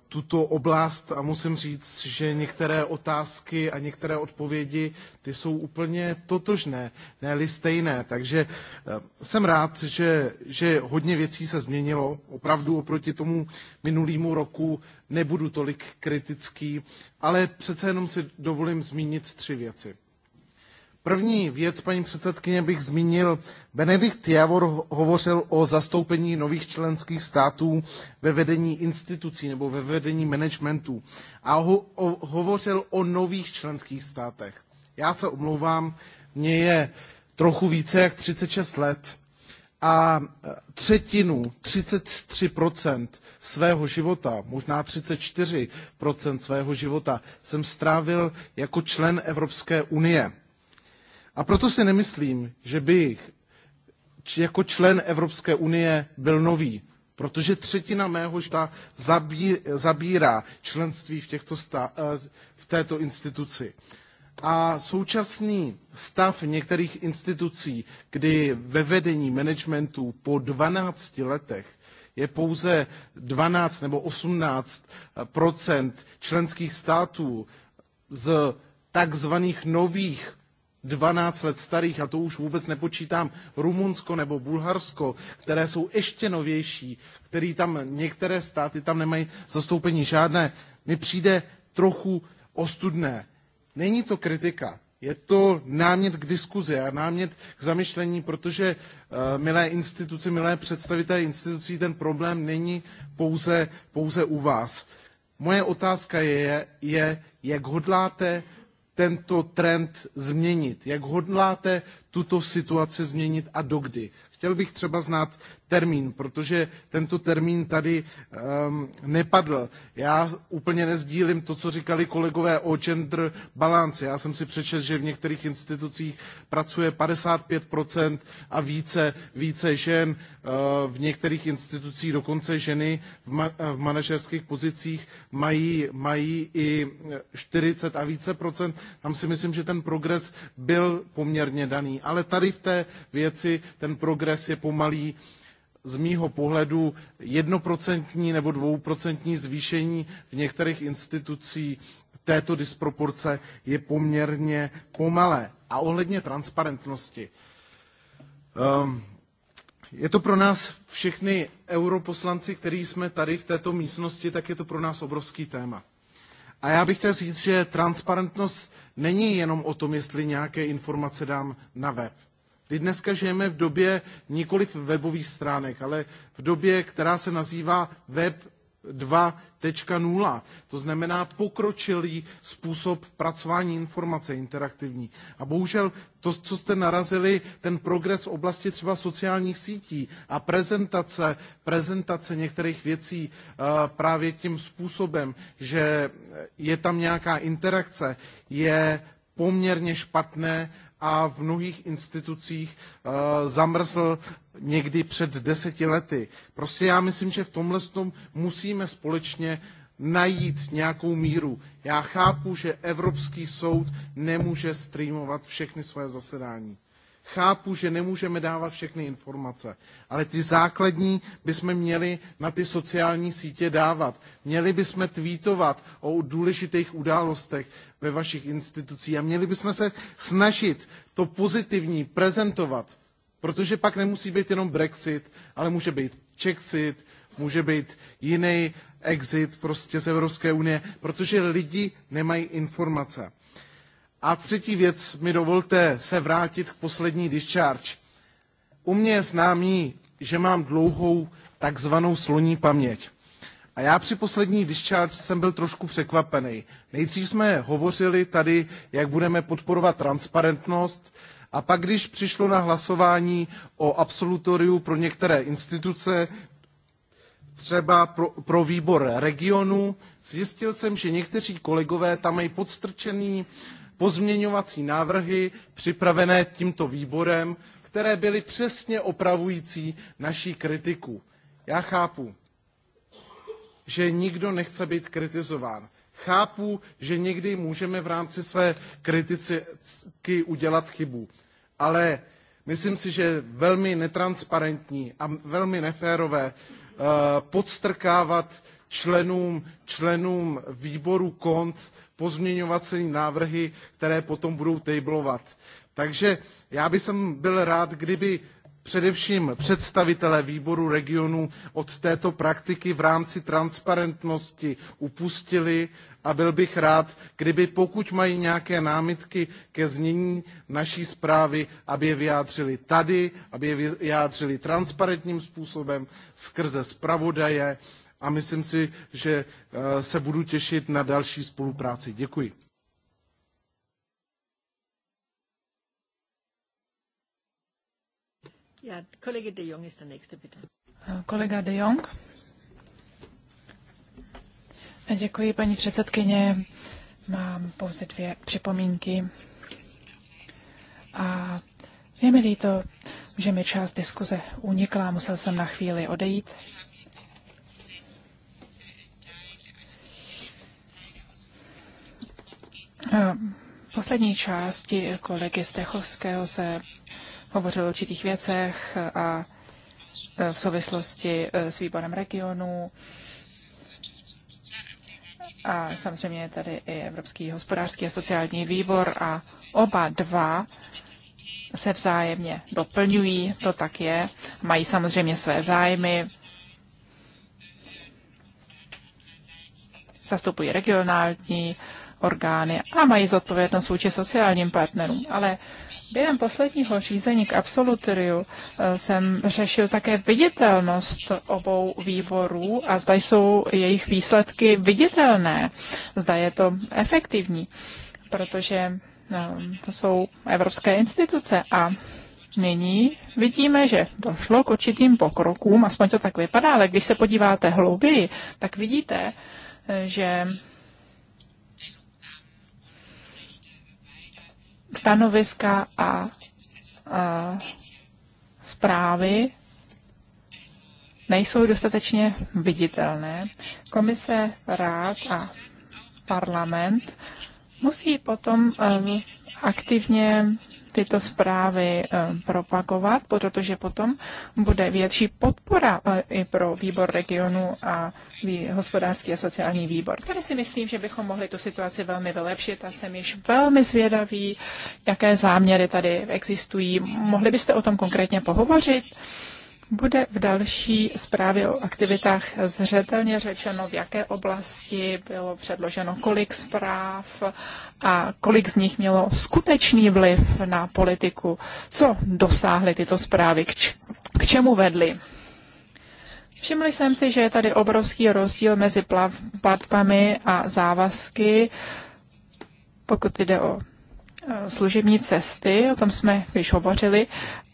tuto oblast a musím říct, že některé otázky a některé odpovědi ty jsou úplně totožné, ne li stejné. Takže e, jsem rád, že, že hodně věcí se změnilo. Opravdu oproti tomu minulýmu roku nebudu tolik kritický, ale přece jenom si dovolím zmínit tři věci. První věc, paní předsedkyně, bych zmínil. Benedikt Javor hovořil o zastoupení nových členských států ve vedení institucí nebo ve vedení managementu a ho, o, hovořil o nových členských státech. Já se omlouvám, mně je trochu více jak 36 let a e, třetinu, 33% svého života, možná 34% svého života jsem strávil jako člen Evropské unie. A proto si nemyslím, že bych jako člen Evropské unie byl nový, protože třetina mého života zabírá členství v, těchto sta, eh, v této instituci. A současný stav některých institucí, kdy ve vedení managementu po 12 letech je pouze 12 nebo 18 eh, členských států z takzvaných nových 12 let starých, a to už vůbec nepočítám Rumunsko nebo Bulharsko, které jsou ještě novější, který tam některé státy tam nemají zastoupení žádné, mi přijde trochu ostudné. Není to kritika, je to námět k diskuzi a námět k zamyšlení, protože uh, milé instituce, milé představitelé institucí, ten problém není pouze, pouze u vás. Moje otázka je, je jak hodláte uh, tento trend změnit? Jak hodláte tuto situaci změnit a dokdy? Chtěl bych třeba znát termín, protože tento termín tady um, nepadl. Já úplně nezdílím to, co říkali kolegové o gender balance. Já jsem si přečetl, že v některých institucích pracuje 55% a více, více žen, uh, v některých institucích dokonce ženy v, ma- eh, v manažerských pozicích mají, mají i 40 eh, a více procent. Tam si myslím, že ten progres byl poměrně daný. Ale tady v té věci ten progres je pomalý. Uh, z mýho pohledu jednoprocentní nebo dvouprocentní zvýšení v některých institucích této disproporce je poměrně pomalé. A ohledně transparentnosti. Um, je to pro nás všechny europoslanci, kteří jsme tady v této místnosti, tak je to pro nás obrovský téma. A já bych chtěl říct, že transparentnost není jenom o tom, jestli nějaké informace dám na web Kdy dneska žijeme v době nikoliv webových stránek, ale v době, která se nazývá web 2.0. To znamená pokročilý způsob pracování informace interaktivní. A bohužel to, co jste narazili, ten progres v oblasti třeba sociálních sítí a prezentace, prezentace některých věcí eh, právě tím způsobem, že je tam nějaká interakce, je poměrně špatné a v mnohých institucích eh, zamrzl někdy před deseti lety. Prostě já myslím, že v tomhle tom musíme společně najít nějakou míru. Já chápu, že Evropský soud nemůže streamovat všechny svoje zasedání. Chápu, že nemůžeme dávat všechny informace, ale ty základní bychom měli na ty sociální sítě dávat. Měli bychom tweetovat o důležitých událostech ve vašich institucích a měli bychom se snažit to pozitivní prezentovat, protože pak nemusí být jenom Brexit, ale může být Chexit, může být jiný exit prostě z Evropské unie, protože lidi nemají informace. A třetí věc mi dovolte se vrátit k poslední discharge. U mě je známý, že mám dlouhou takzvanou sloní paměť. A já při poslední discharge jsem byl trošku překvapený. Nejdřív jsme hovořili tady, jak budeme podporovat transparentnost, a pak, když přišlo na hlasování o absolutoriu pro některé instituce, třeba pro, pro výbor regionu, zjistil jsem, že někteří kolegové tam mají podstrčený uh, pozměňovací návrhy připravené tímto výborem, které byly přesně opravující naší kritiku. Já chápu, že nikdo nechce být kritizován. Chápu, že někdy můžeme v rámci své kritiky udělat chybu, ale myslím si, že je velmi netransparentní a velmi neférové eh, podstrkávat členům, členům výboru KONT pozměňovací návrhy, které potom budou tablovat. Takže já bych byl rád, kdyby především představitelé výboru regionu od této praktiky v rámci transparentnosti upustili a byl bych rád, kdyby pokud mají nějaké námitky ke znění naší zprávy, aby je vyjádřili tady, aby je vyjádřili transparentním způsobem skrze zpravodaje a myslím si, že eh, se budu těšit na další spolupráci. Děkuji. Ja, de Jong ist der bitte. Eh, Kolega de Jong. Eh, děkuji, paní předsedkyně. Mám pouze dvě připomínky. A je mi líto, že mi část diskuze unikla, musel jsem na chvíli odejít. poslední části kolegy Stechovského se hovořil o určitých věcech a e, v souvislosti e, s výborem regionu. A samozřejmě je tady i Evropský hospodářský a sociální výbor a oba dva se vzájemně doplňují, to tak je. Mají samozřejmě své zájmy, zastupují regionální orgány a mají zodpovědnost vůči sociálním partnerům. Ale během posledního řízení k absolutoriu eh, jsem řešil také viditelnost obou výborů a zda jsou jejich výsledky viditelné, zda je to efektivní, protože eh, to jsou evropské instituce a nyní vidíme, že došlo k určitým pokrokům, aspoň to tak vypadá, ale když se podíváte hlouběji, tak vidíte, eh, že stanoviska a, a zprávy nejsou dostatečně viditelné. Komise, rád a parlament musí potom eh, aktivně tyto zprávy eh, propagovat, protože potom bude větší podpora eh, i pro výbor regionu a hospodářský a sociální výbor. Tady si myslím, že bychom mohli tu situaci velmi vylepšit a jsem již velmi zvědavý, jaké záměry tady existují. Mohli byste o tom konkrétně pohovořit? Bude v další zprávě o aktivitách zřetelně řečeno, v jaké oblasti bylo předloženo kolik zpráv a kolik z nich mělo skutečný vliv na politiku, co dosáhly tyto zprávy, k, č- k čemu vedly. Všiml jsem si, že je tady obrovský rozdíl mezi platbami a závazky, pokud jde o e, služební cesty, o tom jsme již hovořili,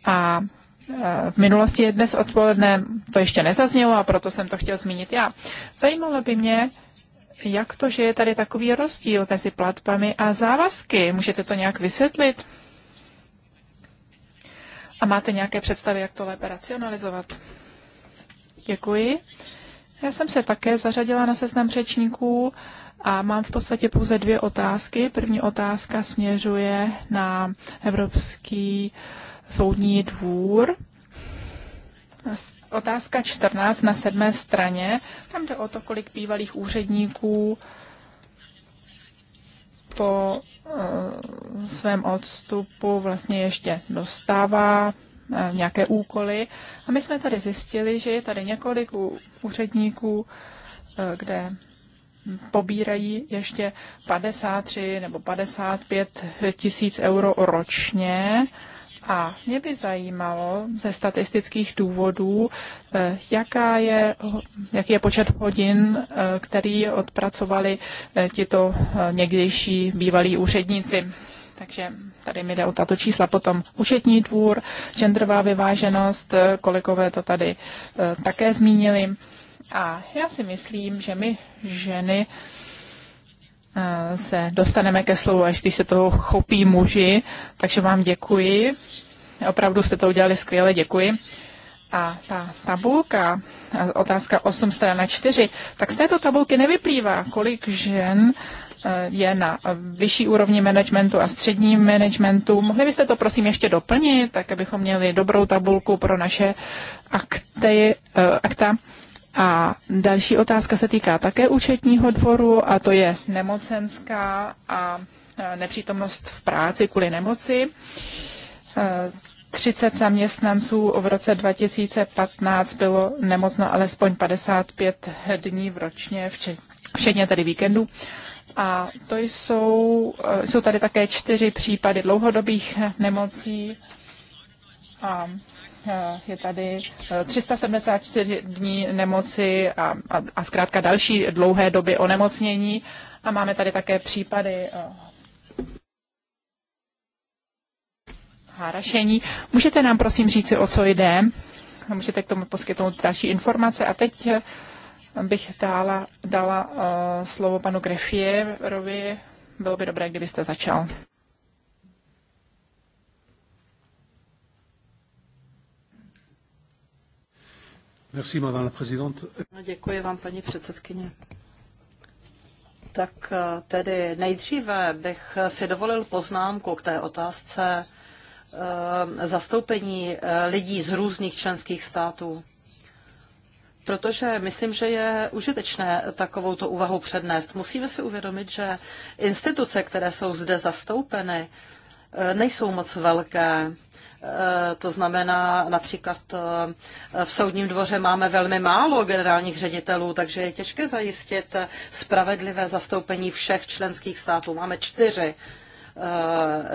a Eh, v minulosti je dnes odpoledne, to ještě nezaznělo a proto jsem to chtěl zmínit já. Zajímalo by mě, jak to, že je tady takový rozdíl mezi platbami a závazky. Můžete to nějak vysvětlit? A máte nějaké představy, jak to lépe racionalizovat? Děkuji. Já jsem se také zařadila na seznam řečníků a mám v podstatě pouze dvě otázky. První otázka směřuje na Evropský uh, soudní dvůr. Otázka 14 na sedmé straně. Tam jde o to, kolik bývalých úředníků po eh, svém odstupu vlastně ještě dostává eh, nějaké úkoly. A my jsme tady zjistili, že je tady několik úředníků, eh, kde pobírají ještě 53 nebo 55 tisíc euro ročně a mě by zajímalo ze statistických důvodů, eh, jaká je, jaký je počet hodin, eh, který odpracovali eh, tito někdejší bývalí úředníci. Takže tady mi jde o tato čísla. Potom účetní dvůr, genderová vyváženost, kolegové to tady také zmínili. A já si myslím, že my ženy Eh, se dostaneme ke slovu, až když se toho chopí muži. Takže vám děkuji. Opravdu jste to udělali skvěle, děkuji. A ta tabulka, eh, otázka 8 strana 4, tak z této tabulky nevyplývá, kolik žen eh, je na vyšší úrovni managementu a středním managementu. Mohli byste to prosím ještě doplnit, tak abychom měli dobrou tabulku pro naše akty, akta. A další otázka se týká také účetního dvoru a to je nemocenská a e, nepřítomnost v práci kvůli nemoci. 30 e, zaměstnanců v roce 2015 bylo nemocno alespoň 55 dní v ročně, včetně tedy víkendů. A to jsou, e, jsou tady také čtyři případy dlouhodobých nemocí. A Eh, je tady 374 eh, dní nemoci a, a, a zkrátka další dlouhé doby onemocnění. A máme tady také případy eh, hárašení. Můžete nám prosím říci, o co jde? Můžete k tomu poskytnout další informace. A teď bych dala, dala uh, slovo panu Grefierovi. Bylo by dobré, kdybyste začal. Merci, madame la no, děkuji vám, paní předsedkyně. Tak eh, tedy nejdříve bych si dovolil poznámku k té otázce eh, zastoupení eh, lidí z různých členských států. Protože myslím, že je užitečné takovou to úvahu přednést. Musíme si uvědomit, že instituce, které jsou zde zastoupeny, nejsou moc velké. Eh, to znamená, například eh, v soudním dvoře máme velmi málo generálních ředitelů, takže je těžké zajistit eh, spravedlivé zastoupení všech členských států. Máme čtyři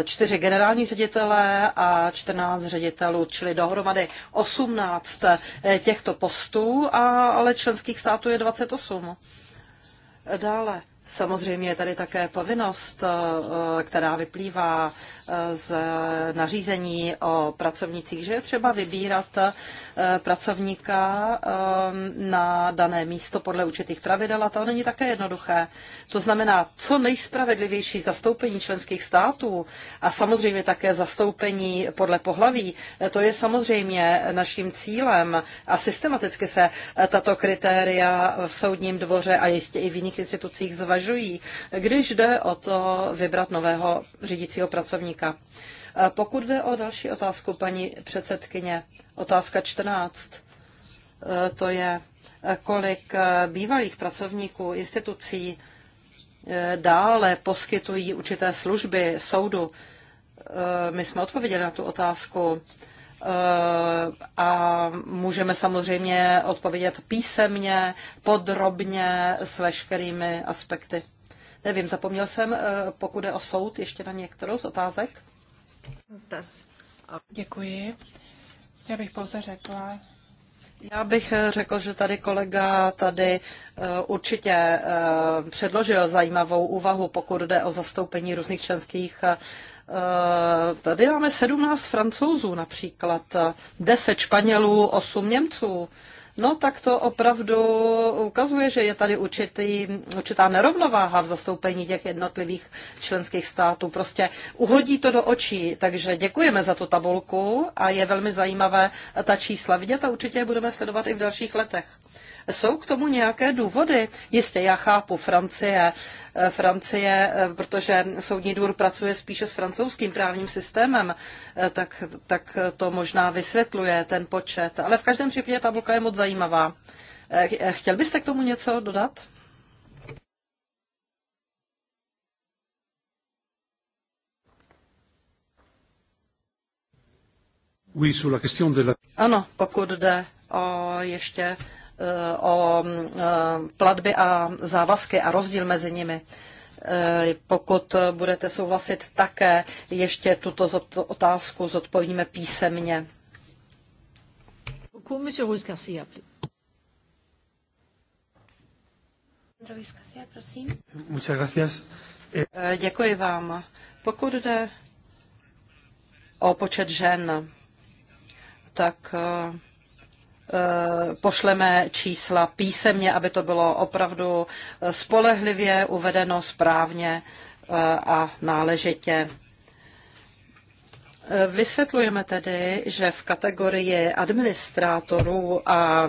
čtyři generální ředitele a 14 ředitelů, čili dohromady 18 těchto postů, a, ale členských států je 28. Dále Samozřejmě je tady také povinnost, eh, která vyplývá eh, z nařízení o pracovnících, že je třeba vybírat eh, pracovníka na dané místo podle určitých pravidel a to není také jednoduché. To znamená, co nejspravedlivější zastoupení členských států a samozřejmě také zastoupení podle pohlaví, to je samozřejmě naším cílem a systematicky se tato kritéria v soudním dvoře a jistě i v jiných institucích zvažují zvažují, když jde o to vybrat nového řídícího pracovníka. Eh, pokud jde o další otázku, paní předsedkyně, otázka 14, eh, to je, eh, kolik bývalých pracovníků institucí dále poskytují určité služby soudu. My jsme odpověděli na tu otázku Eh, a můžeme samozřejmě odpovědět písemně, podrobně, s veškerými aspekty. Nevím, zapomněl jsem, eh, pokud je o soud, ještě na některou z otázek. Děkuji. Já bych pouze řekla, já bych eh, řekl, že tady kolega tady určitě předložil zajímavou úvahu, pokud jde o zastoupení různých členských Eh, tady máme 17 francouzů například, 10 Španělů, 8 Němců. No tak to opravdu ukazuje, že je tady určitý, určitá nerovnováha v zastoupení těch jednotlivých členských států. Prostě uhodí to do očí, takže děkujeme za tu tabulku a je velmi zajímavé ta čísla vidět a určitě je budeme sledovat i v dalších letech. Jsou k tomu nějaké důvody? Jistě, já chápu Francie, eh, Francie, eh, protože soudní důr pracuje spíše s francouzským právním systémem, eh, tak, tak to možná vysvětluje ten počet. Ale v každém případě tabulka je moc zajímavá. Chtěl byste k tomu něco dodat? Ano, pokud jde o ještě Eh, o eh, platby a závazky a rozdíl mezi nimi. Eh, pokud budete souhlasit také, ještě tuto otázku zodpovíme písemně. Děkuji vám. Pokud jde o počet žen, tak Eh, pošleme čísla písemně, aby to bylo opravdu eh, spolehlivě uvedeno správně eh, a náležitě. Vysvětlujeme tedy, že v kategorii administrátorů a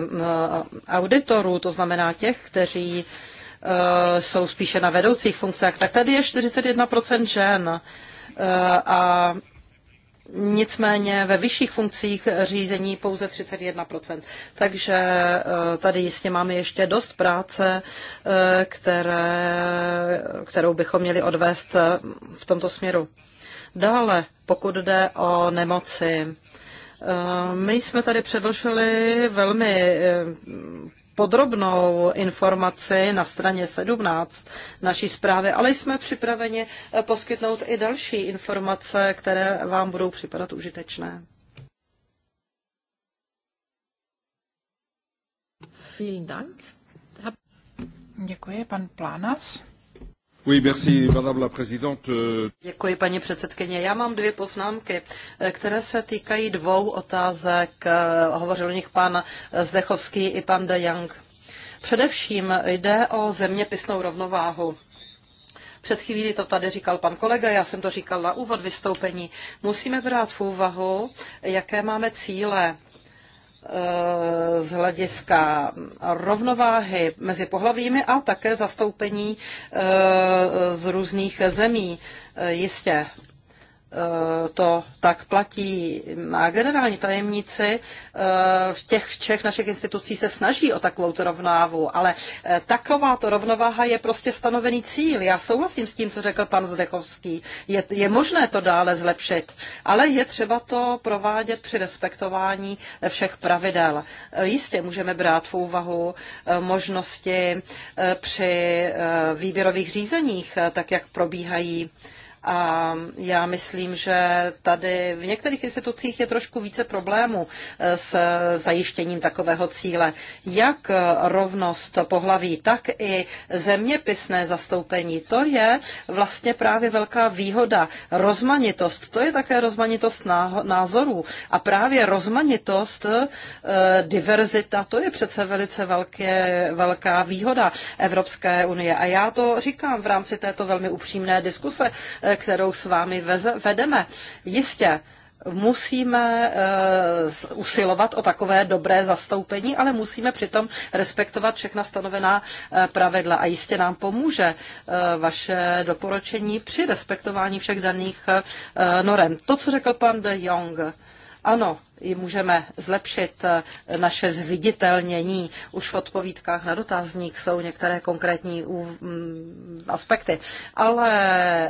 auditorů, to znamená těch, kteří jsou spíše na vedoucích funkcích, tak tady je 41% žen a nicméně ve vyšších funkcích řízení pouze 31%. Takže eh, tady jistě máme ještě dost práce, eh, které, kterou bychom měli odvést eh, v tomto směru. Dále, pokud jde o nemoci, my jsme tady předložili velmi podrobnou informaci na straně 17 naší zprávy, ale jsme připraveni eh, poskytnout i další informace, které vám budou připadat užitečné. Dank. Děkuji, pan Plánas. Děkuji, paní předsedkyně. Já mám dvě poznámky, eh, které se týkají dvou otázek. Eh, Hovořil o nich pan Zdechovský i pan De Young. Především jde o zeměpisnou rovnováhu. Před chvílí to tady říkal pan kolega, já jsem to říkal na úvod vystoupení. Musíme brát v úvahu, jaké máme cíle z hlediska rovnováhy mezi pohlavími a také zastoupení eh, z různých zemí. Eh, jistě Eh, to tak platí. Má generální tajemníci eh, v těch všech našich institucí se snaží o takovou rovnávu, ale eh, taková to rovnováha je prostě stanovený cíl. Já souhlasím s tím, co řekl pan Zdechovský. Je, je možné to dále zlepšit, ale je třeba to provádět při respektování všech pravidel. Jistě můžeme brát v úvahu možnosti při výběrových řízeních, tak jak probíhají a já myslím, že tady v některých institucích je trošku více problémů eh, s zajištěním takového cíle. Jak rovnost pohlaví, tak i zeměpisné zastoupení. To je vlastně právě velká výhoda. Rozmanitost, to je také rozmanitost názorů. A právě rozmanitost, eh, diverzita, to je přece velice velké, velká výhoda Evropské unie. A já to říkám v rámci této velmi upřímné diskuse, kterou s vámi vedeme. Jistě, musíme uh, usilovat o takové dobré zastoupení, ale musíme přitom respektovat všechna stanovená uh, pravidla. A jistě nám pomůže uh, vaše doporučení při respektování všech daných uh, norem. To, co řekl pan de Jong, ano, můžeme zlepšit eh, naše zviditelnění. Už v odpovídkách na dotazník jsou některé konkrétní mm, aspekty. Ale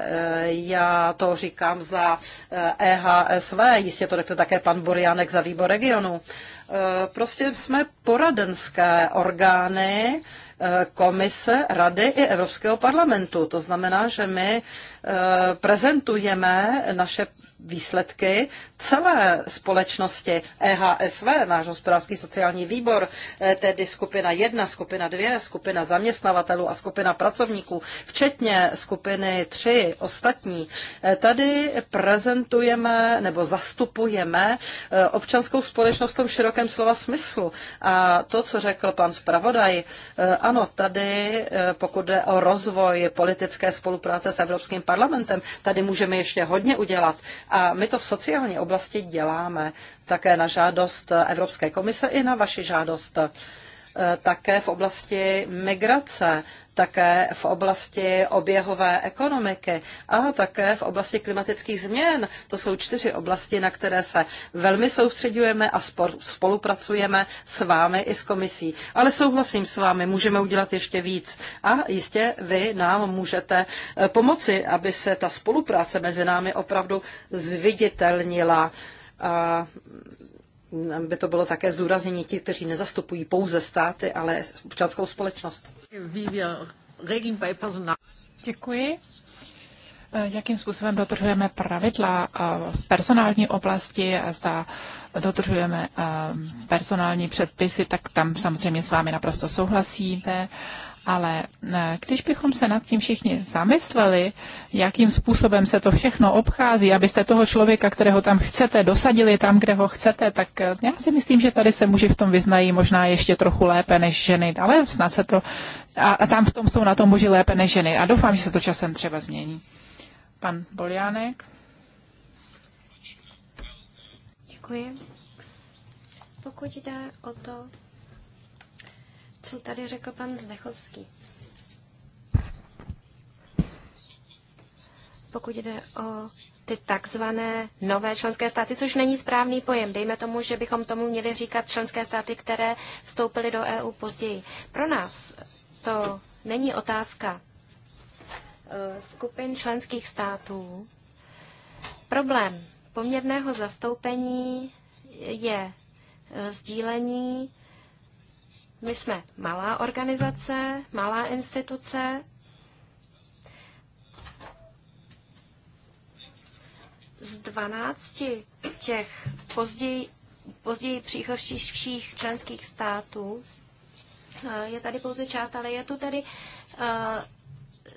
eh, já to říkám za EHSV, e jistě to řekl také pan Borianek za výbor regionu. Eh, prostě jsme poradenské orgány, komise, rady i Evropského parlamentu. To znamená, že my prezentujeme naše výsledky celé společnosti EHSV, náš hospodářský sociální výbor, eh, tedy skupina 1, skupina 2, skupina zaměstnavatelů a skupina pracovníků, včetně skupiny 3 ostatní. Eh, tady prezentujeme nebo zastupujeme eh, občanskou společnost v tom širokém slova smyslu. A to, co řekl pan zpravodaj, ano, tady pokud jde o rozvoj politické spolupráce s Evropským parlamentem, tady můžeme ještě hodně udělat, a my to v sociální oblasti děláme také na žádost Evropské komise i na vaši žádost. Eh, také v oblasti migrace, také v oblasti oběhové ekonomiky a také v oblasti klimatických změn. To jsou čtyři oblasti, na které se velmi soustředujeme a spolupracujeme s vámi i s komisí. Ale souhlasím s vámi, můžeme udělat ještě víc. A jistě vy nám můžete eh, pomoci, aby se ta spolupráce mezi námi opravdu zviditelnila by to bylo také zdůraznění ti, kteří nezastupují pouze státy, ale občanskou společnost. Děkuji. Jakým způsobem dodržujeme pravidla eh, v personální oblasti a zda dodržujeme eh, personální předpisy, tak tam samozřejmě s vámi naprosto souhlasíme. Ale e, když bychom se nad tím všichni zamysleli, jakým způsobem se to všechno obchází, abyste toho člověka, kterého tam chcete, dosadili tam, kde ho chcete, tak e, já si myslím, že tady se muži v tom vyznají možná ještě trochu lépe než ženy, ale snad se to, a, a tam v tom jsou na tom muži lépe než ženy a doufám, že se to časem třeba změní. Pan Boljánek. Děkuji. Pokud jde o to, co tady řekl pan Zdechovský. Pokud jde o ty takzvané nové členské státy, což není správný pojem. Dejme tomu, že bychom tomu měli říkat členské státy, které vstoupily do EU později. Pro nás to není otázka e, skupin členských států. Problém poměrného zastoupení je e, sdílení my jsme malá organizace, malá instituce. Z 12 těch později, později příchozích členských států eh, je tady pouze část, ale je tu tedy eh,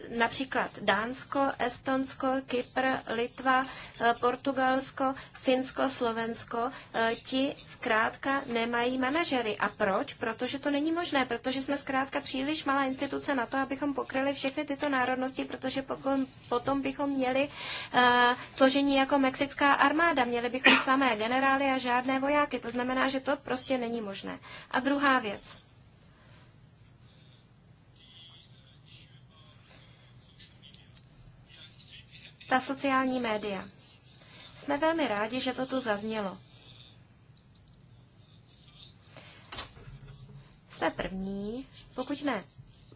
například Dánsko, Estonsko, Kypr, Litva, eh, Portugalsko, Finsko, Slovensko, eh, ti zkrátka nemají manažery. A proč? Protože to není možné, protože jsme zkrátka příliš malá instituce na to, abychom pokryli všechny tyto národnosti, protože pokud potom bychom měli uh, složení jako mexická armáda, měli bychom samé generály a žádné vojáky. To znamená, že to prostě není možné. A druhá věc. na sociální média. Jsme velmi rádi, že to tu zaznělo. Jsme první, pokud ne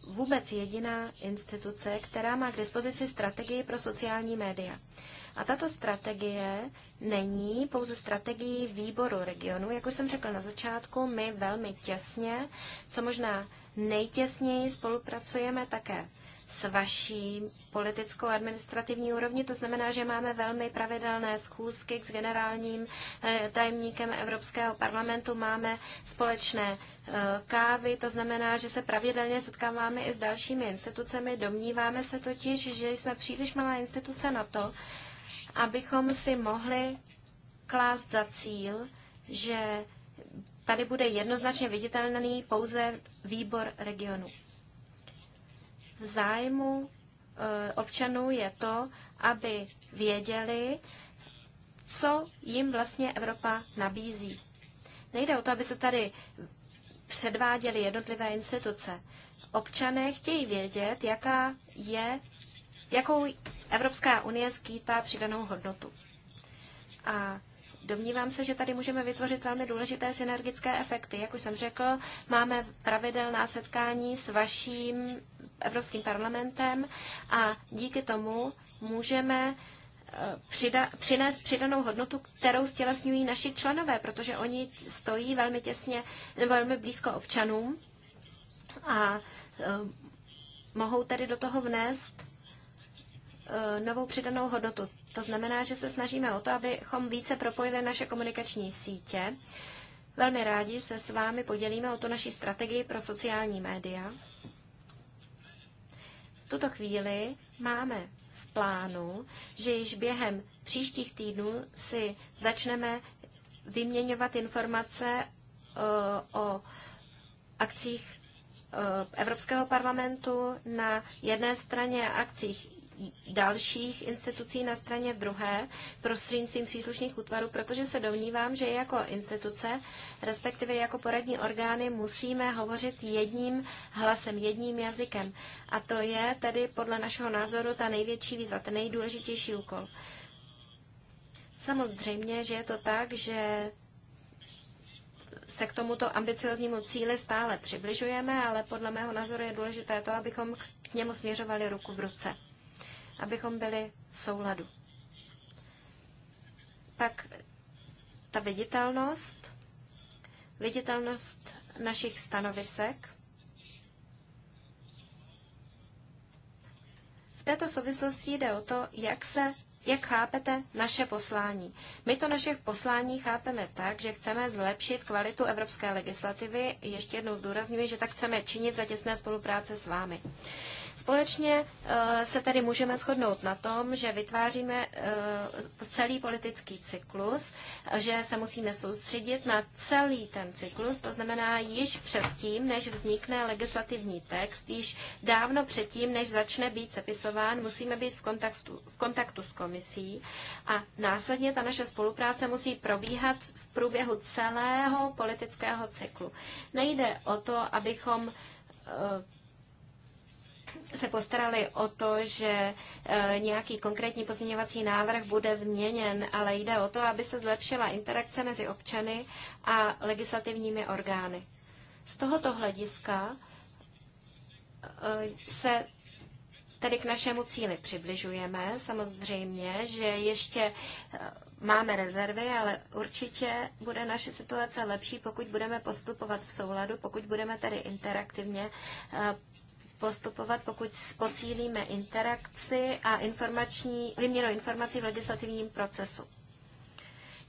vůbec jediná instituce, která má k dispozici strategii pro sociální média. A tato strategie není pouze strategií výboru regionu. Jak už jsem řekl na začátku, my velmi těsně, co možná nejtěsněji spolupracujeme také s vaší politickou administrativní úrovni. To znamená, že máme velmi pravidelné schůzky s generálním eh, tajemníkem Evropského parlamentu, máme společné eh, kávy, to znamená, že se pravidelně setkáváme i s dalšími institucemi. Domníváme se totiž, že jsme příliš malá instituce na to, abychom si mohli klást za cíl, že tady bude jednoznačně viditelný pouze výbor regionu. V zájmu eh, občanů je to, aby věděli, co jim vlastně Evropa nabízí. Nejde o to, aby se tady předváděly jednotlivé instituce. Občané chtějí vědět, jaká je, jakou Evropská unie skýtá přidanou hodnotu. A Domnívám se, že tady můžeme vytvořit velmi důležité synergické efekty. Jak už jsem řekl, máme pravidelná setkání s vaším Evropským parlamentem a díky tomu můžeme eh, přida, přinést přidanou hodnotu, kterou stělesňují naši členové, protože oni stojí velmi těsně, velmi blízko občanům a eh, mohou tedy do toho vnést eh, novou přidanou hodnotu. To znamená, že se snažíme o to, abychom více propojili naše komunikační sítě. Velmi rádi se s vámi podělíme o tu naší strategii pro sociální média. V tuto chvíli máme v plánu, že již během příštích týdnů si začneme vyměňovat informace eh, o akcích eh, Evropského parlamentu na jedné straně a akcích dalších institucí na straně druhé prostřednictvím příslušných útvarů, protože se domnívám, že jako instituce, respektive jako poradní orgány, musíme hovořit jedním hlasem, jedním jazykem. A to je tedy podle našeho názoru ta největší výzva, ten nejdůležitější úkol. Samozřejmě, že je to tak, že se k tomuto ambicioznímu cíli stále přibližujeme, ale podle mého názoru je důležité to, abychom k němu směřovali ruku v ruce abychom byli v souladu. Pak ta viditelnost, viditelnost našich stanovisek. V této souvislosti jde o to, jak se jak chápete naše poslání. My to našich poslání chápeme tak, že chceme zlepšit kvalitu evropské legislativy. Ještě jednou zdůrazňuji, že tak chceme činit za těsné spolupráce s vámi. Společně eh, se tedy můžeme shodnout na tom, že vytváříme eh, celý politický cyklus, že se musíme soustředit na celý ten cyklus, to znamená již předtím, než vznikne legislativní text, již dávno předtím, než začne být sepisován, musíme být v kontaktu, v kontaktu s komisí a následně ta naše spolupráce musí probíhat v průběhu celého politického cyklu. Nejde o to, abychom eh, se postarali o to, že e, nějaký konkrétní pozměňovací návrh bude změněn, ale jde o to, aby se zlepšila interakce mezi občany a legislativními orgány. Z tohoto hlediska e, se tedy k našemu cíli přibližujeme. Samozřejmě, že ještě e, máme rezervy, ale určitě bude naše situace lepší, pokud budeme postupovat v souladu, pokud budeme tedy interaktivně postupovat, pokud posílíme interakci a informační, vyměnu informací v legislativním procesu.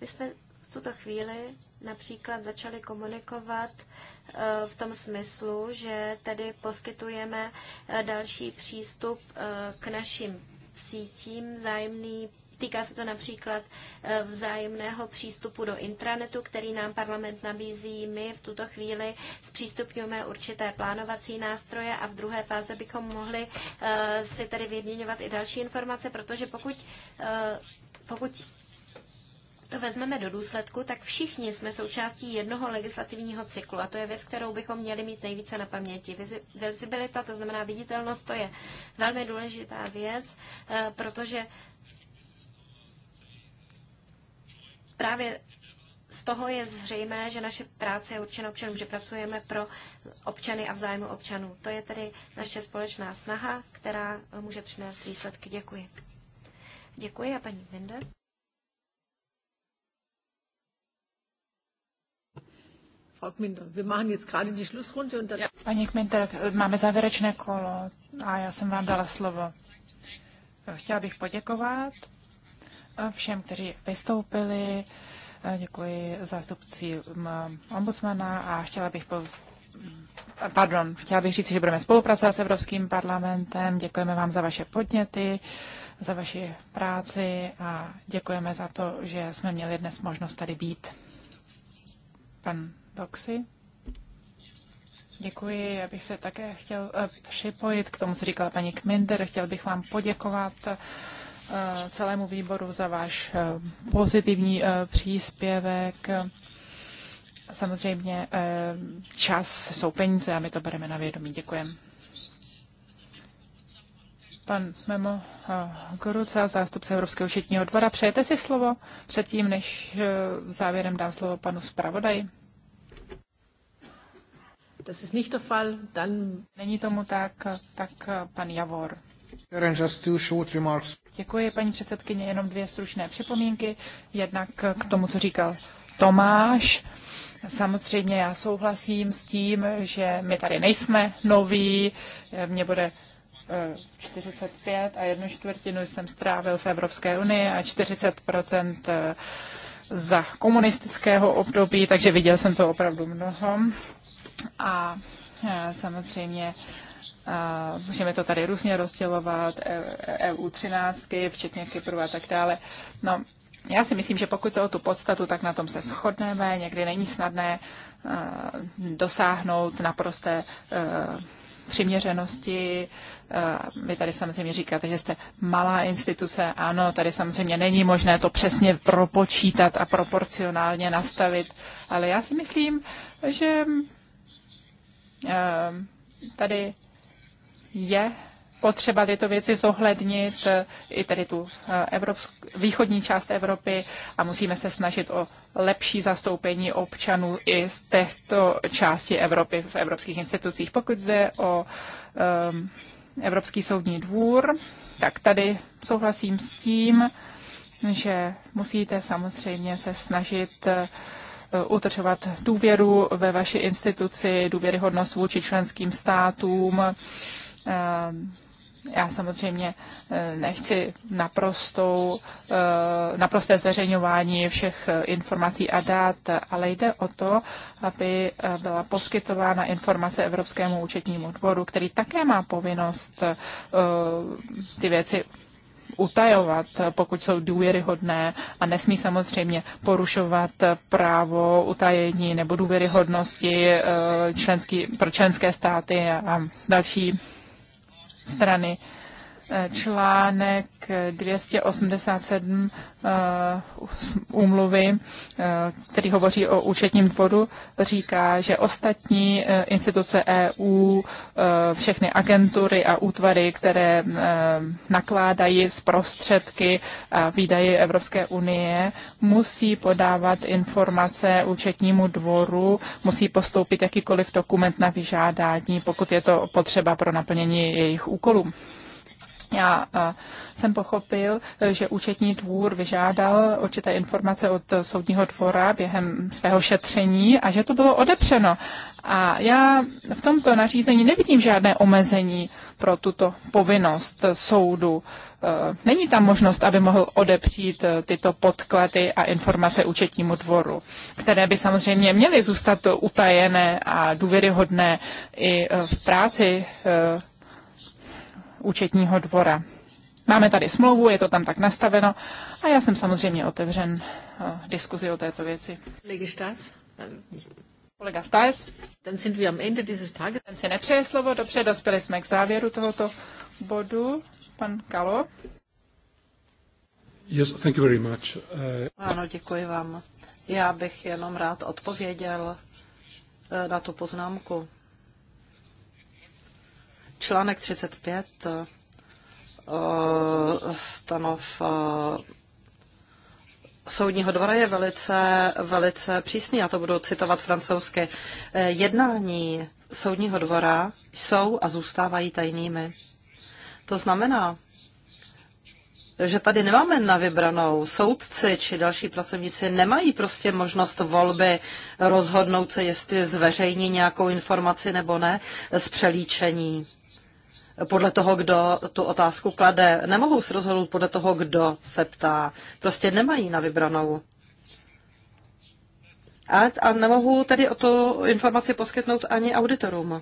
My jsme v tuto chvíli například začali komunikovat eh, v tom smyslu, že tedy poskytujeme eh, další přístup eh, k našim sítím, zájemný Týká se to například eh, vzájemného přístupu do intranetu, který nám parlament nabízí. My v tuto chvíli zpřístupňujeme určité plánovací nástroje a v druhé fáze bychom mohli eh, si tedy vyměňovat i další informace, protože pokud, eh, pokud to vezmeme do důsledku, tak všichni jsme součástí jednoho legislativního cyklu a to je věc, kterou bychom měli mít nejvíce na paměti. Vizibilita, to znamená viditelnost, to je velmi důležitá věc, protože právě z toho je zřejmé, že naše práce je určena občanům, že pracujeme pro občany a v zájmu občanů. To je tedy naše společná snaha, která může přinést výsledky. Děkuji. Děkuji a paní Vinde. Paní Kminter, máme závěrečné kolo a já jsem vám dala slovo. Chtěla bych poděkovat všem, kteří vystoupili. Děkuji zástupcím um, ombudsmana a chtěla bych poz... Pardon, chtěla bych říct, že budeme spolupracovat s Evropským parlamentem. Děkujeme vám za vaše podněty, za vaši práci a děkujeme za to, že jsme měli dnes možnost tady být. Pan Doxy. Děkuji, já bych se také chtěl eh, připojit k tomu, co říkala paní Kminder. Chtěl bych vám poděkovat Eh, celému výboru za váš eh, pozitivní eh, příspěvek. Samozřejmě čas jsou peníze a my to bereme na vědomí. Děkujeme. Pan Memo Goruca, zástupce Evropského účetního dvora, přejete si slovo předtím, než závěrem dám slovo panu zpravodaji? Das ist nicht der Fall. Dann... Není tomu tak, tak pan Javor. Děkuji, paní předsedkyně, jenom dvě slušné připomínky. Jednak k tomu, co říkal Tomáš. Samozřejmě já souhlasím s tím, že my tady nejsme noví, mě bude 45 eh, a jednu čtvrtinu jsem strávil v Evropské unii a 40 eh, za komunistického období, takže viděl jsem to opravdu mnoho. A eh, samozřejmě můžeme to tady různě rozdělovat, EU13, e, e včetně Kypru a tak dále. No, já si myslím, že pokud to o tu podstatu, tak na tom se shodneme. Někdy není snadné e, dosáhnout naprosté přiměřenosti. Vy tady samozřejmě říkáte, že jste malá instituce. Ano, tady samozřejmě není možné to přesně propočítat a proporcionálně nastavit, ale já si myslím, že tady je potřeba tyto věci zohlednit, eh, i tedy tu eh, evropsk- východní část Evropy a musíme se snažit o lepší zastoupení občanů i z těchto části Evropy v evropských institucích. Pokud jde o um, Evropský soudní dvůr, tak tady souhlasím s tím, že musíte samozřejmě se snažit eh, utržovat důvěru ve vaši instituci, důvěryhodnost vůči členským státům, Eh, já samozřejmě eh, nechci naprostou, eh, naprosté zveřejňování všech informací a dát, ale jde o to, aby byla poskytována informace Evropskému účetnímu dvoru, který také má povinnost ty věci utajovat, pokud jsou důvěryhodné a nesmí samozřejmě porušovat právo utajení nebo důvěryhodnosti členský, pro členské státy a další strany článek 287 eh, úmluvy, eh, který hovoří o účetním dvoru, říká, že ostatní eh, instituce EU, všechny agentury a útvary, které nakládají z prostředky a výdaje Evropské unie, musí podávat informace účetnímu dvoru, musí postoupit jakýkoliv dokument na vyžádání, pokud je to potřeba pro naplnění jejich úkolů. Já eh, jsem pochopil, eh, že účetní dvůr vyžádal určité informace od eh, soudního dvora během svého šetření a že to bylo odepřeno. A já v tomto nařízení nevidím žádné omezení pro tuto povinnost soudu. Není tam možnost, aby mohl odepřít tyto podklady a informace účetnímu dvoru, které by samozřejmě měly zůstat utajené a důvěryhodné i v práci účetního dvora. Máme tady smlouvu, je to tam tak nastaveno a já jsem samozřejmě otevřen uh, diskuzi o této věci. Kolega Stajs. Ten si nepřeje slovo, dobře, dospěli jsme k závěru tohoto bodu. Pan Kalo. Yes, thank you very much. Uh... Ano, děkuji vám. Já bych jenom rád odpověděl eh, na tu poznámku Článek 35 eh, stanov eh, soudního dvora je velice, velice přísný. Já to budu citovat francouzsky. Eh, jednání soudního dvora jsou a zůstávají tajnými. To znamená, že tady nemáme na vybranou. Soudci či další pracovníci nemají prostě možnost volby rozhodnout se, jestli zveřejní nějakou informaci nebo ne z přelíčení podle toho, kdo tu otázku klade. Nemohou se rozhodnout podle toho, kdo se ptá. Prostě nemají na vybranou. A, a nemohu tedy o tu informaci poskytnout ani auditorům.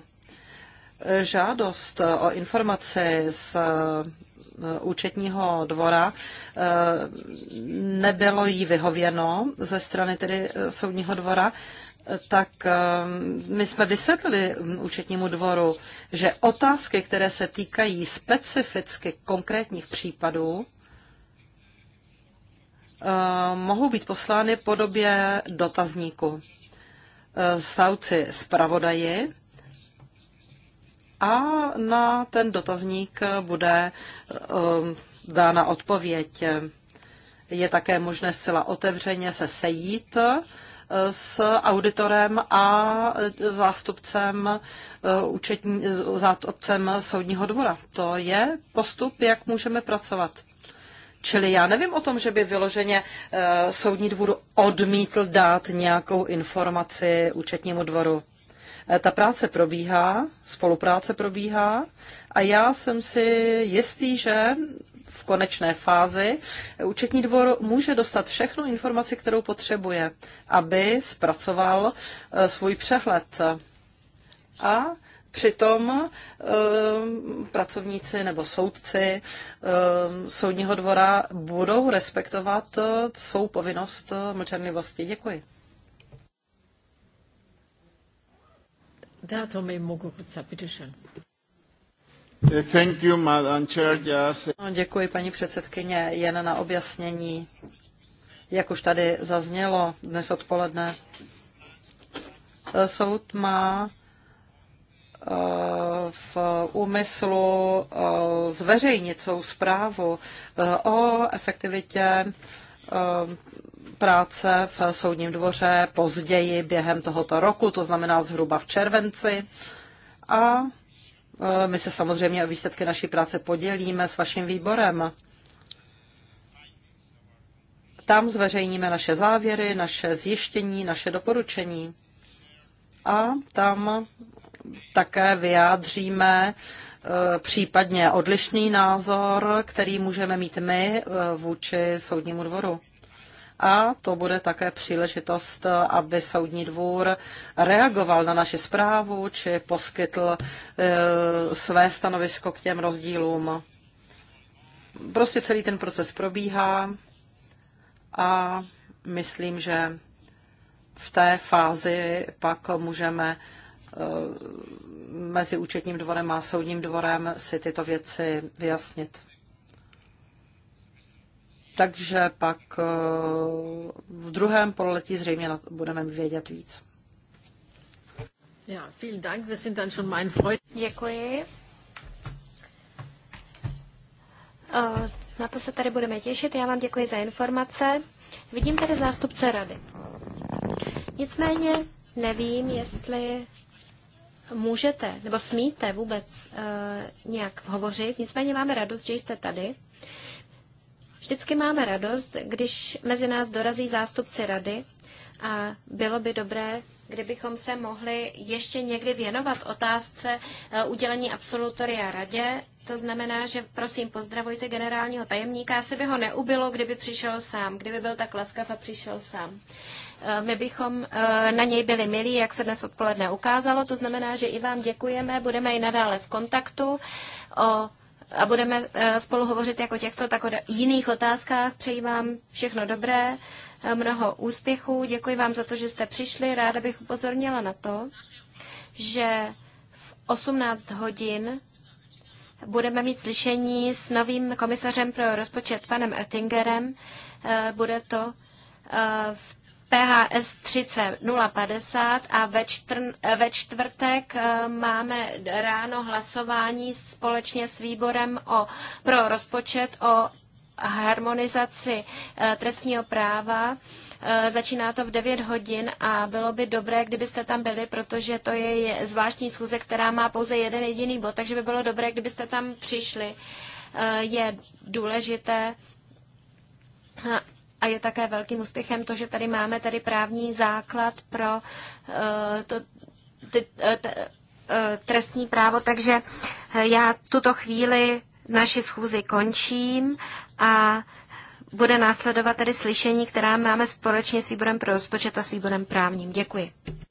Žádost o informaci z e, účetního dvora e, nebylo jí vyhověno ze strany tedy e, soudního dvora tak eh, my jsme vysvětlili účetnímu dvoru, že otázky, které se týkají specificky konkrétních případů, eh, mohou být poslány v podobě dotazníku. Eh, Stavci zpravodaji a na ten dotazník bude dána odpověď. Je také možné zcela otevřeně se sejít s auditorem a zástupcem, eh, účetní, zástupcem soudního dvora. To je postup, jak můžeme pracovat. Čili já nevím o tom, že by vyloženě e, soudní dvůr odmítl dát nějakou informaci účetnímu dvoru. E, ta práce probíhá, spolupráce probíhá a já jsem si jistý, že v konečné fázi účetní dvor může dostat všechnu informaci, kterou potřebuje, aby zpracoval e, svůj přehled. A Přitom e, pracovníci nebo soudci e, soudního dvora budou respektovat svou povinnost mlčenlivosti. Děkuji. Dátomi mogu bitteschön. No, děkuji, paní předsedkyně. Jen na objasnění, jak už tady zaznělo dnes odpoledne, soud má eh, v úmyslu eh, zveřejnit svou zprávu eh, o efektivitě práce v soudním dvoře později během tohoto roku, to znamená zhruba v červenci. A Eh, my se samozřejmě o výsledky naší práce podělíme s vaším výborem. Tam zveřejníme naše závěry, naše zjištění, naše doporučení. A tam také vyjádříme eh, případně odlišný názor, který můžeme mít my eh, vůči soudnímu dvoru a to bude také příležitost, aby Soudní dvůr reagoval na naši zprávu či poskytl e, své stanovisko k těm rozdílům. Prostě celý ten proces probíhá a myslím, že v té fázi pak můžeme e, mezi účetním dvorem a soudním dvorem si tyto věci vyjasnit takže pak eh, v druhém pololetí zřejmě budeme vědět víc. Ja, vielen Dank. Wir sind dann schon mein Freund. Děkuji. Eh, na to se tady budeme těšit. Já vám děkuji za informace. Vidím tady zástupce rady. Nicméně nevím, jestli můžete nebo smíte vůbec uh, nějak hovořit. Nicméně máme radost, že jste tady. Vždycky máme radost, když mezi nás dorazí zástupci rady a bylo by dobré, kdybychom se mohli ještě někdy věnovat otázce eh, udělení absolutoria radě. To znamená, že prosím pozdravujte generálního tajemníka. Asi by ho neubilo, kdyby přišel sám, kdyby byl tak laskav a přišel sám. Eh, my bychom eh, na něj byli milí, jak se dnes odpoledne ukázalo. To znamená, že i vám děkujeme, budeme i nadále v kontaktu. O a budeme eh, spolu hovořit jako těchto, tak o jiných otázkách. Přeji vám všechno dobré, eh, mnoho úspěchů. Děkuji vám za to, že jste přišli. Ráda bych upozornila na to, že v 18 hodin budeme mít slyšení s novým komisařem pro rozpočet, panem Oettingerem. Eh, bude to v PHS 30050 a ve, čtr, ve čtvrtek eh, máme ráno hlasování společně s výborem o, pro rozpočet o harmonizaci eh, trestního práva. Eh, začíná to v 9 hodin a bylo by dobré, kdybyste tam byli, protože to je zvláštní schůze, která má pouze jeden jediný bod, takže by bylo dobré, kdybyste tam přišli. Je důležité a je také velkým úspěchem to, že tady máme tady právní základ pro uh, to, ty, uh, t, uh, trestní právo, takže já tuto chvíli naši schůzi končím a bude následovat tedy slyšení, která máme společně s výborem pro rozpočet a s výborem právním. Děkuji.